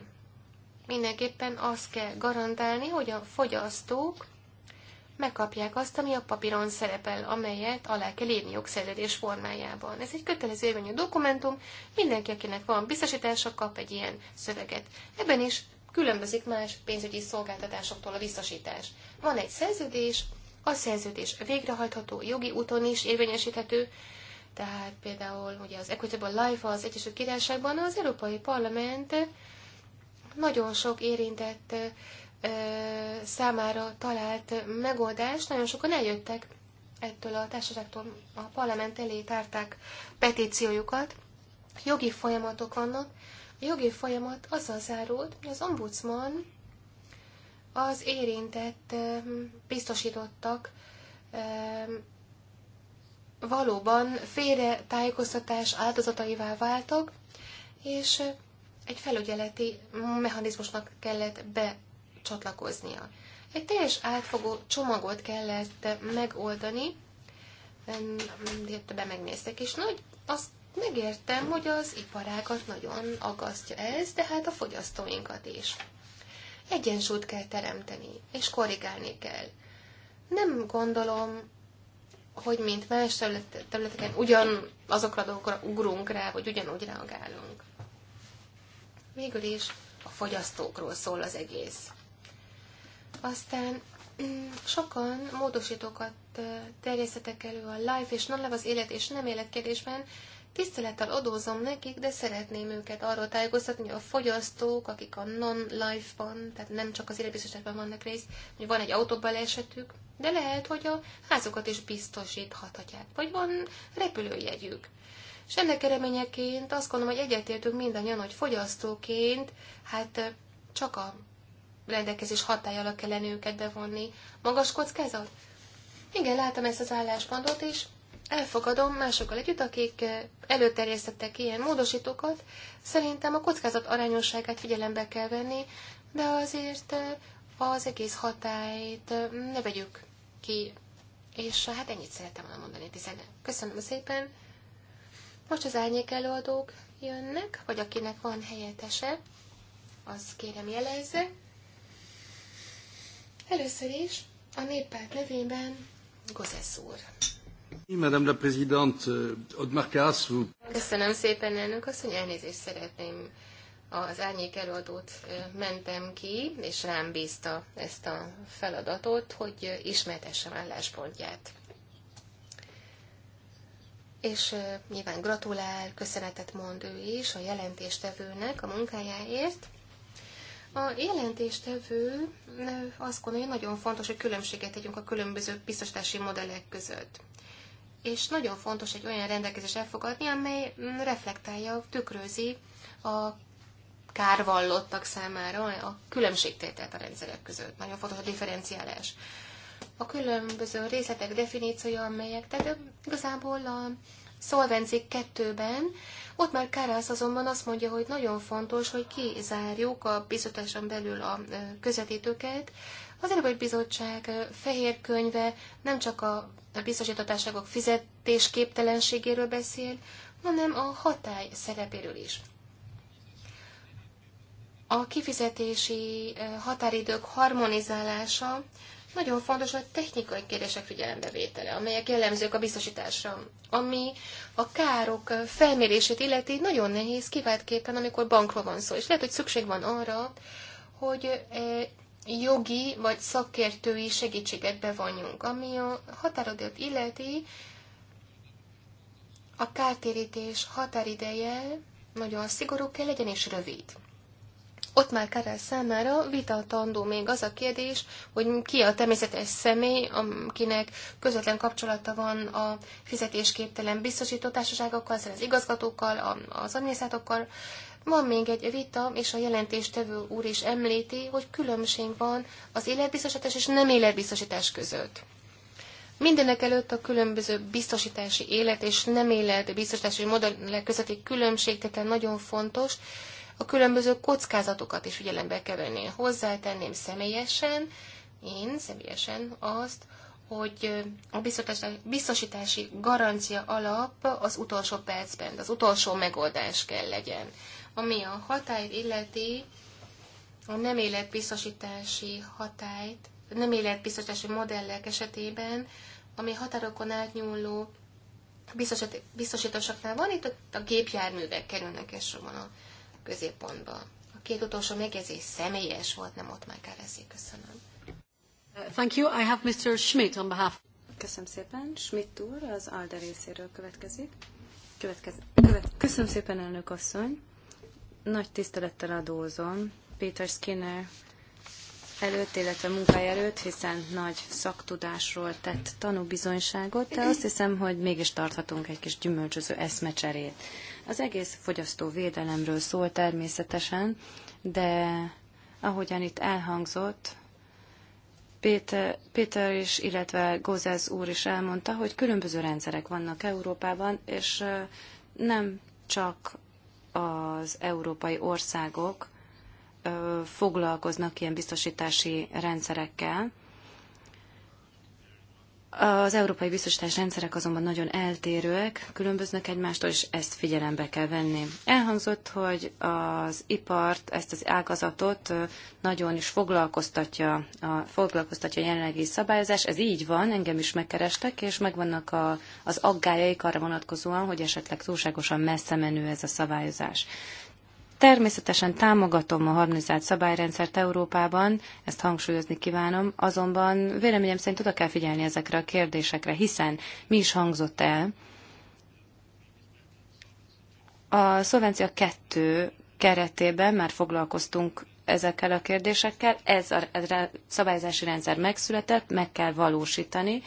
Mindenképpen azt kell garantálni, hogy a fogyasztók megkapják azt, ami a papíron szerepel, amelyet alá kell írni jogszerződés formájában. Ez egy kötelező érvényű dokumentum, mindenki, akinek van biztosítása, kap egy ilyen szöveget. Ebben is különbözik más pénzügyi szolgáltatásoktól a biztosítás. Van egy szerződés, a szerződés végrehajtható, jogi úton is érvényesíthető, tehát például ugye az Equitable Life az Egyesült Királyságban az Európai Parlament nagyon sok érintett számára talált megoldást. Nagyon sokan eljöttek ettől a társaságtól, a parlament elé tárták petíciójukat. Jogi folyamatok vannak. A jogi folyamat azzal zárult, hogy az ombudsman az érintett biztosítottak valóban félre tájékoztatás áldozataivá váltak, és egy felügyeleti mechanizmusnak kellett be csatlakoznia. Egy teljes átfogó csomagot kellett megoldani, be megnéztek, és nagy, azt megértem, hogy az iparákat nagyon agasztja ez, de hát a fogyasztóinkat is. Egyensúlyt kell teremteni, és korrigálni kell. Nem gondolom, hogy mint más területeken ugyan azokra a dolgokra ugrunk rá, vagy ugyanúgy reagálunk. Végül is a fogyasztókról szól az egész. Aztán mm, sokan módosítókat terjesztetek elő a live és non live az élet és nem élet kérdésben. Tisztelettel adózom nekik, de szeretném őket arról tájékoztatni, hogy a fogyasztók, akik a non-life-ban, tehát nem csak az életbiztosításban vannak részt, hogy van egy autóbalesetük, de lehet, hogy a házukat is biztosíthatják, vagy van repülőjegyük. És ennek eredményeként azt gondolom, hogy egyetértünk mindannyian, hogy fogyasztóként, hát csak a rendelkezés hatájára kellene őket bevonni. Magas kockázat? Igen, látom ezt az álláspontot, és elfogadom másokkal együtt, akik eh, előterjesztettek ilyen módosítókat. Szerintem a kockázat arányosságát figyelembe kell venni, de azért eh, az egész hatályt eh, ne vegyük ki. És hát ennyit szerettem volna mondani, hiszen köszönöm szépen. Most az árnyék előadók jönnek, vagy akinek van helyettese, az kérem jelezze. Először is a néppárt nevében Gozesz úr. Madame la Présidente, euh, Odmar Kassou. Köszönöm szépen, elnök asszony, elnézést szeretném. Az árnyék előadót mentem ki, és rám bízta ezt a feladatot, hogy ismertessem álláspontját. És nyilván gratulál, köszönetet mond ő is a jelentéstevőnek a munkájáért, a jelentéstevő azt gondolja, hogy nagyon fontos, hogy különbséget tegyünk a különböző biztosítási modellek között. És nagyon fontos egy olyan rendelkezés elfogadni, amely reflektálja, tükrözi a kárvallottak számára a különbségtételt a rendszerek között. Nagyon fontos a differenciálás. A különböző részletek definíciója, amelyek, tehát igazából a Solvency 2-ben ott már Kárász azonban azt mondja, hogy nagyon fontos, hogy kizárjuk a bizottságon belül a közvetítőket. Az Európai Bizottság fehér könyve nem csak a biztosítatásságok fizetésképtelenségéről beszél, hanem a hatály szerepéről is. A kifizetési határidők harmonizálása nagyon fontos a technikai kérdések figyelembevétele, amelyek jellemzők a biztosításra, ami a károk felmérését illeti nagyon nehéz, kiváltképpen, amikor bankról van szó. És lehet, hogy szükség van arra, hogy e, jogi vagy szakértői segítséget bevonjunk, ami a határodat illeti, a kártérítés határideje nagyon szigorú kell legyen és rövid. Ott már Karel számára vitatandó még az a kérdés, hogy ki a természetes személy, akinek közvetlen kapcsolata van a fizetésképtelen biztosító társaságokkal, az igazgatókkal, az adminisztrátokkal. Van még egy vita, és a jelentéstevő úr is említi, hogy különbség van az életbiztosítás és nem életbiztosítás között. Mindenek előtt a különböző biztosítási élet és nem élet biztosítási modellek közötti különbség tehát nagyon fontos, a különböző kockázatokat is figyelembe kell venni. Hozzátenném személyesen, én személyesen azt, hogy a biztosítási garancia alap az utolsó percben, az utolsó megoldás kell legyen. Ami a hatály illeti, a nem életbiztosítási hatályt, nem életbiztosítási modellek esetében, ami határokon átnyúló biztosítósoknál van, itt a gépjárművek kerülnek elsősorban középpontba. A két utolsó megjegyzés személyes volt, nem ott már kereszi. Köszönöm. Thank you. I have Mr. Schmidt on behalf. Köszönöm szépen. Schmidt úr az ALDE részéről következik. Következ... Követ... Köszönöm szépen, elnök asszony. Nagy tisztelettel adózom Peter Skinner előtt, illetve munkája előtt, hiszen nagy szaktudásról tett tanúbizonyságot, de azt hiszem, hogy mégis tarthatunk egy kis gyümölcsöző eszmecserét. Az egész fogyasztóvédelemről szól természetesen, de ahogyan itt elhangzott, Péter, Péter is, illetve Gózez úr is elmondta, hogy különböző rendszerek vannak Európában, és nem csak az európai országok foglalkoznak ilyen biztosítási rendszerekkel, az európai biztosítás rendszerek azonban nagyon eltérőek, különböznek egymástól, és ezt figyelembe kell venni. Elhangzott, hogy az ipart, ezt az ágazatot nagyon is foglalkoztatja a, foglalkoztatja a jelenlegi szabályozás. Ez így van, engem is megkerestek, és megvannak a, az aggájaik arra vonatkozóan, hogy esetleg túlságosan messze menő ez a szabályozás. Természetesen támogatom a harmonizált szabályrendszert Európában, ezt hangsúlyozni kívánom, azonban véleményem szerint oda kell figyelni ezekre a kérdésekre, hiszen mi is hangzott el. A szolvencia 2 keretében már foglalkoztunk ezekkel a kérdésekkel, ez a szabályzási rendszer megszületett, meg kell valósítani,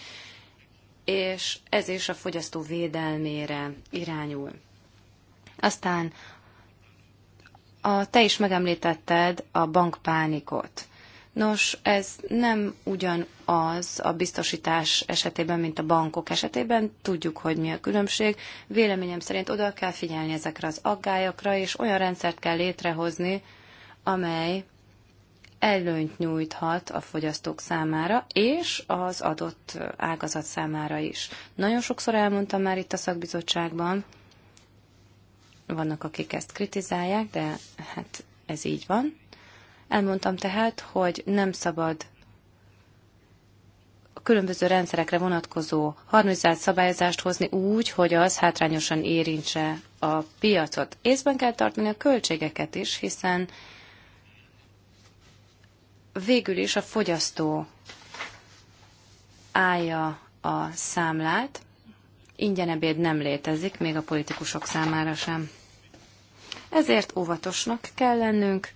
és ez is a fogyasztó védelmére irányul. Aztán a, te is megemlítetted a bankpánikot. Nos, ez nem ugyanaz a biztosítás esetében, mint a bankok esetében. Tudjuk, hogy mi a különbség. Véleményem szerint oda kell figyelni ezekre az aggályokra, és olyan rendszert kell létrehozni, amely előnyt nyújthat a fogyasztók számára, és az adott ágazat számára is. Nagyon sokszor elmondtam már itt a szakbizottságban, vannak, akik ezt kritizálják, de hát ez így van. Elmondtam tehát, hogy nem szabad a különböző rendszerekre vonatkozó harmonizált szabályozást hozni úgy, hogy az hátrányosan érintse a piacot. Észben kell tartani a költségeket is, hiszen végül is a fogyasztó állja a számlát, ebéd nem létezik, még a politikusok számára sem. Ezért óvatosnak kell lennünk,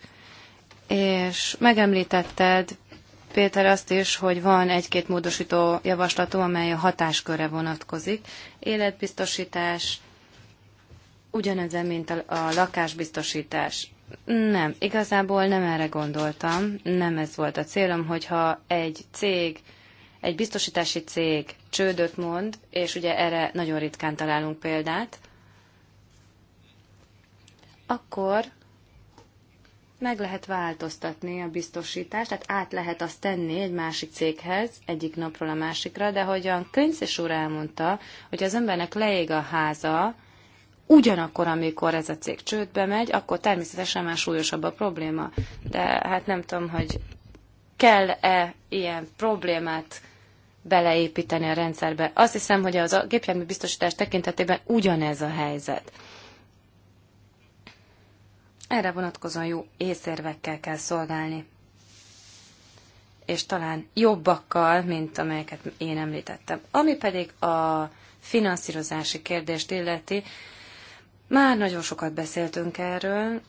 és megemlítetted, Péter, azt is, hogy van egy-két módosító javaslatom, amely a hatáskörre vonatkozik. Életbiztosítás, ugyanezen, mint a, a lakásbiztosítás. Nem, igazából nem erre gondoltam, nem ez volt a célom, hogyha egy cég, egy biztosítási cég csődöt mond, és ugye erre nagyon ritkán találunk példát, akkor meg lehet változtatni a biztosítást, tehát át lehet azt tenni egy másik céghez egyik napról a másikra, de hogyan könyvszés úr elmondta, hogy az embernek leég a háza, ugyanakkor, amikor ez a cég csődbe megy, akkor természetesen már súlyosabb a probléma. De hát nem tudom, hogy kell-e ilyen problémát beleépíteni a rendszerbe. Azt hiszem, hogy az a gépjármű biztosítás tekintetében ugyanez a helyzet. Erre vonatkozóan jó észérvekkel kell szolgálni. És talán jobbakkal, mint amelyeket én említettem. Ami pedig a finanszírozási kérdést illeti, már nagyon sokat beszéltünk erről,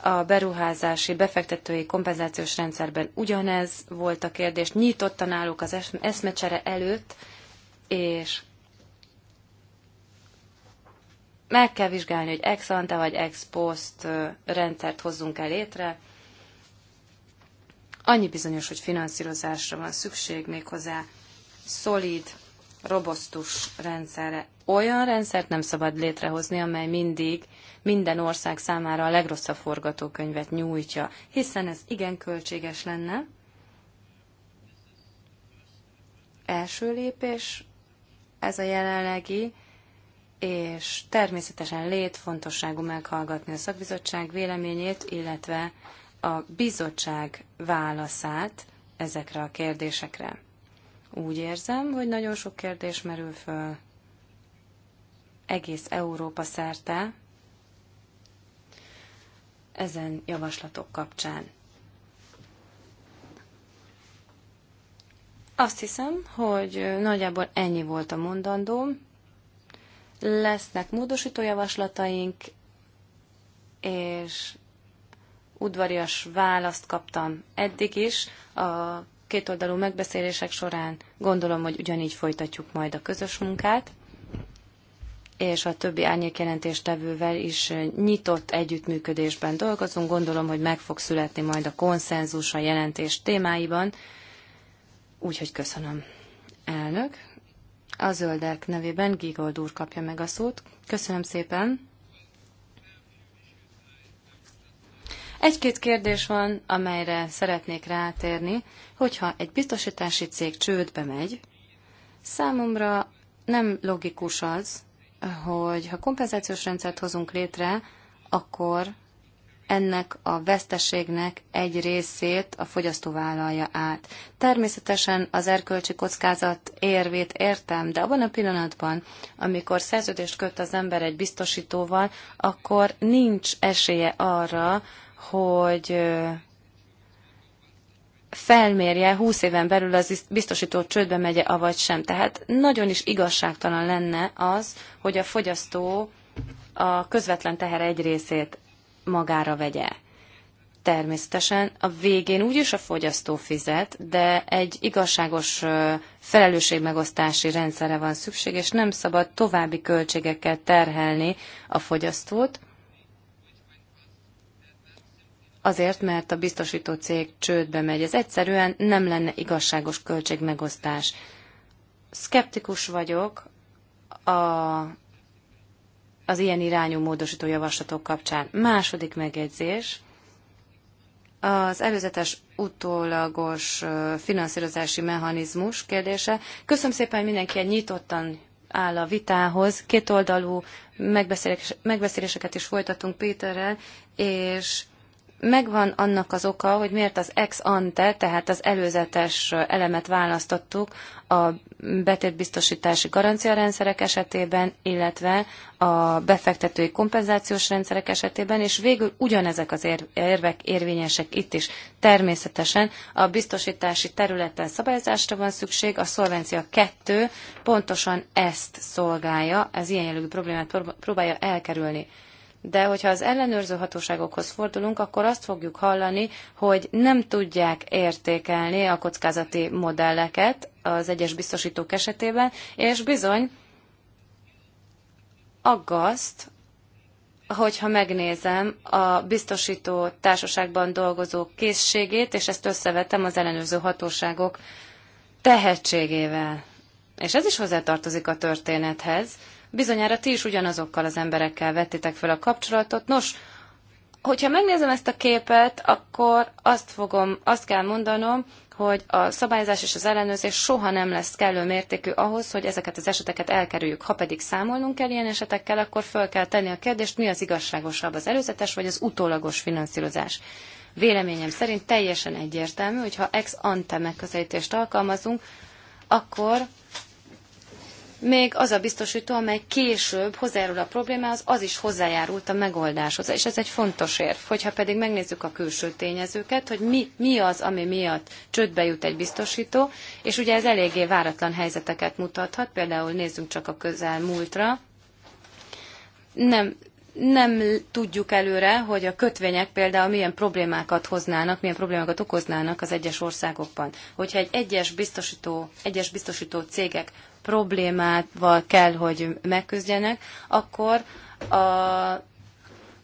a beruházási, befektetői kompenzációs rendszerben ugyanez volt a kérdés. Nyitottan állok az eszmecsere előtt, és meg kell vizsgálni, hogy ex ante vagy ex post rendszert hozzunk el létre. Annyi bizonyos, hogy finanszírozásra van szükség méghozzá szolid robosztus rendszerre. Olyan rendszert nem szabad létrehozni, amely mindig minden ország számára a legrosszabb forgatókönyvet nyújtja, hiszen ez igen költséges lenne. Első lépés ez a jelenlegi, és természetesen létfontosságú meghallgatni a szakbizottság véleményét, illetve a bizottság válaszát ezekre a kérdésekre. Úgy érzem, hogy nagyon sok kérdés merül föl egész Európa szerte ezen javaslatok kapcsán. Azt hiszem, hogy nagyjából ennyi volt a mondandóm. Lesznek módosító javaslataink, és udvarias választ kaptam eddig is a kétoldalú megbeszélések során gondolom, hogy ugyanígy folytatjuk majd a közös munkát, és a többi árnyékjelentéstevővel is nyitott együttműködésben dolgozunk. Gondolom, hogy meg fog születni majd a konszenzus a jelentés témáiban. Úgyhogy köszönöm, elnök. A zöldek nevében Gigold úr kapja meg a szót. Köszönöm szépen. Egy-két kérdés van, amelyre szeretnék rátérni, hogyha egy biztosítási cég csődbe megy, számomra nem logikus az, hogy ha kompenzációs rendszert hozunk létre, akkor ennek a veszteségnek egy részét a fogyasztó vállalja át. Természetesen az erkölcsi kockázat érvét értem, de abban a pillanatban, amikor szerződést köt az ember egy biztosítóval, akkor nincs esélye arra, hogy felmérje 20 éven belül az biztosító csődbe megye, avagy sem. Tehát nagyon is igazságtalan lenne az, hogy a fogyasztó a közvetlen teher egy részét magára vegye. Természetesen a végén úgyis a fogyasztó fizet, de egy igazságos felelősségmegosztási rendszerre van szükség, és nem szabad további költségekkel terhelni a fogyasztót, azért, mert a biztosító cég csődbe megy. Ez egyszerűen nem lenne igazságos költségmegosztás. Skeptikus vagyok a, az ilyen irányú módosító javaslatok kapcsán. Második megjegyzés. Az előzetes utólagos finanszírozási mechanizmus kérdése. Köszönöm szépen, hogy mindenki nyitottan áll a vitához. Kétoldalú megbeszéléseket is folytatunk Péterrel, és megvan annak az oka, hogy miért az ex ante, tehát az előzetes elemet választottuk a betétbiztosítási garanciarendszerek esetében, illetve a befektetői kompenzációs rendszerek esetében, és végül ugyanezek az érvek érvényesek itt is. Természetesen a biztosítási területen szabályozásra van szükség, a szolvencia 2 pontosan ezt szolgálja, az ilyen jellegű problémát próbálja elkerülni de hogyha az ellenőrző hatóságokhoz fordulunk, akkor azt fogjuk hallani, hogy nem tudják értékelni a kockázati modelleket az egyes biztosítók esetében, és bizony aggaszt, hogyha megnézem a biztosító társaságban dolgozók készségét, és ezt összevetem az ellenőrző hatóságok tehetségével. És ez is hozzátartozik a történethez, Bizonyára ti is ugyanazokkal az emberekkel vettétek fel a kapcsolatot. Nos, hogyha megnézem ezt a képet, akkor azt fogom, azt kell mondanom, hogy a szabályozás és az ellenőrzés soha nem lesz kellő mértékű ahhoz, hogy ezeket az eseteket elkerüljük. Ha pedig számolnunk kell ilyen esetekkel, akkor föl kell tenni a kérdést, mi az igazságosabb, az előzetes vagy az utólagos finanszírozás. Véleményem szerint teljesen egyértelmű, hogy ha ex ante megközelítést alkalmazunk, akkor még az a biztosító, amely később hozzájárul a problémához, az is hozzájárult a megoldáshoz. És ez egy fontos érv. Hogyha pedig megnézzük a külső tényezőket, hogy mi, mi az, ami miatt csődbe jut egy biztosító, és ugye ez eléggé váratlan helyzeteket mutathat, például nézzünk csak a közelmúltra. Nem, nem tudjuk előre, hogy a kötvények például milyen problémákat hoznának, milyen problémákat okoznának az egyes országokban. Hogyha egy egyes biztosító, egyes biztosító cégek problémával kell, hogy megküzdjenek, akkor a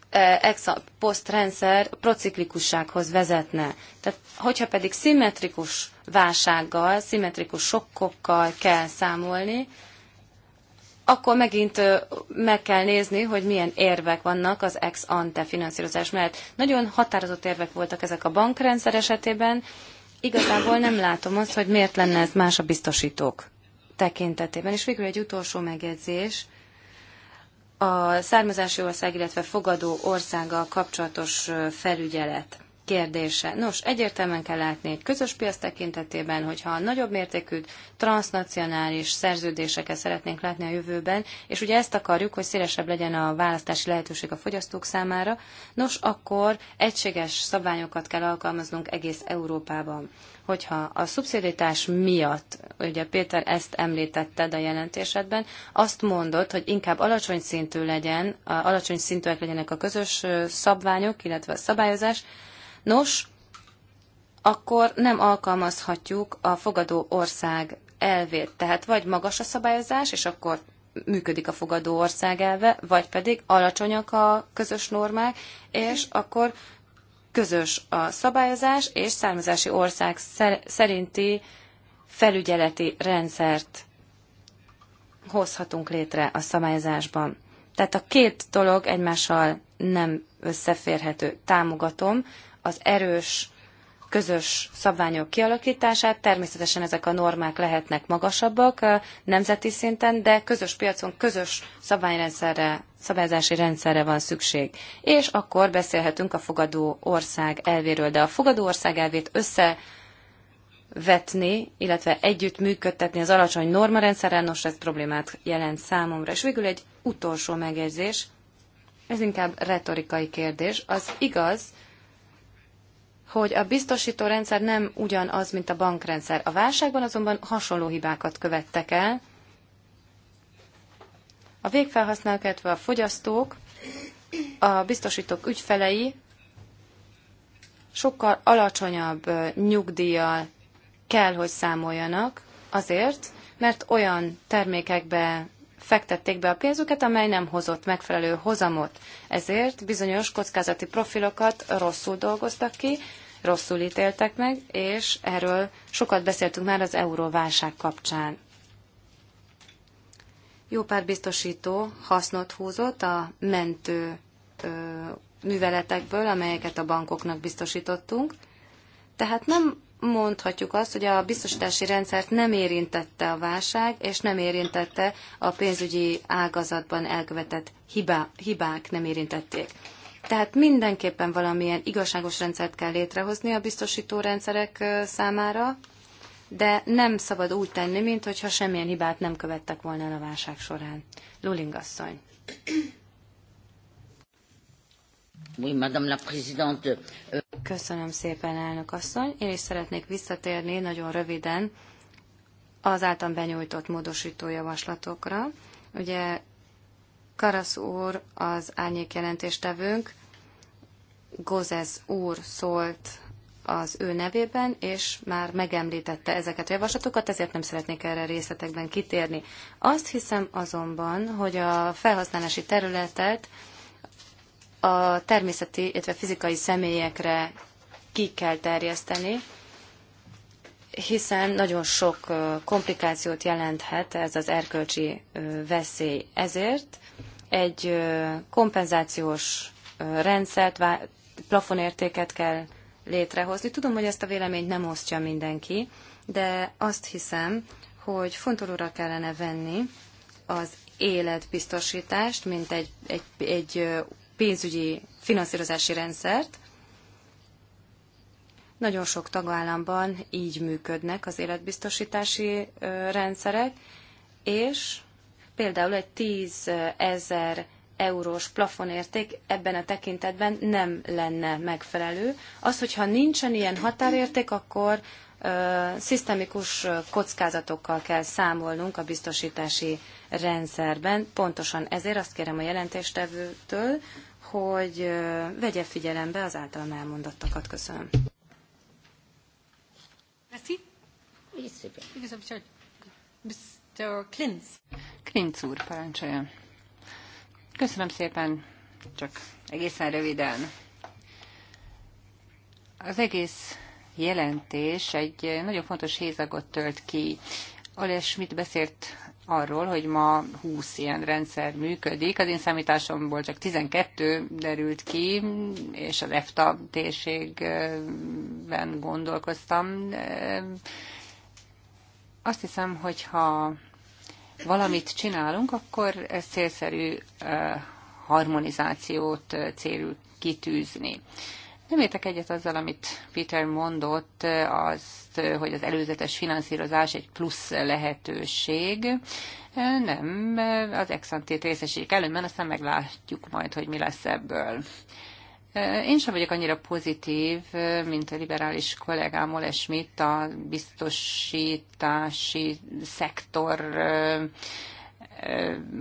e, ex prociklikussághoz vezetne. Tehát, hogyha pedig szimmetrikus válsággal, szimmetrikus sokkokkal kell számolni, akkor megint meg kell nézni, hogy milyen érvek vannak az ex ante finanszírozás mellett. Nagyon határozott érvek voltak ezek a bankrendszer esetében. Igazából nem látom azt, hogy miért lenne ez más a biztosítók tekintetében. És végül egy utolsó megjegyzés. A származási ország, illetve fogadó országgal kapcsolatos felügyelet kérdése. Nos, egyértelműen kell látni egy közös piac tekintetében, hogyha nagyobb mértékű transnacionális szerződéseket szeretnénk látni a jövőben, és ugye ezt akarjuk, hogy szélesebb legyen a választási lehetőség a fogyasztók számára, nos, akkor egységes szabványokat kell alkalmaznunk egész Európában. Hogyha a szubszidítás miatt, ugye Péter ezt említetted a jelentésedben, azt mondod, hogy inkább alacsony szintű legyen, alacsony szintűek legyenek a közös szabványok, illetve a szabályozás, Nos, akkor nem alkalmazhatjuk a fogadó ország elvét. Tehát vagy magas a szabályozás, és akkor működik a fogadó ország elve, vagy pedig alacsonyak a közös normák, és akkor közös a szabályozás, és származási ország szerinti felügyeleti rendszert hozhatunk létre a szabályozásban. Tehát a két dolog egymással nem összeférhető. Támogatom az erős közös szabványok kialakítását. Természetesen ezek a normák lehetnek magasabbak nemzeti szinten, de közös piacon közös szabványrendszerre, szabályzási rendszerre van szükség. És akkor beszélhetünk a fogadó ország elvéről, de a fogadó ország elvét össze vetni, illetve együtt működtetni az alacsony normarendszerrel, nos ez problémát jelent számomra. És végül egy utolsó megjegyzés, ez inkább retorikai kérdés. Az igaz, hogy a biztosító rendszer nem ugyanaz, mint a bankrendszer. A válságban azonban hasonló hibákat követtek el. A végfelhasználók, illetve a fogyasztók, a biztosítók ügyfelei sokkal alacsonyabb nyugdíjjal kell, hogy számoljanak azért, mert olyan termékekbe fektették be a pénzüket, amely nem hozott megfelelő hozamot. Ezért bizonyos kockázati profilokat rosszul dolgoztak ki, rosszul ítéltek meg, és erről sokat beszéltünk már az euróválság kapcsán. Jó pár biztosító hasznot húzott a mentő ö, műveletekből, amelyeket a bankoknak biztosítottunk. Tehát nem mondhatjuk azt, hogy a biztosítási rendszert nem érintette a válság, és nem érintette a pénzügyi ágazatban elkövetett hibá, hibák, nem érintették. Tehát mindenképpen valamilyen igazságos rendszert kell létrehozni a biztosító rendszerek számára, de nem szabad úgy tenni, mintha semmilyen hibát nem követtek volna el a válság során. Luling asszony. Oui, Madame la Présidente. Köszönöm szépen, elnök asszony. Én is szeretnék visszatérni nagyon röviden az által benyújtott módosító javaslatokra. Ugye Karasz úr az árnyék jelentéstevőnk, Gozes úr szólt az ő nevében, és már megemlítette ezeket a javaslatokat, ezért nem szeretnék erre részletekben kitérni. Azt hiszem azonban, hogy a felhasználási területet a természeti, illetve fizikai személyekre ki kell terjeszteni, hiszen nagyon sok komplikációt jelenthet ez az erkölcsi veszély. Ezért egy kompenzációs rendszert, plafonértéket kell létrehozni. Tudom, hogy ezt a véleményt nem osztja mindenki, de azt hiszem, hogy fontolóra kellene venni az életbiztosítást, mint egy, egy, egy pénzügyi finanszírozási rendszert. Nagyon sok tagállamban így működnek az életbiztosítási rendszerek, és például egy 10 ezer eurós plafonérték ebben a tekintetben nem lenne megfelelő. Az, hogyha nincsen ilyen határérték, akkor ö, szisztemikus kockázatokkal kell számolnunk a biztosítási rendszerben. Pontosan ezért azt kérem a jelentéstevőtől, hogy vegye figyelembe az általam elmondottakat. Köszönöm. Merci. Klinz. úr, parancsoljon. Köszönöm szépen, csak egészen röviden. Az egész jelentés egy nagyon fontos hézagot tölt ki. Oles Schmidt beszélt arról, hogy ma 20 ilyen rendszer működik. Az én számításomból csak 12 derült ki, és az EFTA térségben gondolkoztam. Azt hiszem, hogy ha valamit csinálunk, akkor ez célszerű harmonizációt célul kitűzni. Nem értek egyet azzal, amit Peter mondott, azt, hogy az előzetes finanszírozás egy plusz lehetőség. Nem, az exantét részesítik előbb, aztán meglátjuk majd, hogy mi lesz ebből. Én sem vagyok annyira pozitív, mint a liberális kollégám Ole Schmidt a biztosítási szektor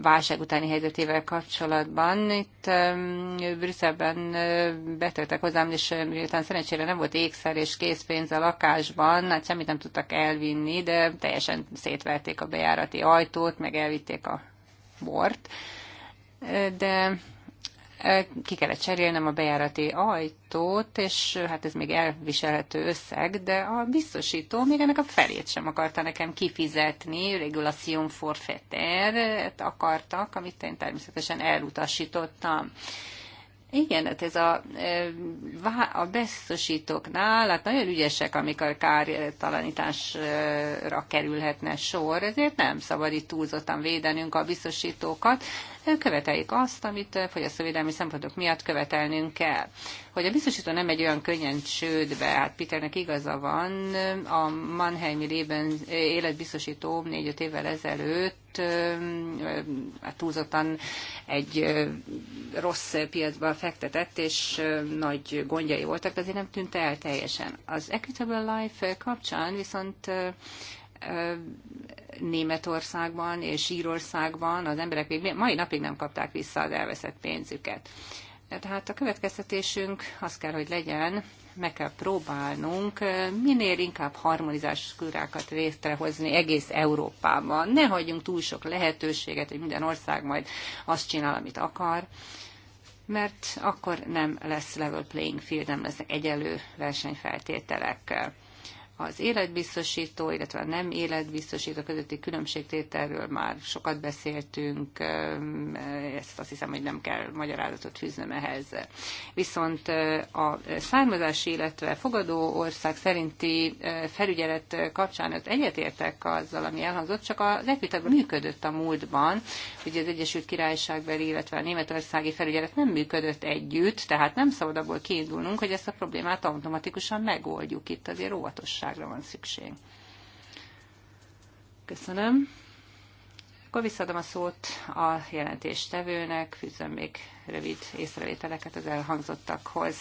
válság utáni helyzetével kapcsolatban. Itt Brüsszelben betöltek hozzám, és miután szerencsére nem volt ékszer és készpénz a lakásban, hát semmit nem tudtak elvinni, de teljesen szétverték a bejárati ajtót, meg elvitték a bort. De ki kellett cserélnem a bejárati ajtót, és hát ez még elviselhető összeg, de a biztosító még ennek a felét sem akarta nekem kifizetni, regulation forfeter akartak, amit én természetesen elutasítottam. Igen, hát ez a, a biztosítóknál, hát nagyon ügyesek, amikor kártalanításra kerülhetne sor, ezért nem szabad itt túlzottan védenünk a biztosítókat követeljük azt, amit fogyasztóvédelmi szempontok miatt követelnünk kell. Hogy a biztosító nem egy olyan könnyen csődbe, hát Peternek igaza van, a Mannheimi lében életbiztosító négy-öt évvel ezelőtt hát túlzottan egy rossz piacba fektetett, és nagy gondjai voltak, azért nem tűnt el teljesen. Az Equitable Life kapcsán viszont Németországban és Írországban az emberek még mai napig nem kapták vissza az elveszett pénzüket. Tehát a következtetésünk az kell, hogy legyen, meg kell próbálnunk eh, minél inkább harmonizás kultúrákat létrehozni egész Európában. Ne hagyjunk túl sok lehetőséget, hogy minden ország majd azt csinál, amit akar, mert akkor nem lesz level playing field, nem lesznek egyelő versenyfeltételek. Az életbiztosító, illetve a nem életbiztosító közötti különbségtételről már sokat beszéltünk, ezt azt hiszem, hogy nem kell magyarázatot fűznöm ehhez. Viszont a származási, illetve fogadó ország szerinti felügyelet kapcsán egyetértek azzal, ami elhangzott, csak az Equitable működött a múltban, ugye az Egyesült Királyságbeli, illetve a németországi felügyelet nem működött együtt, tehát nem szabad abból kiindulnunk, hogy ezt a problémát automatikusan megoldjuk. Itt azért óvatosság rugalmasságra van szükség. Köszönöm. Akkor visszadom a szót a jelentéstevőnek, fűzöm még rövid észrevételeket az elhangzottakhoz.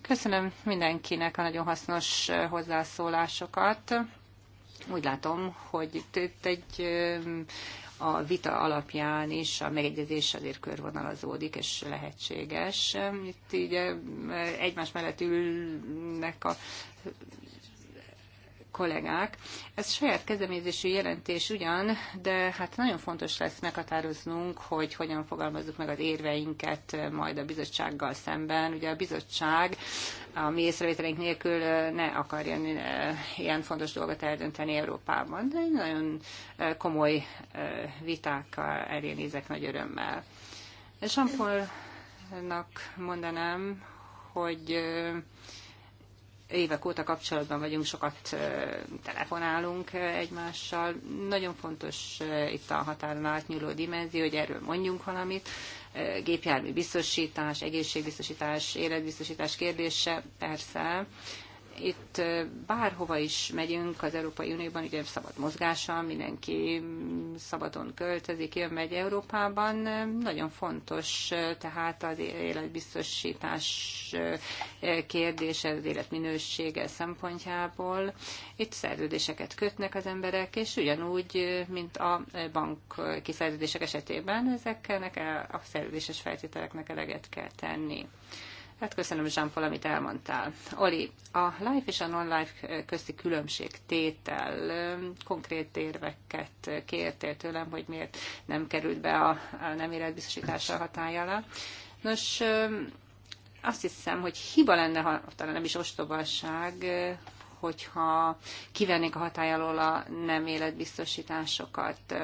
Köszönöm mindenkinek a nagyon hasznos hozzászólásokat. Úgy látom, hogy itt egy a vita alapján is a megegyezés azért körvonalazódik, és lehetséges. Itt így eh, egymás mellett ülnek a kollégák. Ez saját kezdeményezésű jelentés ugyan, de hát nagyon fontos lesz meghatároznunk, hogy hogyan fogalmazzuk meg az érveinket majd a bizottsággal szemben. Ugye a bizottság a mi észrevételeink nélkül ne akarja ilyen fontos dolgot eldönteni Európában, de nagyon komoly viták elé nézek nagy örömmel. Jean-Paulnak mondanám, hogy évek óta kapcsolatban vagyunk, sokat telefonálunk egymással. Nagyon fontos itt a határon átnyúló dimenzió, hogy erről mondjunk valamit. Gépjármű biztosítás, egészségbiztosítás, életbiztosítás kérdése, persze itt bárhova is megyünk az Európai Unióban, ugye szabad mozgása, mindenki szabadon költözik, jön, megy Európában. Nagyon fontos tehát az életbiztosítás kérdése, az életminősége szempontjából. Itt szerződéseket kötnek az emberek, és ugyanúgy, mint a bank kiszerződések esetében, ezeknek a szerződéses feltételeknek eleget kell tenni. Hát köszönöm, jean amit elmondtál. Oli, a life és a non-life közti különbség tétel konkrét érveket kértél tőlem, hogy miért nem került be a, nem életbiztosítása hatája alá. Nos, azt hiszem, hogy hiba lenne, ha talán nem is ostobaság, hogyha kivennék a hatály alól a nem életbiztosításokat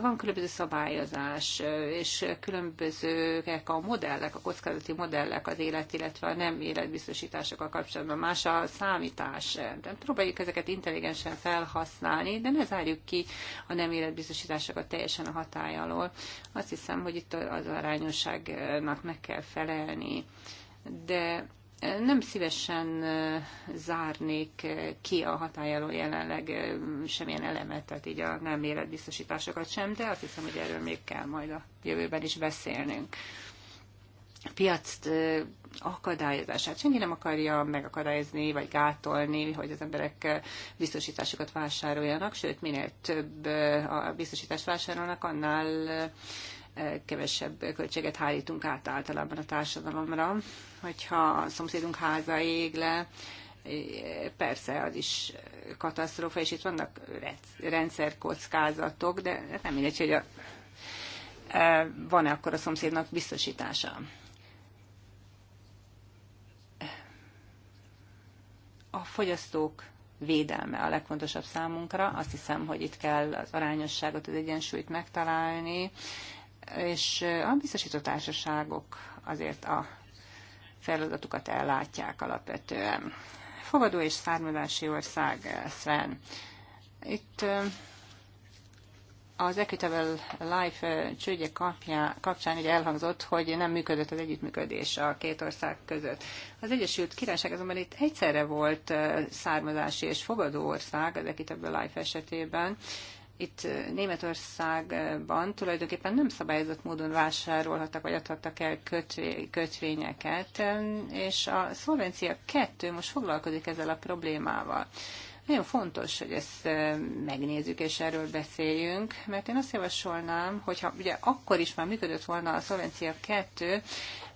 van különböző szabályozás, és különbözőek a modellek, a kockázati modellek az élet, illetve a nem életbiztosításokkal kapcsolatban, más a számítás. De próbáljuk ezeket intelligensen felhasználni, de ne zárjuk ki a nem életbiztosításokat teljesen a hatály alól. Azt hiszem, hogy itt az arányosságnak meg kell felelni. De nem szívesen zárnék ki a hatály jelenleg semmilyen elemet, tehát így a nem életbiztosításokat sem, de azt hiszem, hogy erről még kell majd a jövőben is beszélnünk. A piac akadályozását. Senki nem akarja megakadályozni vagy gátolni, hogy az emberek biztosításokat vásároljanak, sőt, minél több a biztosítást vásárolnak, annál kevesebb költséget hárítunk át általában a társadalomra. Hogyha a szomszédunk háza ég le, persze az is katasztrófa, és itt vannak rendszerkockázatok, de hát nem mindegy, hogy a, van-e akkor a szomszédnak biztosítása. A fogyasztók védelme a legfontosabb számunkra. Azt hiszem, hogy itt kell az arányosságot, az egyensúlyt megtalálni, és a biztosító társaságok azért a feladatukat ellátják alapvetően. Fogadó és származási ország, Sven. Itt az Equitable Life csődje kapcsán ugye elhangzott, hogy nem működött az együttműködés a két ország között. Az Egyesült Királyság azonban itt egyszerre volt származási és fogadó ország az Equitable Life esetében, itt Németországban tulajdonképpen nem szabályozott módon vásárolhattak vagy adhattak el kötvényeket, és a szolvencia 2 most foglalkozik ezzel a problémával. Nagyon fontos, hogy ezt megnézzük és erről beszéljünk, mert én azt javasolnám, hogyha ugye akkor is már működött volna a szolvencia 2,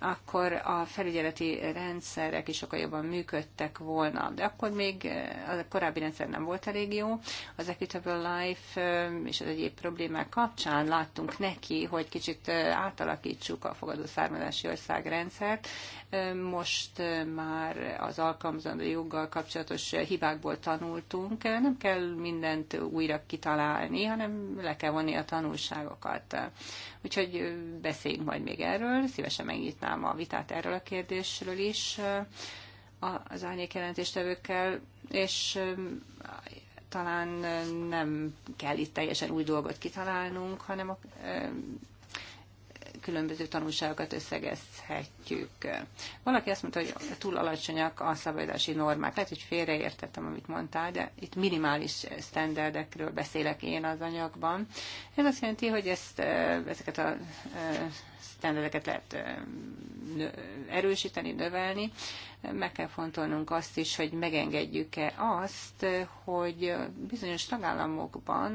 akkor a felügyeleti rendszerek is sokkal jobban működtek volna. De akkor még eh, a korábbi rendszer nem volt elég jó. Az Equitable Life eh, és az egyéb problémák kapcsán láttunk neki, hogy kicsit eh, átalakítsuk a fogadó származási ország rendszert. Most már az alkalmazandó joggal kapcsolatos hibákból tanultunk. Nem kell mindent újra kitalálni, hanem le kell vonni a tanulságokat. Úgyhogy beszéljünk majd még erről. Szívesen megnyitnám folytatnám a vitát erről a kérdésről is az árnyékjelentéstevőkkel, és talán nem kell itt teljesen új dolgot kitalálnunk, hanem a különböző tanulságokat összegezhetjük. Valaki azt mondta, hogy túl alacsonyak a szabadási normák. Lehet, hogy félreértettem, amit mondtál, de itt minimális standardekről beszélek én az anyagban. Ez azt jelenti, hogy ezt, ezeket a standardeket lehet erősíteni, növelni. Meg kell fontolnunk azt is, hogy megengedjük-e azt, hogy bizonyos tagállamokban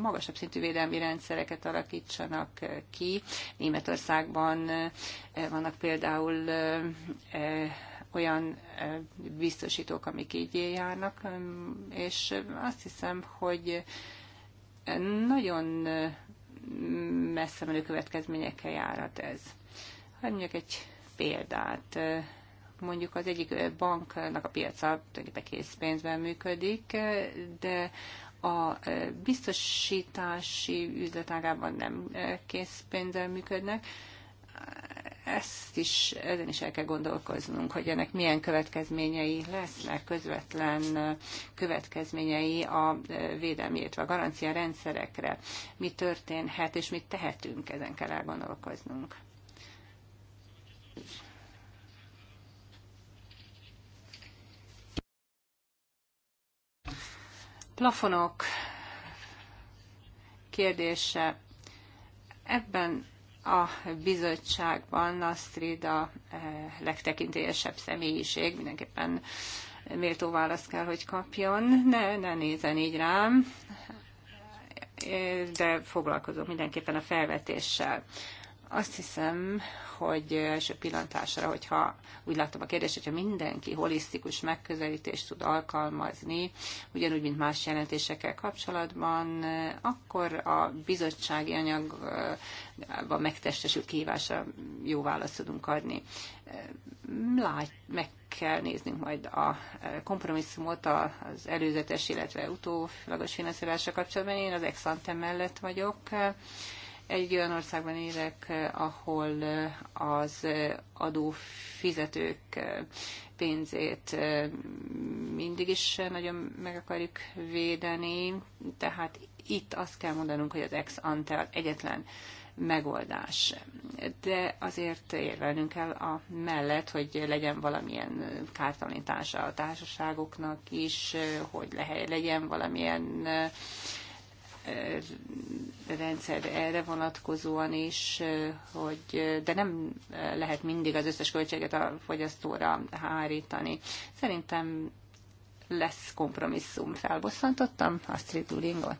magasabb szintű védelmi rendszereket alakítsanak ki. Németországban vannak például olyan biztosítók, amik így járnak, és azt hiszem, hogy nagyon messze menő következményekkel járhat ez. Hát mondjuk egy példát. Mondjuk az egyik banknak a piaca készpénzben működik, de a biztosítási üzletágában nem készpénzzel működnek, ezt is, ezen is el kell gondolkoznunk, hogy ennek milyen következményei lesznek, közvetlen következményei a védelmi, illetve a garancia rendszerekre. Mi történhet, és mit tehetünk, ezen kell elgondolkoznunk. plafonok kérdése. Ebben a bizottságban Nasztrid a eh, legtekintélyesebb személyiség, mindenképpen méltó választ kell, hogy kapjon. Ne, ne nézen így rám, de foglalkozom mindenképpen a felvetéssel. Azt hiszem, hogy első pillantásra, hogyha úgy láttam a kérdést, hogyha mindenki holisztikus megközelítést tud alkalmazni, ugyanúgy, mint más jelentésekkel kapcsolatban, akkor a bizottsági anyagban megtestesült kihívásra jó választ tudunk adni. Lát, meg kell néznünk majd a kompromisszumot az előzetes, illetve utólagos finanszírozásra kapcsolatban. Én az Exantem mellett vagyok egy olyan országban érek, ahol az adófizetők pénzét mindig is nagyon meg akarjuk védeni, tehát itt azt kell mondanunk, hogy az ex ante az egyetlen megoldás. De azért érvelnünk kell a mellett, hogy legyen valamilyen kártalanítása a társaságoknak is, hogy legyen valamilyen rendszer erre vonatkozóan is, hogy, de nem lehet mindig az összes költséget a fogyasztóra hárítani. Szerintem lesz kompromisszum. Felbosszantottam street Lulingot?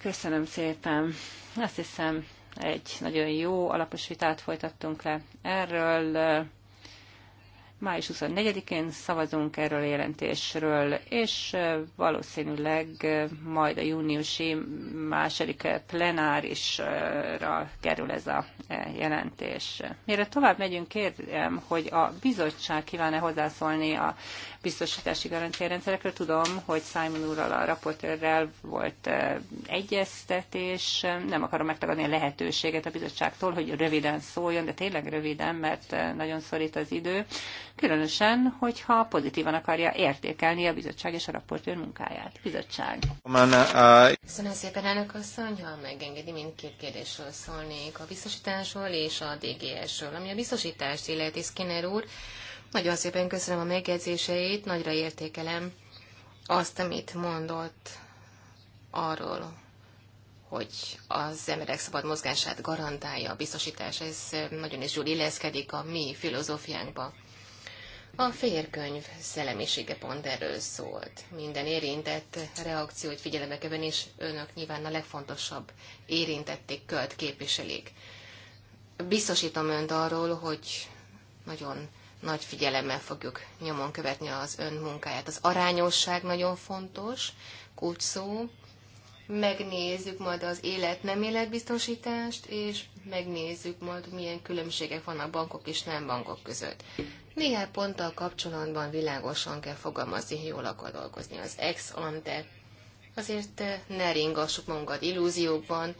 Köszönöm szépen. Azt hiszem, egy nagyon jó alapos vitát folytattunk le erről. Május 24-én szavazunk erről a jelentésről, és valószínűleg majd a júniusi második plenárisra kerül ez a jelentés. Mire tovább megyünk, kérdem, hogy a bizottság kíván-e hozzászólni a biztosítási garantiarendszerekről. Tudom, hogy Simon úrral, a raportőrrel volt egyeztetés. Nem akarom megtagadni a lehetőséget a bizottságtól, hogy röviden szóljon, de tényleg röviden, mert nagyon szorít az idő különösen, hogyha pozitívan akarja értékelni a bizottság és a raportőr munkáját. Bizottság. Uh, köszönöm szépen, elnök asszony, ha megengedi, mindkét kérdésről szólnék, a biztosításról és a DGS-ről. Ami a biztosítást illeti, Skinner úr, nagyon szépen köszönöm a megjegyzéseit, nagyra értékelem azt, amit mondott arról, hogy az emberek szabad mozgását garantálja a biztosítás. Ez nagyon is jól illeszkedik a mi filozófiánkba. A férkönyv szellemisége pont erről szólt. Minden érintett reakciót figyelembe kell és önök nyilván a legfontosabb érintették költ képviselik. Biztosítom önt arról, hogy nagyon nagy figyelemmel fogjuk nyomon követni az ön munkáját. Az arányosság nagyon fontos, kulcs szó megnézzük majd az élet nem életbiztosítást, és megnézzük majd, milyen különbségek vannak bankok és nem bankok között. Néhány ponttal kapcsolatban világosan kell fogalmazni, hogy jól akar dolgozni az ex ante. Azért eh, ne ringassuk magunkat illúziókban,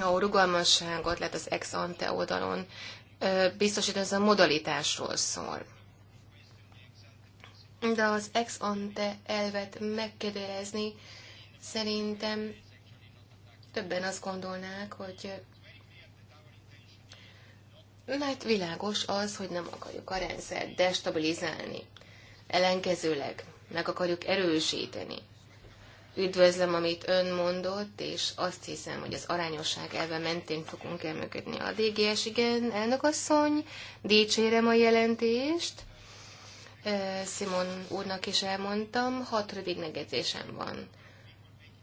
a rugalmasságot lehet az ex ante oldalon eh, biztosítani, ez a modalitásról szól. De az ex ante elvet megkérdezni, Szerintem többen azt gondolnák, hogy mert világos az, hogy nem akarjuk a rendszert destabilizálni. Ellenkezőleg meg akarjuk erősíteni. Üdvözlöm, amit ön mondott, és azt hiszem, hogy az arányosság elve mentén fogunk elműködni a DGS. Igen, elnökasszony, dicsérem a jelentést. Simon úrnak is elmondtam, hat rövid megjegyzésem van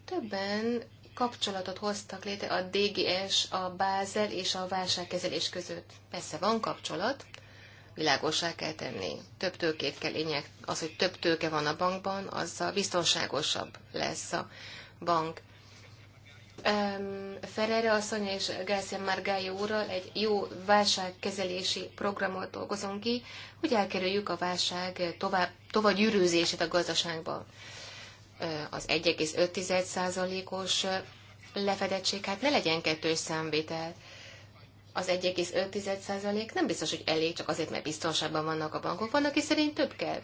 többen kapcsolatot hoztak létre a DGS, a Bázel és a válságkezelés között. Persze van kapcsolat, világosá kell tenni. Több tőkét kell lényeg. Az, hogy több tőke van a bankban, az a biztonságosabb lesz a bank. Um, Ferreira asszony és Gászia Margályi úrral egy jó válságkezelési programot dolgozunk ki, hogy elkerüljük a válság tovább, tovább gyűrűzését a gazdaságban az 1,5%-os lefedettség, hát ne legyen kettős számvétel. Az 1,5% nem biztos, hogy elég, csak azért, mert biztonságban vannak a bankok, vannak, és szerint több kell.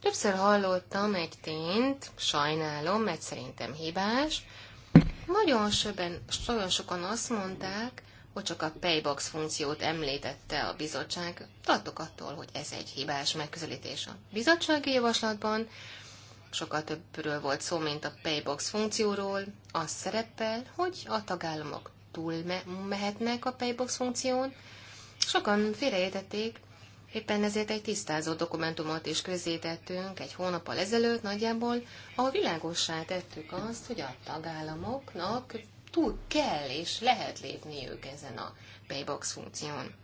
Többször hallottam egy tényt, sajnálom, mert szerintem hibás. Nagyon, söben, nagyon sokan azt mondták, hogy csak a paybox funkciót említette a bizottság. Tartok attól, hogy ez egy hibás megközelítés. A bizottsági javaslatban sokkal többről volt szó, mint a Paybox funkcióról, az szerepel, hogy a tagállamok túl me- mehetnek a Paybox funkción. Sokan félreértették, éppen ezért egy tisztázó dokumentumot is közzétettünk egy hónappal ezelőtt nagyjából, ahol világossá tettük azt, hogy a tagállamoknak túl kell és lehet lépniük ezen a Paybox funkción.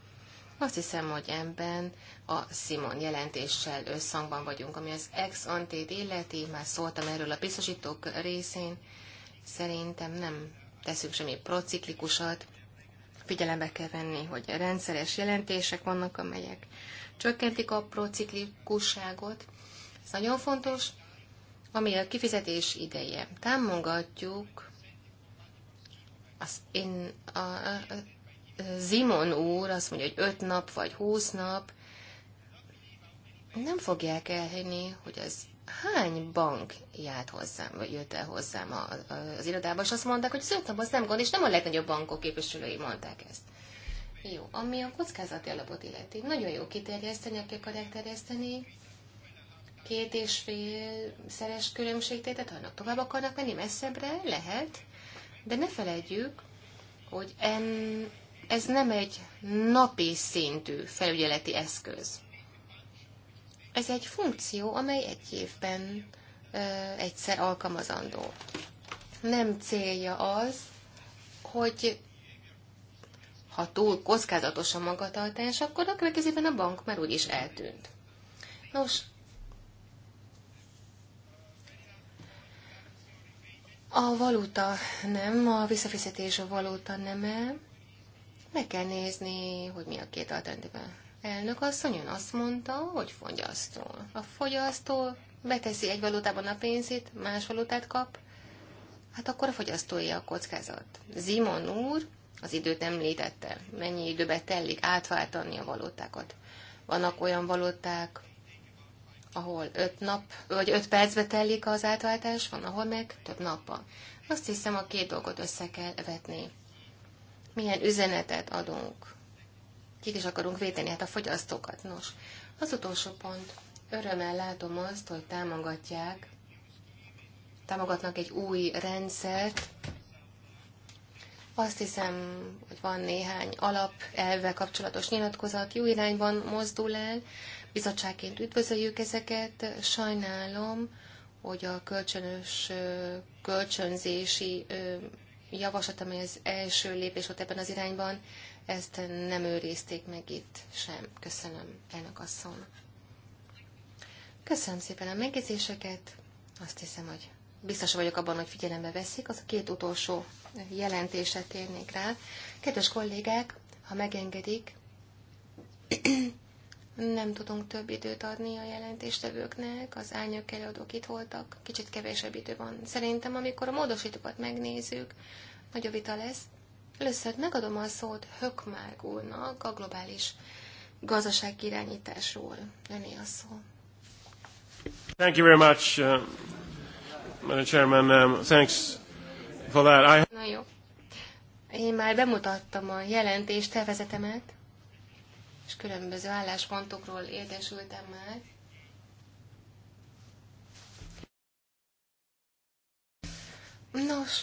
Azt hiszem, hogy ebben a Simon jelentéssel összhangban vagyunk, ami az ex ante illeti, már szóltam erről a biztosítók részén, szerintem nem teszünk semmi prociklikusat, figyelembe kell venni, hogy rendszeres jelentések vannak, amelyek csökkentik a prociklikusságot. Ez nagyon fontos, ami a kifizetés ideje. Támogatjuk az én a, a, Zimon úr azt mondja, hogy öt nap vagy húsz nap, nem fogják elhinni, hogy ez hány bank járt hozzám, vagy jött el hozzám az irodába, és azt mondták, hogy az öt nap az nem gond, és nem a legnagyobb bankok képviselői mondták ezt. Jó, ami a kockázati alapot illeti, nagyon jó kiterjeszteni, aki akarják terjeszteni, két és fél szeres különbségtétet, annak tovább akarnak menni messzebbre, lehet, de ne felejtjük, hogy en, ez nem egy napi szintű felügyeleti eszköz. Ez egy funkció, amely egy évben ö, egyszer alkalmazandó. Nem célja az, hogy ha túl kockázatos a magatartás, akkor a következőben a bank már úgyis eltűnt. Nos, a valuta nem, a visszafizetés a valuta neme, meg kell nézni, hogy mi a két alternatíva. Elnök asszony ön azt mondta, hogy fogyasztó. A fogyasztó beteszi egy valutában a pénzét, más valutát kap, hát akkor a fogyasztója a kockázat. Zimon úr az időt említette, mennyi időbe telik átváltani a valutákat. Vannak olyan valuták, ahol öt nap, vagy öt percbe telik az átváltás, van, ahol meg több nappal. Azt hiszem, a két dolgot össze kell vetni milyen üzenetet adunk. Kik is akarunk védeni, hát a fogyasztókat. Nos, az utolsó pont. Örömmel látom azt, hogy támogatják, támogatnak egy új rendszert. Azt hiszem, hogy van néhány alap elve kapcsolatos nyilatkozat, jó irányban mozdul el. Bizottságként üdvözöljük ezeket. Sajnálom, hogy a kölcsönös kölcsönzési javaslat, amely az első lépés volt ebben az irányban, ezt nem őrizték meg itt sem. Köszönöm, elnök asszony. Köszönöm szépen a megjegyzéseket. Azt hiszem, hogy biztos vagyok abban, hogy figyelembe veszik. Az a két utolsó jelentésre térnék rá. Kedves kollégák, ha megengedik, nem tudunk több időt adni a jelentéstevőknek, az árnyok előadók itt voltak, kicsit kevesebb idő van. Szerintem, amikor a módosítókat megnézzük, nagyobb vita lesz. Először megadom a szót Hökmág úrnak a globális gazdaságirányításról. irányításról. Öné a szó. Thank you very much, uh, Madam Chairman. Um, thanks for that. I... Na jó. Én már bemutattam a jelentést, tervezetemet és különböző álláspontokról értesültem már. Nos,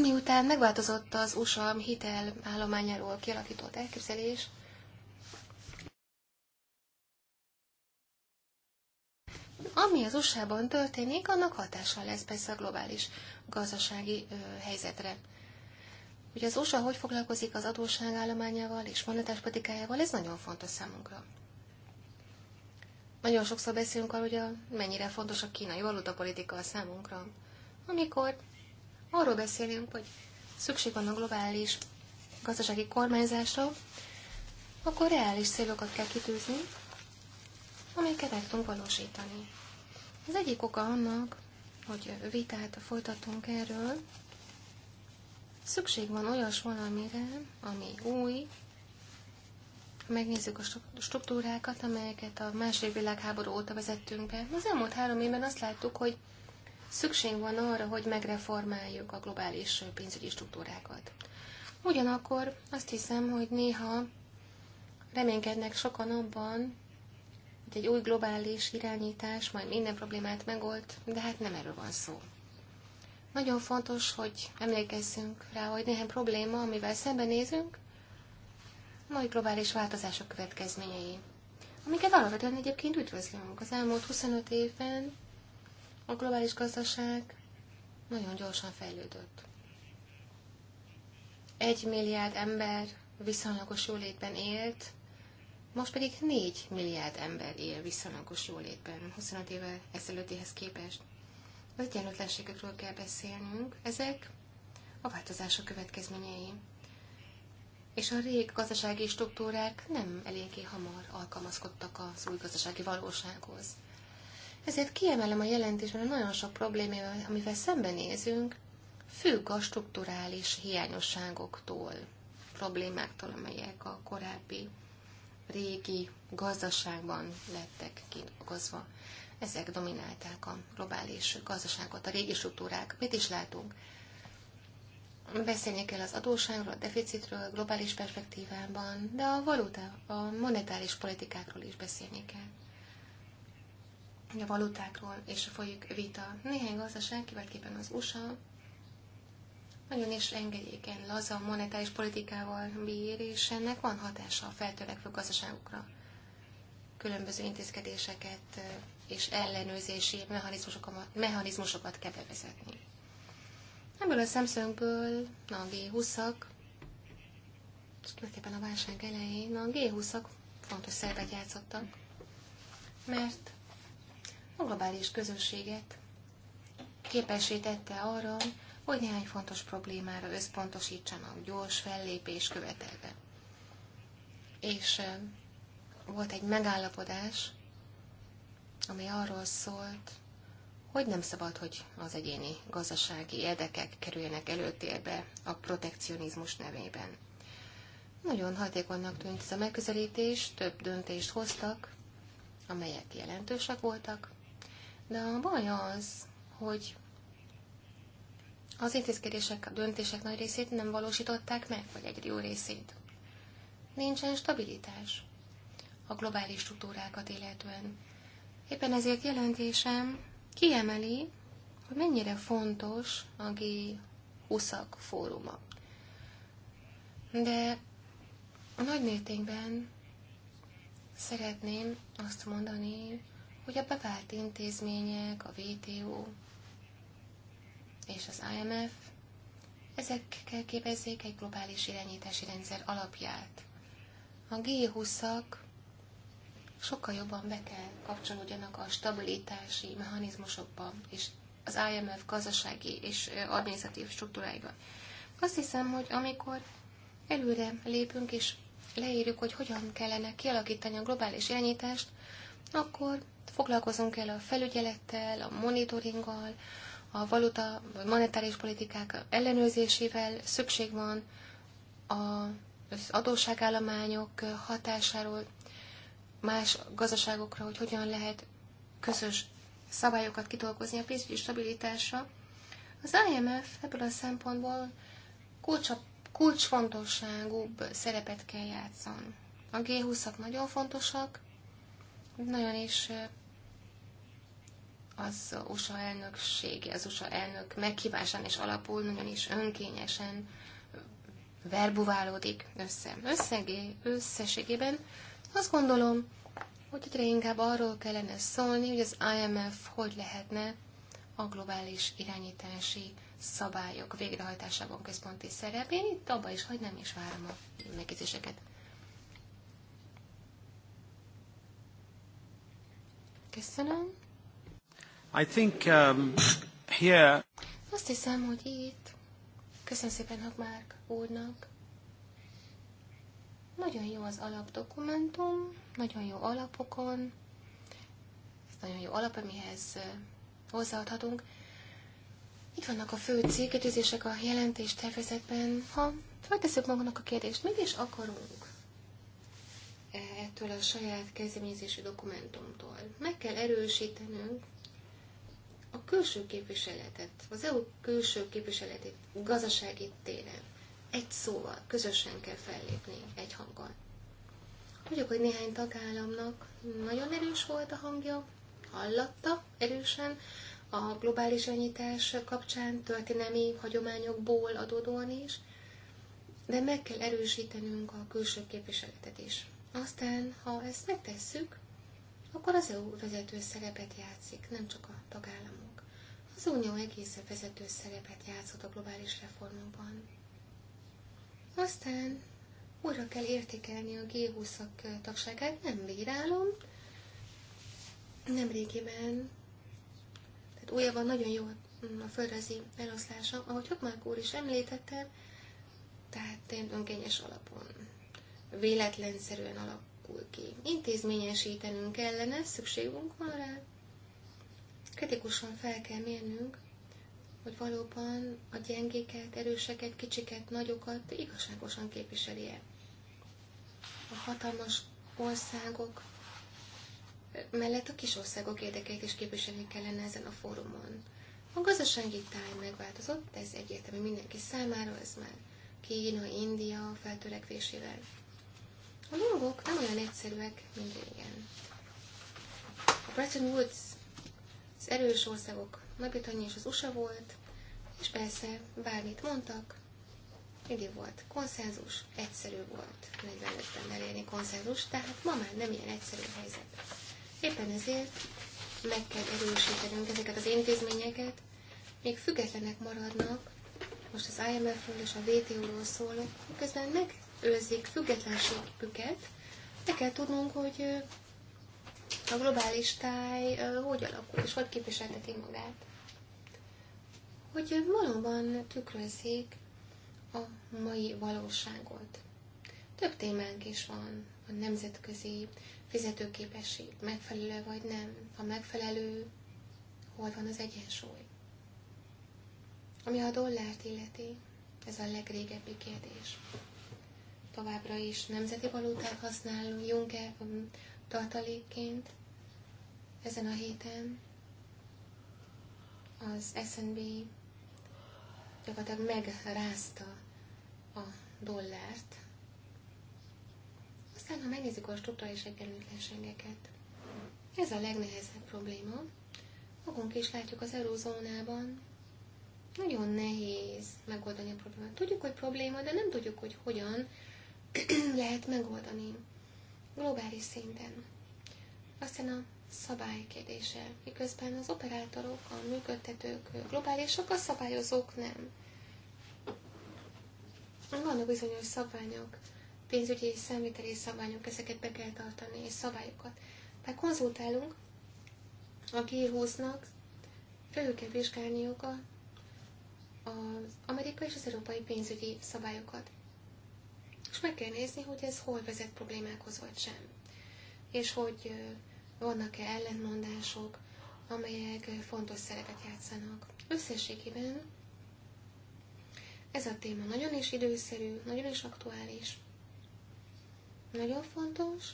miután megváltozott az USA hitel állományáról kialakított elképzelés, ami az USA-ban történik, annak hatással lesz persze a globális gazdasági helyzetre hogy az USA hogy foglalkozik az adósság állományával és politikájával, ez nagyon fontos számunkra. Nagyon sokszor beszélünk arról, hogy a, mennyire fontos a kínai politika a számunkra, amikor arról beszélünk, hogy szükség van a globális gazdasági kormányzásra, akkor reális célokat kell kitűzni, amelyeket meg tudunk valósítani. Az egyik oka annak, hogy vitát folytatunk erről, Szükség van olyas valamire, ami új, megnézzük a struktúrákat, amelyeket a második világháború óta vezettünk be. Az elmúlt három évben azt láttuk, hogy szükség van arra, hogy megreformáljuk a globális pénzügyi struktúrákat. Ugyanakkor azt hiszem, hogy néha reménykednek sokan abban, hogy egy új globális irányítás majd minden problémát megold, de hát nem erről van szó. Nagyon fontos, hogy emlékezzünk rá, hogy néhány probléma, amivel szembenézünk, nagy globális változások következményei, amiket alapvetően egyébként üdvözlünk. Az elmúlt 25 évben a globális gazdaság nagyon gyorsan fejlődött. Egy milliárd ember viszonylagos jólétben élt, most pedig 4 milliárd ember él viszonylagos jólétben 25 évvel ezelőttihez képest. Az egyenlőtlenségekről kell beszélnünk. Ezek a változások következményei. És a rég gazdasági struktúrák nem eléggé hamar alkalmazkodtak az új gazdasági valósághoz. Ezért kiemelem a jelentésben a nagyon sok problémával, amivel szembenézünk, függ a strukturális hiányosságoktól, problémáktól, amelyek a korábbi régi gazdaságban lettek kidolgozva ezek dominálták a globális gazdaságot, a régi struktúrák. Mit is látunk? Beszélni kell az adóságról, a deficitről, a globális perspektívában, de a valuta, a monetáris politikákról is beszélni kell. A valutákról és folyik vita. Néhány gazdaság, kiváltképpen az USA, nagyon is engedéken, laza monetáris politikával bír, és ennek van hatása a feltörekvő gazdaságokra. Különböző intézkedéseket és ellenőrzési mechanizmusokat, mechanizmusokat kell bevezetni. Ebből a szemszögből a G20-ak, tulajdonképpen a válság elején a G20-ak fontos szerepet játszottak, mert a globális közösséget képessé tette arra, hogy néhány fontos problémára összpontosítsanak gyors fellépés követelve. És volt egy megállapodás ami arról szólt, hogy nem szabad, hogy az egyéni gazdasági érdekek kerüljenek előtérbe a protekcionizmus nevében. Nagyon hatékonynak tűnt ez a megközelítés, több döntést hoztak, amelyek jelentősek voltak, de a baj az, hogy az intézkedések, a döntések nagy részét nem valósították meg, vagy egy jó részét. Nincsen stabilitás a globális struktúrákat illetően. Éppen ezért jelentésem kiemeli, hogy mennyire fontos a g 20 fóruma. De a nagy mértékben szeretném azt mondani, hogy a bevált intézmények, a WTO és az IMF ezekkel képezzék egy globális irányítási rendszer alapját. A G20-ak sokkal jobban be kell kapcsolódjanak a stabilitási mechanizmusokba és az IMF gazdasági és adminisztratív struktúráiba. Azt hiszem, hogy amikor előre lépünk és leírjuk, hogy hogyan kellene kialakítani a globális irányítást, akkor foglalkozunk el a felügyelettel, a monitoringgal, a valuta vagy monetáris politikák ellenőrzésével, szükség van az adósságállományok hatásáról más gazdaságokra, hogy hogyan lehet közös szabályokat kitolkozni a pénzügyi stabilitásra. Az IMF ebből a szempontból kulcsa, kulcsfontosságúbb szerepet kell játszani. A G20-ak nagyon fontosak, nagyon is az USA elnöksége, az USA elnök meghívásán és alapul nagyon is önkényesen verbuválódik össze. Összegé, összességében azt gondolom, hogy egyre inkább arról kellene szólni, hogy az IMF hogy lehetne a globális irányítási szabályok végrehajtásában központi szerep. Én itt abba is nem is várom a megjegyzéseket. Köszönöm. I think um, here... Azt hiszem, hogy itt. Köszönöm szépen Hagmárk úrnak nagyon jó az alapdokumentum, nagyon jó alapokon, ez nagyon jó alap, amihez hozzáadhatunk. Itt vannak a fő célkötőzések a jelentés tervezetben. Ha feltesszük magunknak a kérdést, mit is akarunk e, ettől a saját kezdeményezési dokumentumtól? Meg kell erősítenünk a külső képviseletet, az EU külső képviseletét gazdasági téren egy szóval, közösen kell fellépni, egy hangon. Tudjuk, hogy néhány tagállamnak nagyon erős volt a hangja, hallatta erősen a globális enyítás kapcsán, történelmi hagyományokból adódóan is, de meg kell erősítenünk a külső képviseletet is. Aztán, ha ezt megtesszük, akkor az EU vezető szerepet játszik, nem csak a tagállamok. Az Unió egészen vezető szerepet játszott a globális reformokban. Aztán újra kell értékelni a G20-ak eh, tagságát, nem bírálom. Nem régiben, tehát újabban nagyon jó a földrajzi eloszlása, ahogy Hökmark úr is említette, tehát én önkényes alapon, véletlenszerűen alakul ki. Intézményesítenünk kellene, szükségünk van rá. Kritikusan fel kell mérnünk hogy valóban a gyengéket, erőseket, kicsiket, nagyokat igazságosan képviseli-e. A hatalmas országok mellett a kis országok érdekeit is képviselni kellene ezen a fórumon. A gazdasági táj megváltozott, ez egyértelmű mindenki számára, ez már Kína, India feltörekvésével. A dolgok nem olyan egyszerűek, mint régen. A Bretton Woods az erős országok nagy és az USA volt, és persze bármit mondtak, mindig volt konszenzus, egyszerű volt 45-ben elérni konszenzus, tehát ma már nem ilyen egyszerű helyzet. Éppen ezért meg kell erősítenünk ezeket az intézményeket, még függetlenek maradnak, most az IMF-ről és a WTO-ról szólok, miközben megőrzik függetlenségüket, le kell tudnunk, hogy a globális táj hogy alakul, és hogy képviselteti magát. Hogy valóban tükrözik a mai valóságot. Több témánk is van, a nemzetközi fizetőképesség megfelelő vagy nem, a megfelelő, hol van az egyensúly. Ami a dollárt illeti, ez a legrégebbi kérdés. Továbbra is nemzeti valutát használunk, Juncker tartalékként ezen a héten az S&B gyakorlatilag megrázta a dollárt. Aztán, ha megnézzük a struktúrális egyenlőtlenségeket, ez a legnehezebb probléma. Magunk is látjuk az eurózónában, nagyon nehéz megoldani a problémát. Tudjuk, hogy probléma, de nem tudjuk, hogy hogyan lehet megoldani globális szinten. Aztán a szabály kérdése. Miközben az operátorok, a működtetők globálisak, a szabályozók nem. Vannak bizonyos szabványok, pénzügyi és számviteli szabványok, ezeket be kell tartani, és szabályokat. Tehát konzultálunk a g nak felül kell vizsgálniuk a, az amerikai és az európai pénzügyi szabályokat és meg kell nézni, hogy ez hol vezet problémákhoz vagy sem. És hogy vannak-e ellentmondások, amelyek fontos szerepet játszanak. Összességében ez a téma nagyon is időszerű, nagyon is aktuális, nagyon fontos,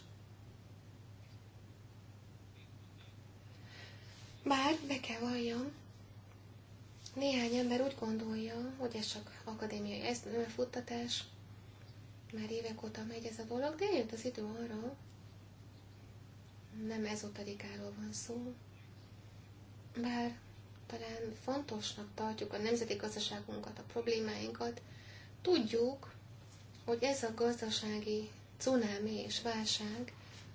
Bár be kell valljam, néhány ember úgy gondolja, hogy ez csak akadémiai futtatás, már évek óta megy ez a dolog, de eljött az idő arra, nem ezotarikáról van szó, bár talán fontosnak tartjuk a nemzeti gazdaságunkat, a problémáinkat, tudjuk, hogy ez a gazdasági cunámi és válság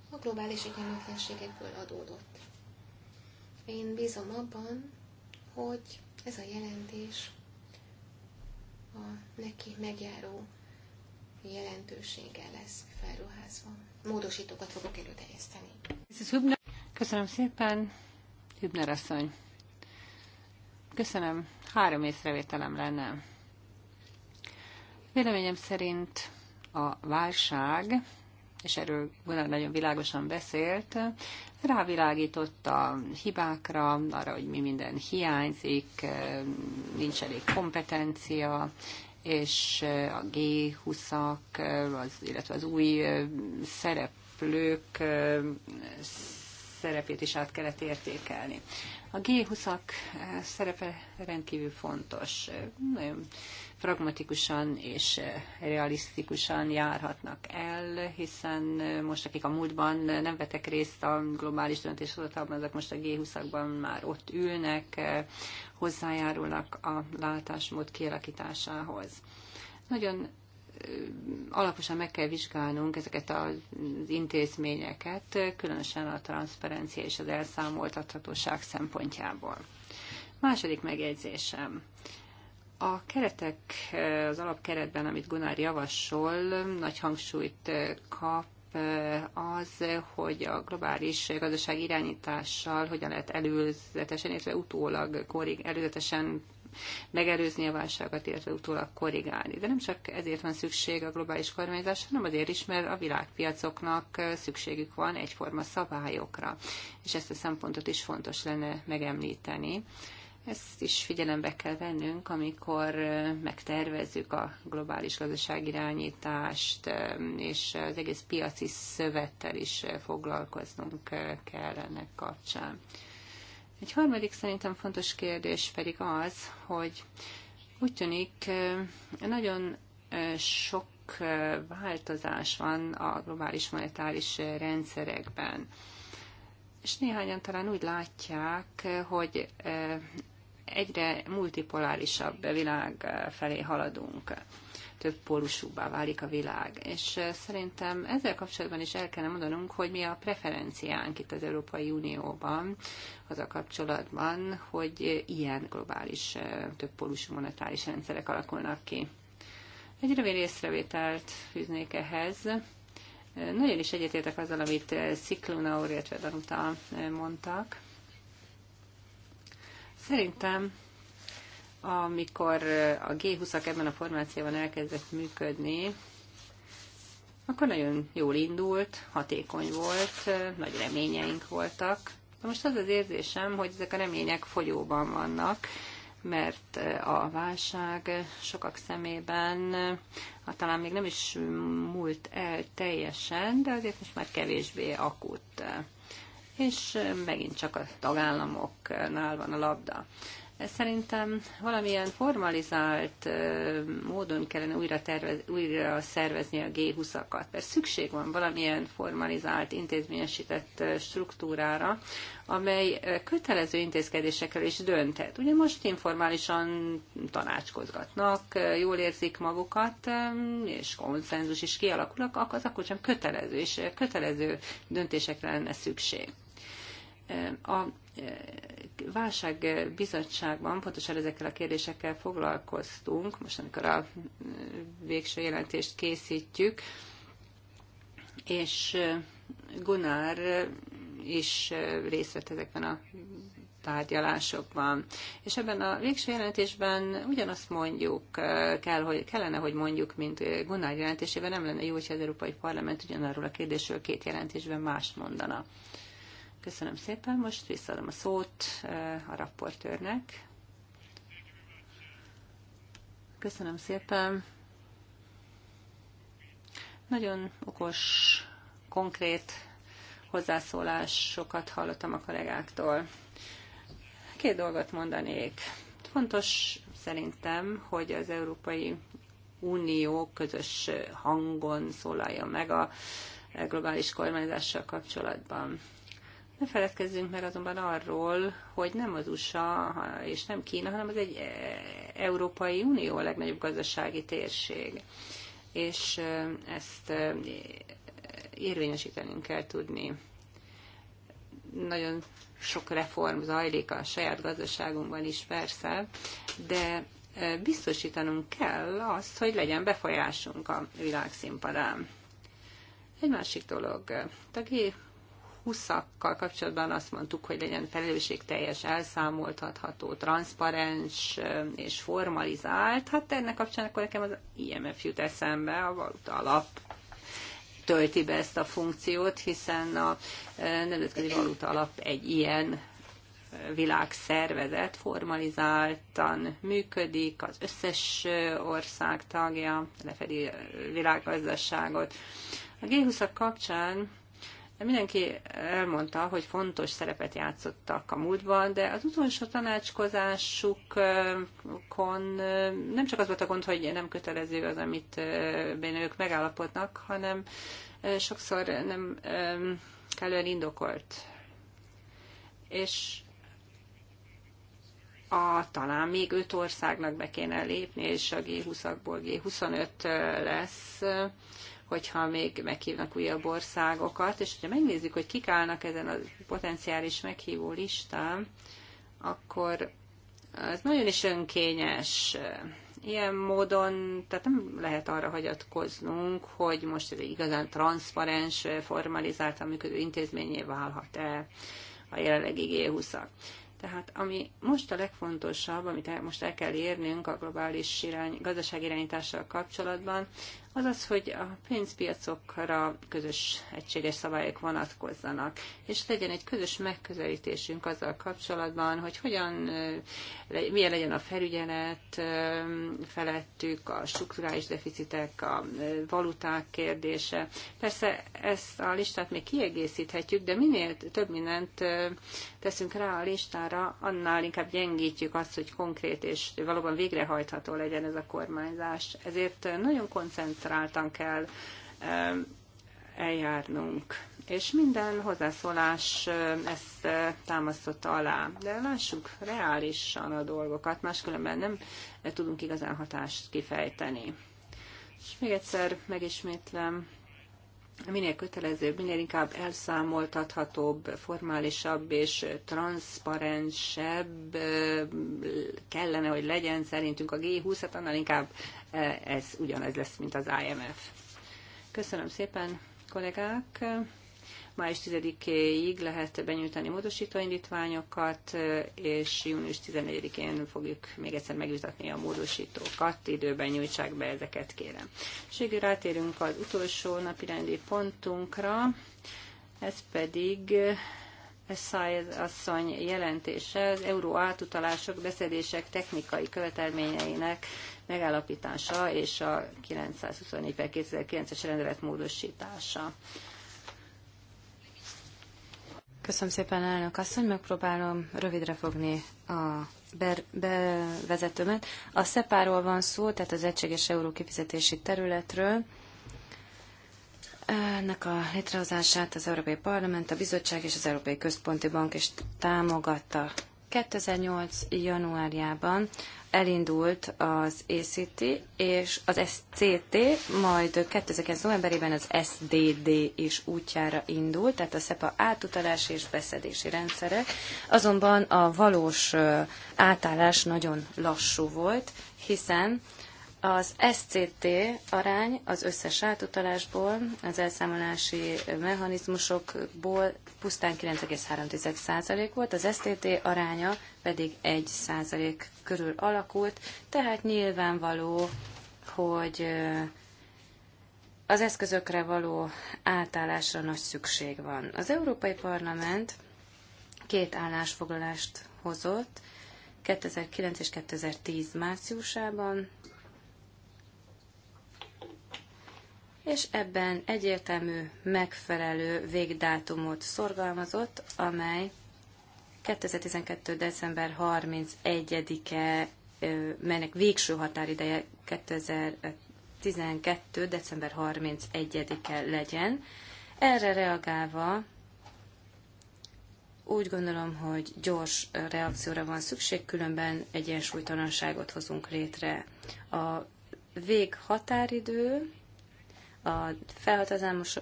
a globális egyenlőtlenségekből adódott. Én bízom abban, hogy ez a jelentés a neki megjáró jelentősége lesz felruházva. Módosítókat fogok előterjeszteni. Köszönöm szépen, Hübner asszony. Köszönöm. Három észrevételem lenne. Véleményem szerint a válság, és erről Gunnar nagyon világosan beszélt, rávilágított a hibákra, arra, hogy mi minden hiányzik, nincs elég kompetencia, és a G20-ak, az, illetve az új szereplők szerepét is át kellett értékelni. A G20-ak eh, szerepe rendkívül fontos. Nagyon pragmatikusan és eh, realisztikusan járhatnak el, hiszen eh, most, akik a múltban nem vettek részt a globális döntéshozatalban, azok most a G20-akban már ott ülnek, hozzájárulnak a látásmód kialakításához. Nagyon alaposan meg kell vizsgálnunk ezeket az intézményeket, különösen a transzparencia és az elszámoltathatóság szempontjából. Második megjegyzésem. A keretek, az alapkeretben, amit Gunár javasol, nagy hangsúlyt kap az, hogy a globális gazdaság irányítással hogyan lehet előzetesen, illetve utólag korrig, előzetesen megelőzni a válságot, illetve utólag korrigálni. De nem csak ezért van szükség a globális kormányzásra, hanem azért is, mert a világpiacoknak szükségük van egyforma szabályokra. És ezt a szempontot is fontos lenne megemlíteni. Ezt is figyelembe kell vennünk, amikor megtervezzük a globális gazdaságirányítást, és az egész piaci szövettel is foglalkoznunk kell ennek kapcsán. Egy harmadik szerintem fontos kérdés pedig az, hogy úgy tűnik, nagyon sok változás van a globális monetáris rendszerekben. És néhányan talán úgy látják, hogy egyre multipolárisabb világ felé haladunk több pólusúbbá válik a világ. És szerintem ezzel kapcsolatban is el kellene mondanunk, hogy mi a preferenciánk itt az Európai Unióban, az a kapcsolatban, hogy ilyen globális, több pólusú monetáris rendszerek alakulnak ki. Egy rövid észrevételt fűznék ehhez. Nagyon is egyetértek azzal, amit Szikluna illetve Danuta mondtak. Szerintem, amikor eh, a G20-ak ebben a formációban elkezdett működni, akkor nagyon jól indult, hatékony volt, eh, nagy reményeink voltak. De most az az érzésem, hogy ezek a remények fogyóban vannak, mert eh, a válság sokak szemében a talán még nem is múlt el teljesen, de azért most már kevésbé akut és megint csak a tagállamoknál van a labda. Szerintem valamilyen formalizált módon kellene újra, tervez, újra szervezni a G20-akat, mert szükség van valamilyen formalizált, intézményesített struktúrára, amely kötelező intézkedésekről is dönthet. Ugye most informálisan tanácskozgatnak, jól érzik magukat, és konszenzus is kialakul, az akkor sem kötelező, és kötelező döntésekre lenne szükség. A e, válságbizottságban pontosan ezekkel a kérdésekkel foglalkoztunk, most amikor a végső jelentést készítjük, és e, Gunnar is e, részt vett ezekben a tárgyalásokban. És ebben a végső jelentésben ugyanazt mondjuk, kell, hogy, kellene, hogy mondjuk, mint Gunnar jelentésében, nem lenne jó, hogy az Európai Parlament ugyanarról a kérdésről két jelentésben más mondana. Köszönöm szépen, most visszaadom a szót eh, a rapportőrnek. Köszönöm szépen. Nagyon okos, konkrét hozzászólásokat hallottam a kollégáktól. Két dolgot mondanék. Fontos szerintem, hogy az Európai Unió közös hangon szólaljon meg a globális kormányzással kapcsolatban. Ne feledkezzünk meg azonban arról, hogy nem az USA és nem Kína, hanem az egy e, Európai Unió a legnagyobb gazdasági térség. És e, ezt e, érvényesítenünk kell tudni. Nagyon sok reform zajlik a saját gazdaságunkban is persze, de biztosítanunk kell azt, hogy legyen befolyásunk a világszínpadán. Egy másik dolog. A 20-akkal kapcsolatban azt mondtuk, hogy legyen felelősségteljes, elszámoltatható, transzparens és formalizált. Hát ennek kapcsán akkor nekem az IMF jut eszembe, a valuta alap tölti be ezt a funkciót, hiszen a Nemzetközi Valuta Alap egy ilyen világszervezet formalizáltan működik, az összes ország tagja, lefedi világgazdaságot. A G20 kapcsán Mindenki elmondta, hogy fontos szerepet játszottak a múltban, de az utolsó tanácskozásukon nem csak az volt a gond, hogy nem kötelező az, amit ők megállapodnak, hanem sokszor nem kellően indokolt. És a, talán még öt országnak be kéne lépni, és a G20-akból G25 lesz hogyha még meghívnak újabb országokat, és hogyha megnézzük, hogy kik állnak ezen a potenciális meghívó listán, akkor ez nagyon is önkényes. Eh, ilyen módon, tehát nem lehet arra hagyatkoznunk, hogy most ez igazán transzparens, eh, formalizáltan működő intézményé válhat-e a jelenlegi g 20 Tehát ami most a legfontosabb, amit most el kell érnünk a globális irány, gazdaságirányítással kapcsolatban, azaz, hogy a pénzpiacokra közös egységes szabályok vonatkozzanak, és legyen egy közös megközelítésünk azzal kapcsolatban, hogy hogyan, eh, milyen legyen a felügyelet eh, felettük, a strukturális deficitek, a eh, valuták kérdése. Persze ezt a listát még kiegészíthetjük, de minél több mindent teszünk rá a listára, annál inkább gyengítjük azt, hogy konkrét és valóban végrehajtható legyen ez a kormányzás. Ezért nagyon koncentrálunk koncentráltan kell eh, eljárnunk. És minden hozzászólás eh, ezt eh, támasztotta alá. De lássuk reálisan a dolgokat, máskülönben nem tudunk igazán hatást kifejteni. És még egyszer megismétlem, minél kötelezőbb, minél inkább elszámoltathatóbb, formálisabb és transzparensebb eh, kellene, hogy legyen szerintünk a G20, hát annál inkább eh, ez ugyanaz lesz, mint az IMF. Köszönöm szépen, kollégák! Május 10 ig lehet benyújtani módosítóindítványokat, és június 14-én fogjuk még egyszer megvitatni a módosítókat. Időben nyújtsák be ezeket, kérem. És végül rátérünk az utolsó napirendi pontunkra, ez pedig Szájez asszony jelentése az euró átutalások, beszedések technikai követelményeinek megállapítása és a 924 2009-es rendelet módosítása. Köszönöm szépen, elnök asszony, megpróbálom rövidre fogni a bevezetőmet. A SEPÁ-ról van szó, tehát az Egységes Euró kifizetési területről. Ennek a létrehozását az Európai Parlament, a Bizottság és az Európai Központi Bank is támogatta 2008. januárjában elindult az ACT és az SCT, majd 2009. novemberében az SDD is útjára indult, tehát a SEPA átutalási és beszedési rendszere. Azonban a valós átállás nagyon lassú volt, hiszen az SCT arány az összes átutalásból, az elszámolási mechanizmusokból pusztán 9,3% volt, az STT aránya pedig 1% körül alakult, tehát nyilvánvaló, hogy az eszközökre való átállásra nagy szükség van. Az Európai Parlament két állásfoglalást hozott 2009 és 2010 márciusában, és ebben egyértelmű, megfelelő végdátumot szorgalmazott, amely 2012. december 31-e, melynek végső határideje 2012. december 31-e legyen. Erre reagálva úgy gondolom, hogy gyors reakcióra van szükség, különben egyensúlytalanságot hozunk létre. A véghatáridő a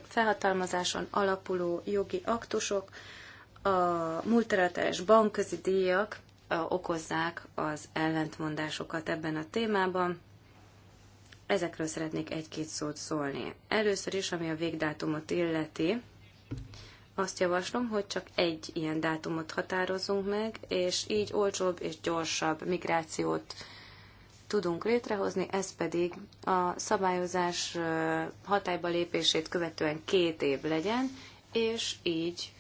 felhatalmazáson alapuló jogi aktusok, a multilaterális bankközi díjak okozzák az ellentmondásokat ebben a témában. Ezekről szeretnék egy-két szót szólni. Először is, ami a végdátumot illeti, azt javaslom, hogy csak egy ilyen dátumot határozzunk meg, és így olcsóbb és gyorsabb migrációt tudunk létrehozni, ez pedig a szabályozás hatályba lépését követően két év legyen, és így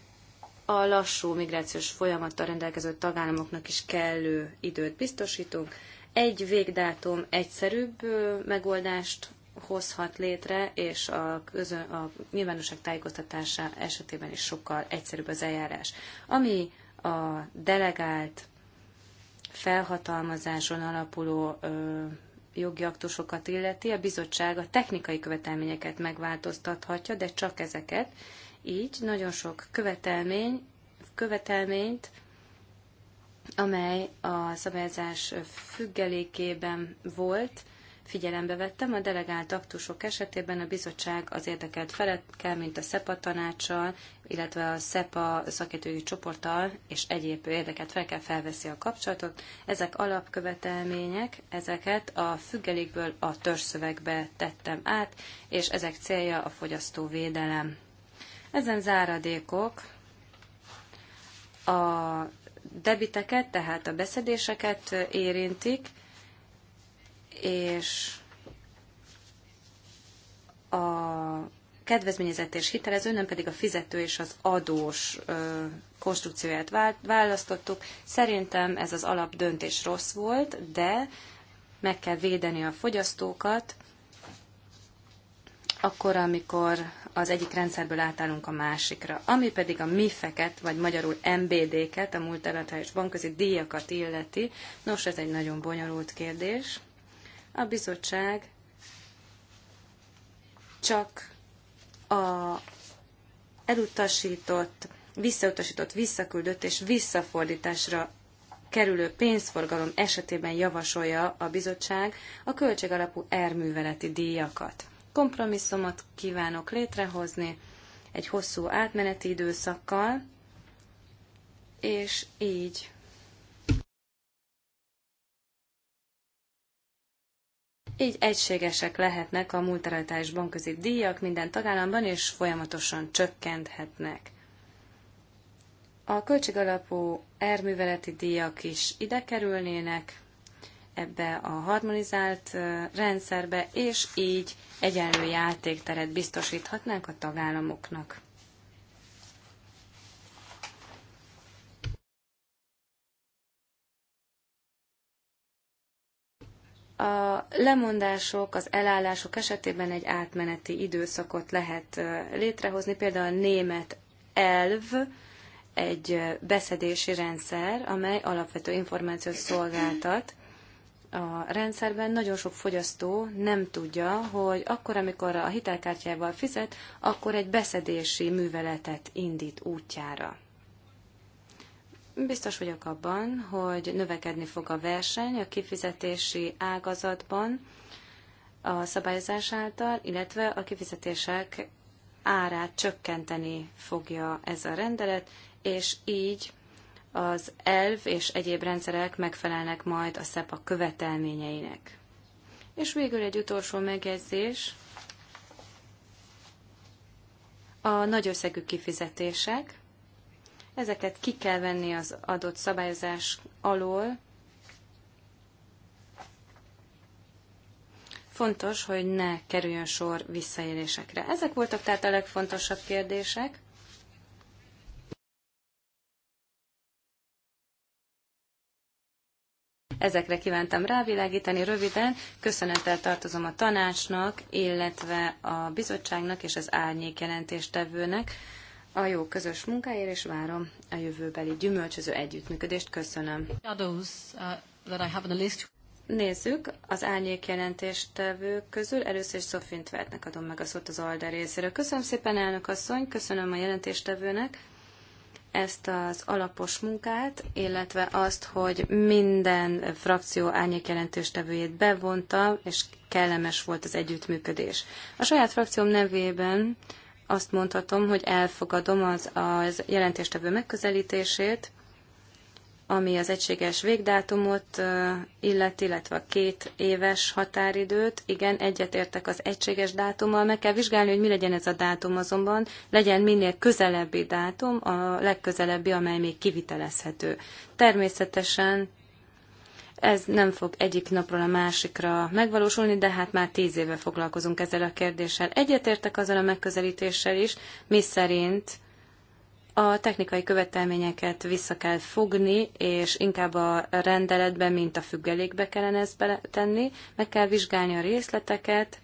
a lassú migrációs folyamattal rendelkező tagállamoknak is kellő időt biztosítunk. Egy végdátum egyszerűbb megoldást hozhat létre, és a, közön, a nyilvánosság tájékoztatása esetében is sokkal egyszerűbb az eljárás. Ami a delegált felhatalmazáson alapuló ö, jogi aktusokat illeti, a bizottság a technikai követelményeket megváltoztathatja, de csak ezeket. Így nagyon sok követelmény, követelményt, amely a szabályozás függelékében volt, Figyelembe vettem, a delegált aktusok esetében a bizottság az érdekelt kell, mint a SEPA tanácssal, illetve a SEPA szakértői csoporttal és egyéb érdeket fel kell felveszi a kapcsolatot. Ezek alapkövetelmények, ezeket a függelékből a törzszövegbe tettem át, és ezek célja a fogyasztóvédelem. Ezen záradékok a debiteket, tehát a beszedéseket érintik, és a kedvezményezett és hitelező, nem pedig a fizető és az adós ö, konstrukcióját választottuk. Szerintem ez az alap döntés rossz volt, de meg kell védeni a fogyasztókat, akkor, amikor az egyik rendszerből átállunk a másikra. Ami pedig a MIF-eket, vagy magyarul MBD-ket, a multilaterális bankközi díjakat illeti, nos, ez egy nagyon bonyolult kérdés a bizottság csak a elutasított, visszautasított, visszaküldött és visszafordításra kerülő pénzforgalom esetében javasolja a bizottság a költségalapú erműveleti díjakat. Kompromisszumot kívánok létrehozni egy hosszú átmeneti időszakkal, és így Így egységesek lehetnek a multilaterális bankközi díjak minden tagállamban, és folyamatosan csökkenthetnek. A költségalapú erműveleti díjak is ide kerülnének ebbe a harmonizált rendszerbe, és így egyenlő játékteret biztosíthatnánk a tagállamoknak. A lemondások, az elállások esetében egy átmeneti időszakot lehet létrehozni, például a német elv, egy beszedési rendszer, amely alapvető információt szolgáltat. A rendszerben nagyon sok fogyasztó nem tudja, hogy akkor, amikor a hitelkártyával fizet, akkor egy beszedési műveletet indít útjára. Biztos vagyok abban, hogy növekedni fog a verseny a kifizetési ágazatban a szabályozás által, illetve a kifizetések árát csökkenteni fogja ez a rendelet, és így az elv és egyéb rendszerek megfelelnek majd a SZEPA követelményeinek. És végül egy utolsó megjegyzés. A nagy összegű kifizetések Ezeket ki kell venni az adott szabályozás alól. Fontos, hogy ne kerüljön sor visszaélésekre. Ezek voltak tehát a legfontosabb kérdések. Ezekre kívántam rávilágítani röviden. Köszönettel tartozom a tanácsnak, illetve a bizottságnak és az árnyék jelentéstevőnek, a jó közös munkáért, és várom a jövőbeli gyümölcsöző együttműködést. Köszönöm. Uh, Nézzük, az árnyék jelentéstevők közül először is Sofint Vertnek adom meg a szót az Alder részéről. Köszönöm szépen, elnök asszony, köszönöm a jelentéstevőnek ezt az alapos munkát, illetve azt, hogy minden frakció árnyék jelentéstevőjét bevonta, és kellemes volt az együttműködés. A saját frakcióm nevében azt mondhatom, hogy elfogadom az, az jelentéstevő megközelítését, ami az egységes végdátumot illet, illetve a két éves határidőt. Igen, egyetértek az egységes dátummal. Meg kell vizsgálni, hogy mi legyen ez a dátum azonban. Legyen minél közelebbi dátum, a legközelebbi, amely még kivitelezhető. Természetesen ez nem fog egyik napról a másikra megvalósulni, de hát már tíz éve foglalkozunk ezzel a kérdéssel. Egyetértek azzal a megközelítéssel is, mi szerint a technikai követelményeket vissza kell fogni, és inkább a rendeletbe, mint a függelékbe kellene ezt beletenni. Meg kell vizsgálni a részleteket,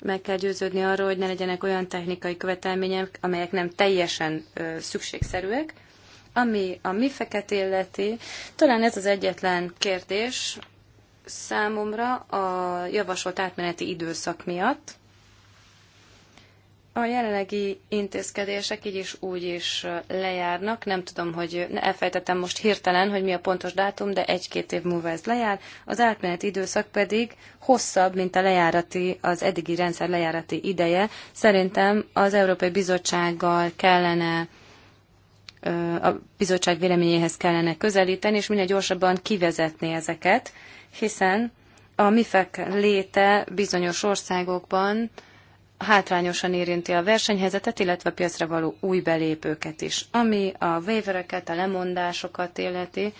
meg kell győződni arról, hogy ne legyenek olyan technikai követelmények, amelyek nem teljesen ö, szükségszerűek. Ami a mi feket illeti, talán ez az egyetlen kérdés számomra a javasolt átmeneti időszak miatt. A jelenlegi intézkedések így is úgy is lejárnak. Nem tudom, hogy elfejtettem most hirtelen, hogy mi a pontos dátum, de egy-két év múlva ez lejár. Az átmeneti időszak pedig hosszabb, mint a lejárati, az eddigi rendszer lejárati ideje. Szerintem az Európai Bizottsággal kellene a bizottság véleményéhez kellene közelíteni, és minél gyorsabban kivezetni ezeket, hiszen a MIFEK léte bizonyos országokban hátrányosan érinti a versenyhelyzetet, illetve a piacra való új belépőket is. Ami a vévereket, a lemondásokat illeti,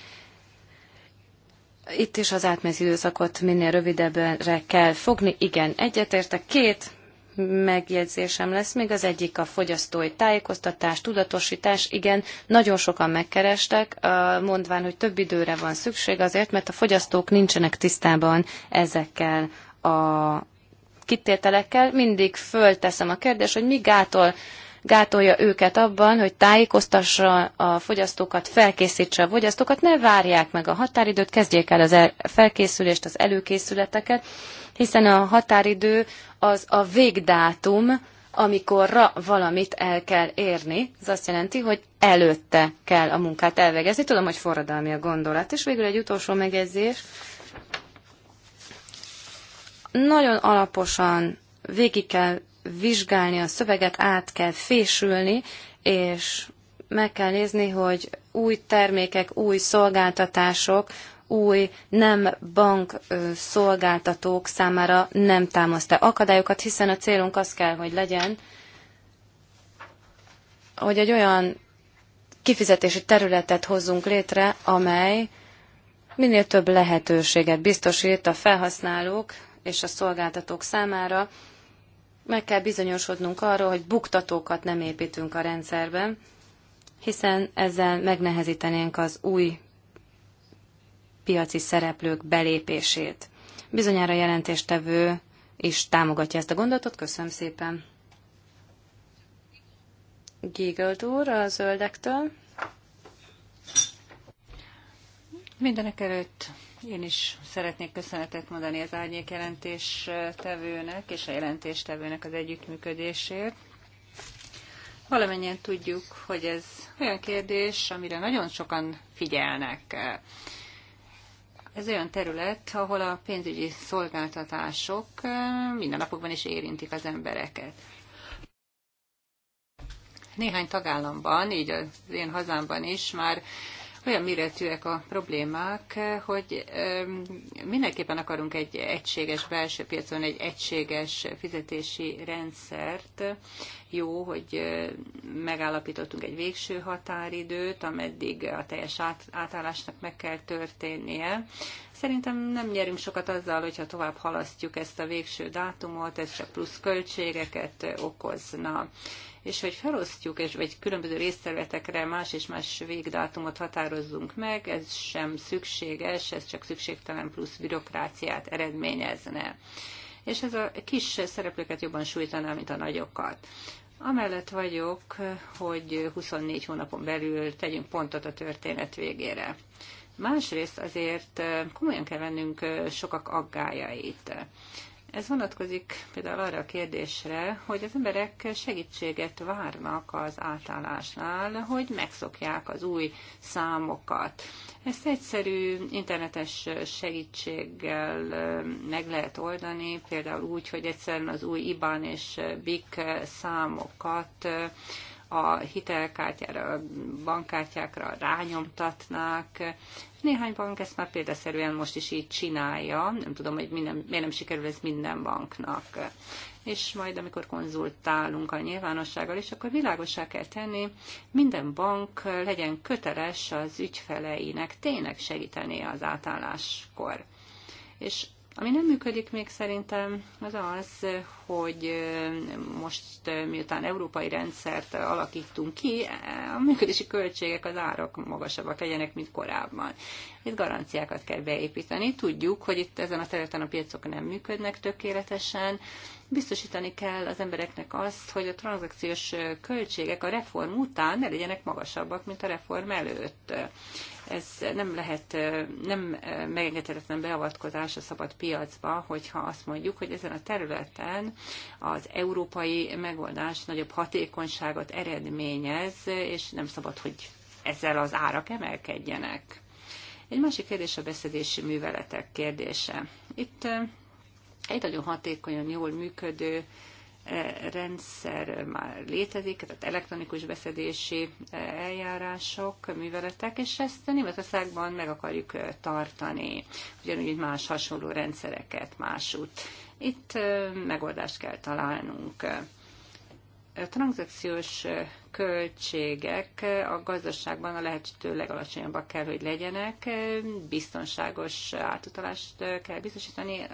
itt is az átmeneti időszakot minél rövidebbre kell fogni. Igen, egyetértek. Két megjegyzésem lesz még. Az egyik a fogyasztói tájékoztatás, tudatosítás. Igen, nagyon sokan megkerestek, mondván, hogy több időre van szükség azért, mert a fogyasztók nincsenek tisztában ezekkel a kitételekkel. Mindig fölteszem a kérdést, hogy mi gátol gátolja őket abban, hogy tájékoztassa a fogyasztókat, felkészítse a fogyasztókat, ne várják meg a határidőt, kezdjék el az felkészülést, az előkészületeket, hiszen a határidő az a végdátum, amikorra valamit el kell érni. Ez azt jelenti, hogy előtte kell a munkát elvégezni. Tudom, hogy forradalmi a gondolat. És végül egy utolsó megjegyzés. Nagyon alaposan végig kell vizsgálni a szöveget, át kell fésülni, és meg kell nézni, hogy új termékek, új szolgáltatások, új nem bank szolgáltatók számára nem támaszt akadályokat, hiszen a célunk az kell, hogy legyen, hogy egy olyan kifizetési területet hozzunk létre, amely minél több lehetőséget biztosít a felhasználók és a szolgáltatók számára, meg kell bizonyosodnunk arról, hogy buktatókat nem építünk a rendszerben, hiszen ezzel megnehezítenénk az új piaci szereplők belépését. Bizonyára jelentéstevő is támogatja ezt a gondolatot. Köszönöm szépen. Giggled úr a zöldektől. Mindenek előtt én is szeretnék köszönetet mondani az árnyék jelentéstevőnek és a jelentéstevőnek az együttműködésért. Valamennyien tudjuk, hogy ez olyan kérdés, amire nagyon sokan figyelnek. Ez olyan terület, ahol a pénzügyi szolgáltatások minden napokban is érintik az embereket. Néhány tagállamban, így az én hazámban is már olyan méretűek a problémák, hogy mindenképpen akarunk egy egységes belső piacon, egy egységes fizetési rendszert. Jó, hogy megállapítottunk egy végső határidőt, ameddig a teljes átállásnak meg kell történnie, Szerintem nem nyerünk sokat azzal, hogyha tovább halasztjuk ezt a végső dátumot, ez csak plusz költségeket okozna és hogy felosztjuk, és, vagy különböző részterületekre más és más végdátumot határozzunk meg, ez sem szükséges, ez csak szükségtelen plusz bürokráciát eredményezne. És ez a kis szereplőket jobban sújtaná, mint a nagyokat. Amellett vagyok, hogy 24 hónapon belül tegyünk pontot a történet végére másrészt azért komolyan kell vennünk sokak aggájait. Ez vonatkozik például arra a kérdésre, hogy az emberek segítséget várnak az átállásnál, hogy megszokják az új számokat. Ezt egyszerű internetes segítséggel meg lehet oldani, például úgy, hogy egyszerűen az új IBAN és BIC számokat a hitelkártyára, a bankkártyákra rányomtatnak. Néhány bank ezt már példaszerűen most is így csinálja. Nem tudom, hogy minden, miért nem sikerül ez minden banknak. És majd, amikor konzultálunk a nyilvánossággal, és akkor világosá kell tenni, minden bank legyen köteles az ügyfeleinek tényleg segíteni az átálláskor. És ami nem működik még szerintem, az az, hogy most miután európai rendszert alakítunk ki, a működési költségek, az árak magasabbak legyenek, mint korábban. Itt garanciákat kell beépíteni. Tudjuk, hogy itt ezen a területen a piacok nem működnek tökéletesen. Biztosítani kell az embereknek azt, hogy a tranzakciós költségek a reform után ne legyenek magasabbak, mint a reform előtt ez nem lehet, nem megengedhetetlen beavatkozás a szabad piacba, hogyha azt mondjuk, hogy ezen a területen az európai megoldás nagyobb hatékonyságot eredményez, és nem szabad, hogy ezzel az árak emelkedjenek. Egy másik kérdés a beszedési műveletek kérdése. Itt egy nagyon hatékonyan, jól működő E, rendszer már létezik, tehát elektronikus beszedési e, eljárások, műveletek, és ezt Németországban meg akarjuk e, tartani, ugyanúgy, mint más hasonló rendszereket másút. Itt megoldást kell találnunk. A tranzakciós költségek a gazdaságban a lehető legalacsonyabbak kell, hogy legyenek, biztonságos átutalást kell biztosítani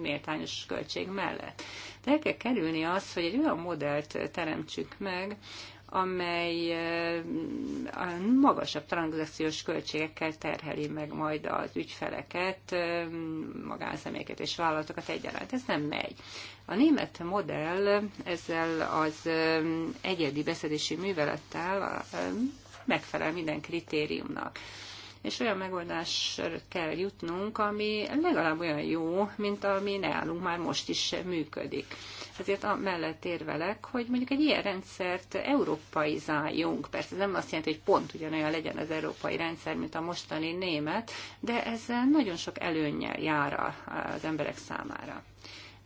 méltányos költség mellett. De el kell kerülni az, hogy egy olyan modellt teremtsük meg, amely eh, a magasabb tranzakciós költségekkel terheli meg majd az ügyfeleket, eh, magánszemélyeket és vállalatokat egyaránt. Ez nem megy. A német modell ezzel az eh, egyedi beszedési művelettel megfelel minden kritériumnak és olyan megoldásra kell jutnunk, ami legalább olyan jó, mint ami nálunk már most is működik. Ezért amellett érvelek, hogy mondjuk egy ilyen rendszert zájunk. Persze ez nem azt jelenti, hogy pont ugyanolyan legyen az európai rendszer, mint a mostani német, de ez nagyon sok előnyel jár az emberek számára.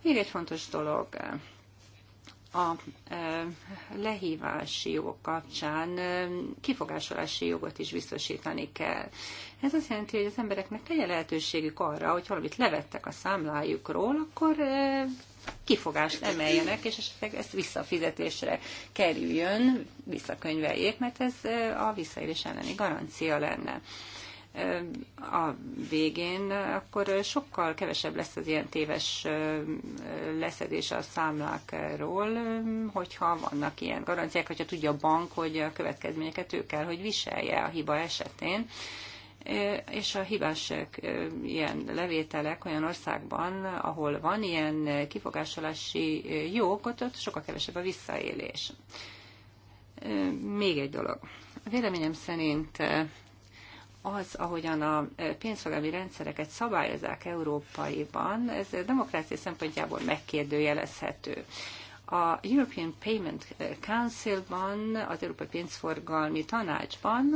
Még egy fontos dolog, a lehívási jogok kapcsán kifogásolási jogot is biztosítani kell. Ez azt jelenti, hogy az embereknek legyen lehetőségük arra, hogy valamit levettek a számlájukról, akkor kifogást emeljenek, és esetleg ezt visszafizetésre kerüljön, visszakönyveljék, mert ez a visszaélés elleni garancia lenne a végén, akkor sokkal kevesebb lesz az ilyen téves leszedés a számlákról, hogyha vannak ilyen garanciák, hogyha tudja a bank, hogy a következményeket ő kell, hogy viselje a hiba esetén és a hibás ilyen levételek olyan országban, ahol van ilyen kifogásolási jog, ott, ott sokkal kevesebb a visszaélés. Még egy dolog. A véleményem szerint az, ahogyan a eh, pénzfogalmi rendszereket szabályozák Európaiban, ez a demokrácia szempontjából megkérdőjelezhető. A European Payment Council-ban, az Európai Pénzforgalmi Tanácsban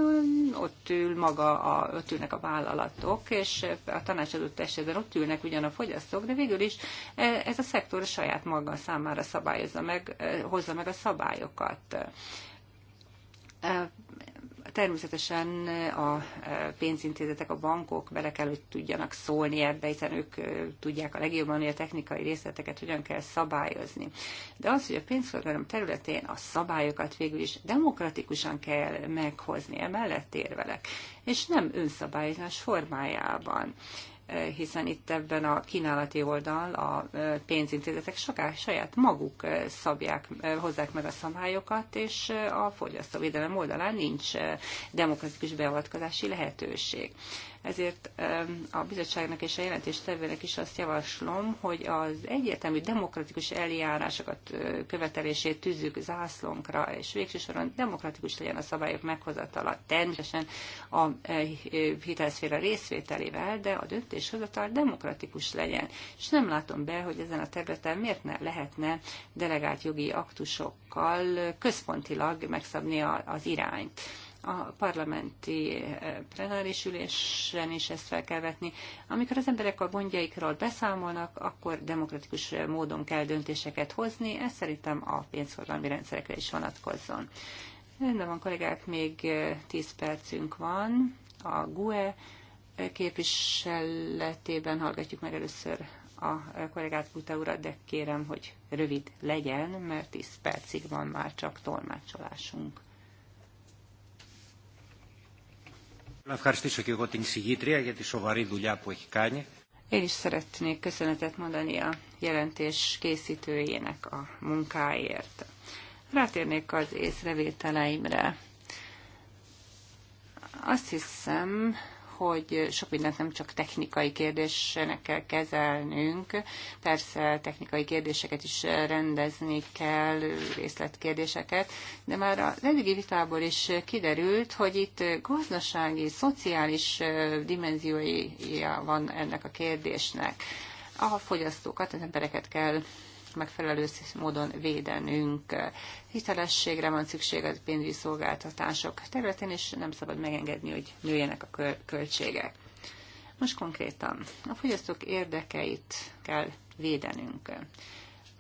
ott ül maga, a, ott ülnek a vállalatok, és a tanács adott esetben ott ülnek ugyan a fogyasztók, de végül is eh, ez a szektor saját maga számára szabályozza meg, eh, hozza meg a szabályokat Természetesen a e, pénzintézetek, a bankok bele kell, hogy tudjanak szólni ebbe, hiszen ők e, tudják a legjobban, hogy a technikai részleteket hogyan kell szabályozni. De az, hogy a pénzforgalom területén a szabályokat végül is demokratikusan kell meghozni, emellett érvelek, és nem önszabályozás formájában hiszen itt ebben a kínálati oldal a pénzintézetek saját maguk szabják, hozzák meg a szabályokat, és a fogyasztóvédelem oldalán nincs demokratikus beavatkozási lehetőség. Ezért a bizottságnak és a jelentéstevőnek is azt javaslom, hogy az egyértelmű demokratikus eljárásokat követelését tűzzük zászlónkra, és végső soron demokratikus legyen a szabályok meghozatala, természetesen a e, hitelszféra részvételével, de a döntéshozatal demokratikus legyen. És nem látom be, hogy ezen a területen miért ne lehetne delegált jogi aktusokkal központilag megszabni az irányt a parlamenti eh, plenáris ülésen is ezt fel kell vetni. Amikor az emberek a gondjaikról beszámolnak, akkor demokratikus módon kell döntéseket hozni, ez szerintem a pénzforgalmi rendszerekre is vonatkozzon. Rendben van, kollégák, még 10 eh, percünk van. A GUE képviseletében hallgatjuk meg először a eh, kollégát Buta urat, de kérem, hogy rövid legyen, mert 10 percig van már csak tolmácsolásunk. ευχαριστήσω και εγώ την εισηγήτρια για τη σοβαρή δουλειά που έχει κάνει. Én is szeretnék köszönetet mondani a jelentés készítőjének a munkáért. Rátérnék az észrevételeimre. Azt hiszem, hogy sok mindent nem csak technikai kérdésnek kell kezelnünk, persze technikai kérdéseket is rendezni kell, részletkérdéseket, de már az eddigi vitából is kiderült, hogy itt gazdasági, szociális dimenziója van ennek a kérdésnek a fogyasztókat, az embereket kell megfelelő módon védenünk. Hitelességre van szükség az pénzügyi szolgáltatások területén, és nem szabad megengedni, hogy nőjenek a költségek. Most konkrétan a fogyasztók érdekeit kell védenünk.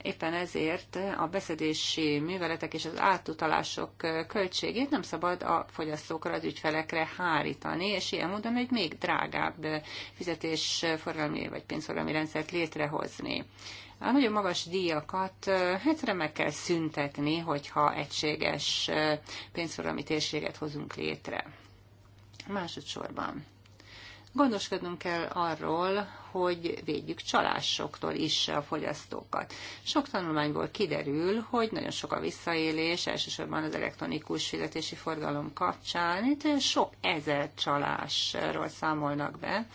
Éppen ezért a beszedési műveletek és az átutalások költségét nem szabad a fogyasztókra, az ügyfelekre hárítani, és ilyen módon egy még drágább fizetésforgalmi vagy pénzforgalmi rendszert létrehozni. A nagyon magas díjakat hát meg kell szüntetni, hogyha egységes pénzforgalmi térséget hozunk létre. Másodszorban gondoskodnunk kell arról, hogy védjük csalásoktól is a fogyasztókat. Sok tanulmányból kiderül, hogy nagyon sok a visszaélés, elsősorban az elektronikus fizetési forgalom kapcsán. Itt sok ezer csalásról számolnak be,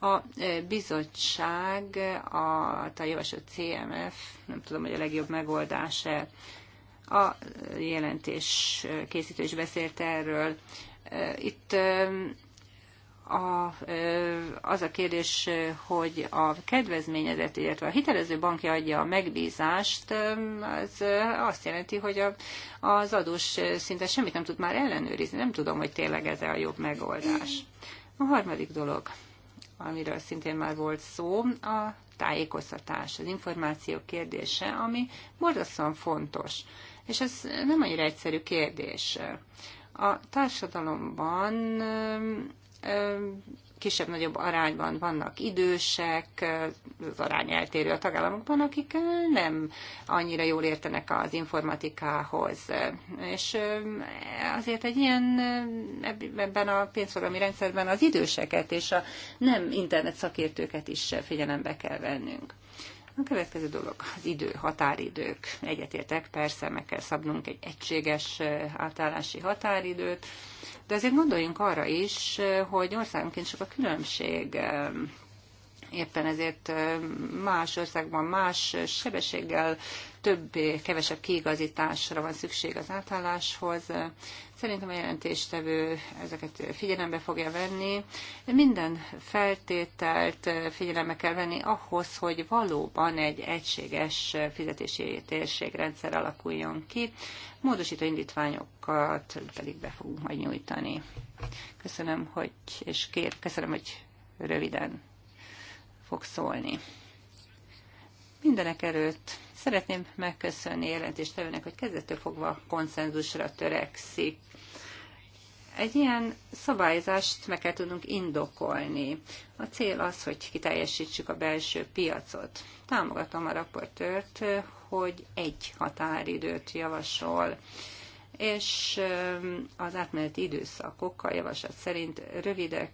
a e, bizottság a, hát a javasolt CMF, nem tudom, hogy a legjobb megoldás-e, a jelentés készítő is beszélt erről. E, itt e, a, az a kérdés, hogy a kedvezményezett, illetve a hitelező bankja adja a megbízást, az azt jelenti, hogy a, az adós szinte semmit nem tud már ellenőrizni. Nem tudom, hogy tényleg ez a jobb megoldás. A harmadik dolog amiről szintén már volt szó, a tájékoztatás, az információ kérdése, ami borzasztóan fontos. És ez nem annyira egyszerű kérdés. A társadalomban kisebb-nagyobb arányban vannak idősek, az arány eltérő a tagállamokban, akik nem annyira jól értenek az informatikához. És azért egy ilyen ebben a pénzforgalmi rendszerben az időseket és a nem internet szakértőket is figyelembe kell vennünk. A következő dolog az idő, határidők. Egyetértek, persze meg kell szabnunk egy egységes átállási határidőt. De azért gondoljunk arra is, hogy országonként sok a különbség éppen ezért más országban más sebességgel több, kevesebb kiigazításra van szükség az átálláshoz. Szerintem a jelentéstevő ezeket figyelembe fogja venni. Minden feltételt figyelembe kell venni ahhoz, hogy valóban egy egységes fizetési térségrendszer alakuljon ki. Módosító indítványokat pedig be fogunk majd nyújtani. Köszönöm, hogy, és kér, köszönöm, hogy röviden fog szólni. Mindenek előtt szeretném megköszönni jelentéstevőnek, hogy kezdettől fogva konszenzusra törekszik. Egy ilyen szabályzást meg kell tudnunk indokolni. A cél az, hogy kiteljesítsük a belső piacot. Támogatom a raportőrt, hogy egy határidőt javasol és az átmeneti időszakokkal javaslat szerint rövidek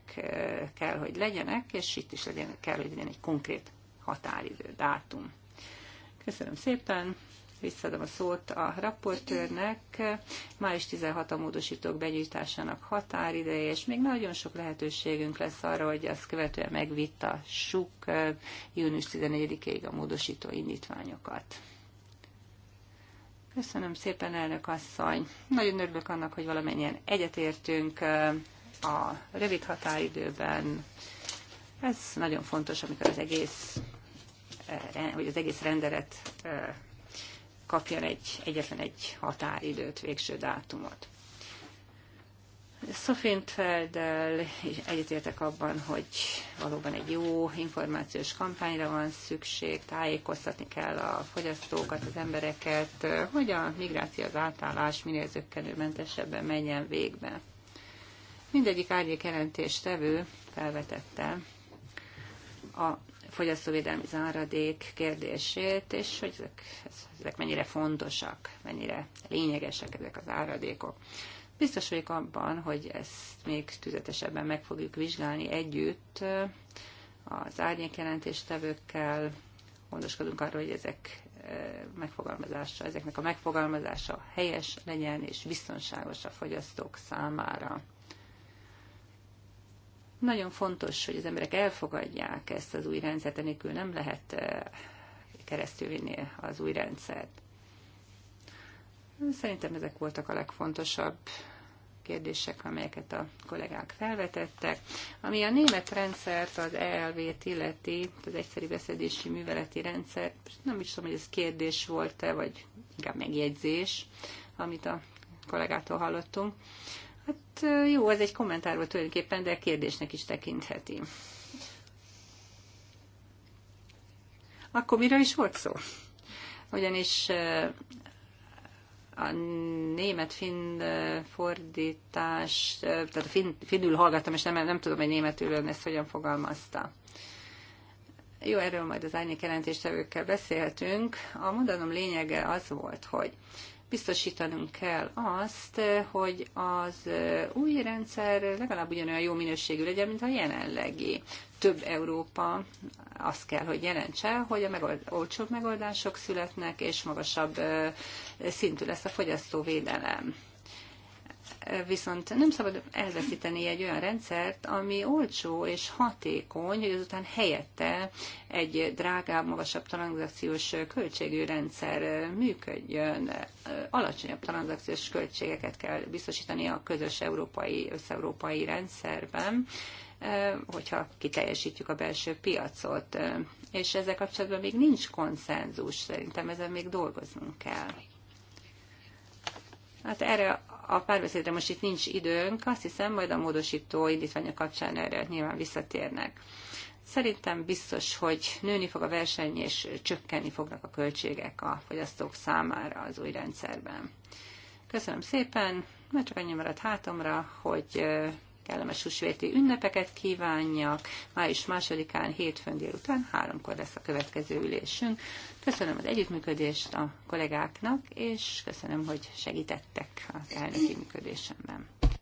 kell, hogy legyenek, és itt is legyen, kell, hogy legyen egy konkrét határidő, dátum. Köszönöm szépen, visszadom a szót a raportőrnek. Május 16 a módosítók begyűjtásának határideje, és még nagyon sok lehetőségünk lesz arra, hogy azt követően megvitassuk június 14-ig a módosító indítványokat. Köszönöm szépen, elnök asszony. Nagyon örülök annak, hogy valamennyien egyetértünk a rövid határidőben. Ez nagyon fontos, amikor az egész, hogy az egész rendelet kapjon egy, egyetlen egy határidőt, végső dátumot. Szofintfelddel egyetértek abban, hogy valóban egy jó információs kampányra van szükség, tájékoztatni kell a fogyasztókat, az embereket, hogy a migráció az átállás minél zöggenőmentesebben menjen végbe. Mindegyik árnyék tevő felvetette a fogyasztóvédelmi záradék kérdését, és hogy ezek, ezek mennyire fontosak, mennyire lényegesek ezek az áradékok. Biztos vagyok abban, hogy ezt még tüzetesebben meg fogjuk vizsgálni együtt az árnyékjelentéstevőkkel, gondoskodunk arról, hogy ezek megfogalmazása, ezeknek a megfogalmazása helyes legyen és biztonságos a fogyasztók számára. Nagyon fontos, hogy az emberek elfogadják ezt az új rendszert, enélkül nem lehet keresztül vinni az új rendszert. Szerintem ezek voltak a legfontosabb kérdések, amelyeket a kollégák felvetettek. Ami a német rendszert, az ELV-t illeti, az egyszerű beszedési műveleti rendszer, nem is tudom, hogy ez kérdés volt-e, vagy inkább megjegyzés, amit a kollégától hallottunk. Hát jó, ez egy kommentár volt tulajdonképpen, de kérdésnek is tekintheti. Akkor miről is volt szó? Ugyanis a német-finn fordítás, tehát a fin, finnül hallgattam, és nem, nem tudom, hogy németül ön ezt hogyan fogalmazta. Jó, erről majd az árnyék jelentéstevőkkel beszélhetünk. A mondanom lényege az volt, hogy biztosítanunk kell azt, hogy az új rendszer legalább ugyanolyan jó minőségű legyen, mint a jelenlegi több Európa azt kell, hogy jelentse, hogy a megold, olcsóbb megoldások születnek, és magasabb szintű lesz a fogyasztóvédelem. Viszont nem szabad elveszíteni egy olyan rendszert, ami olcsó és hatékony, hogy azután helyette egy drágább, magasabb tranzakciós költségű rendszer működjön. Alacsonyabb tranzakciós költségeket kell biztosítani a közös európai, összeurópai rendszerben hogyha kiteljesítjük a belső piacot. És ezzel kapcsolatban még nincs konszenzus, szerintem ezen még dolgoznunk kell. Hát erre a párbeszédre most itt nincs időnk, azt hiszem majd a módosító indítványa kapcsán erre nyilván visszatérnek. Szerintem biztos, hogy nőni fog a verseny, és csökkenni fognak a költségek a fogyasztók számára az új rendszerben. Köszönöm szépen, mert csak annyi maradt hátomra, hogy kellemes húsvéti ünnepeket kívánjak. Május másodikán hétfőn délután háromkor lesz a következő ülésünk. Köszönöm az együttműködést a kollégáknak, és köszönöm, hogy segítettek az elnöki működésemben.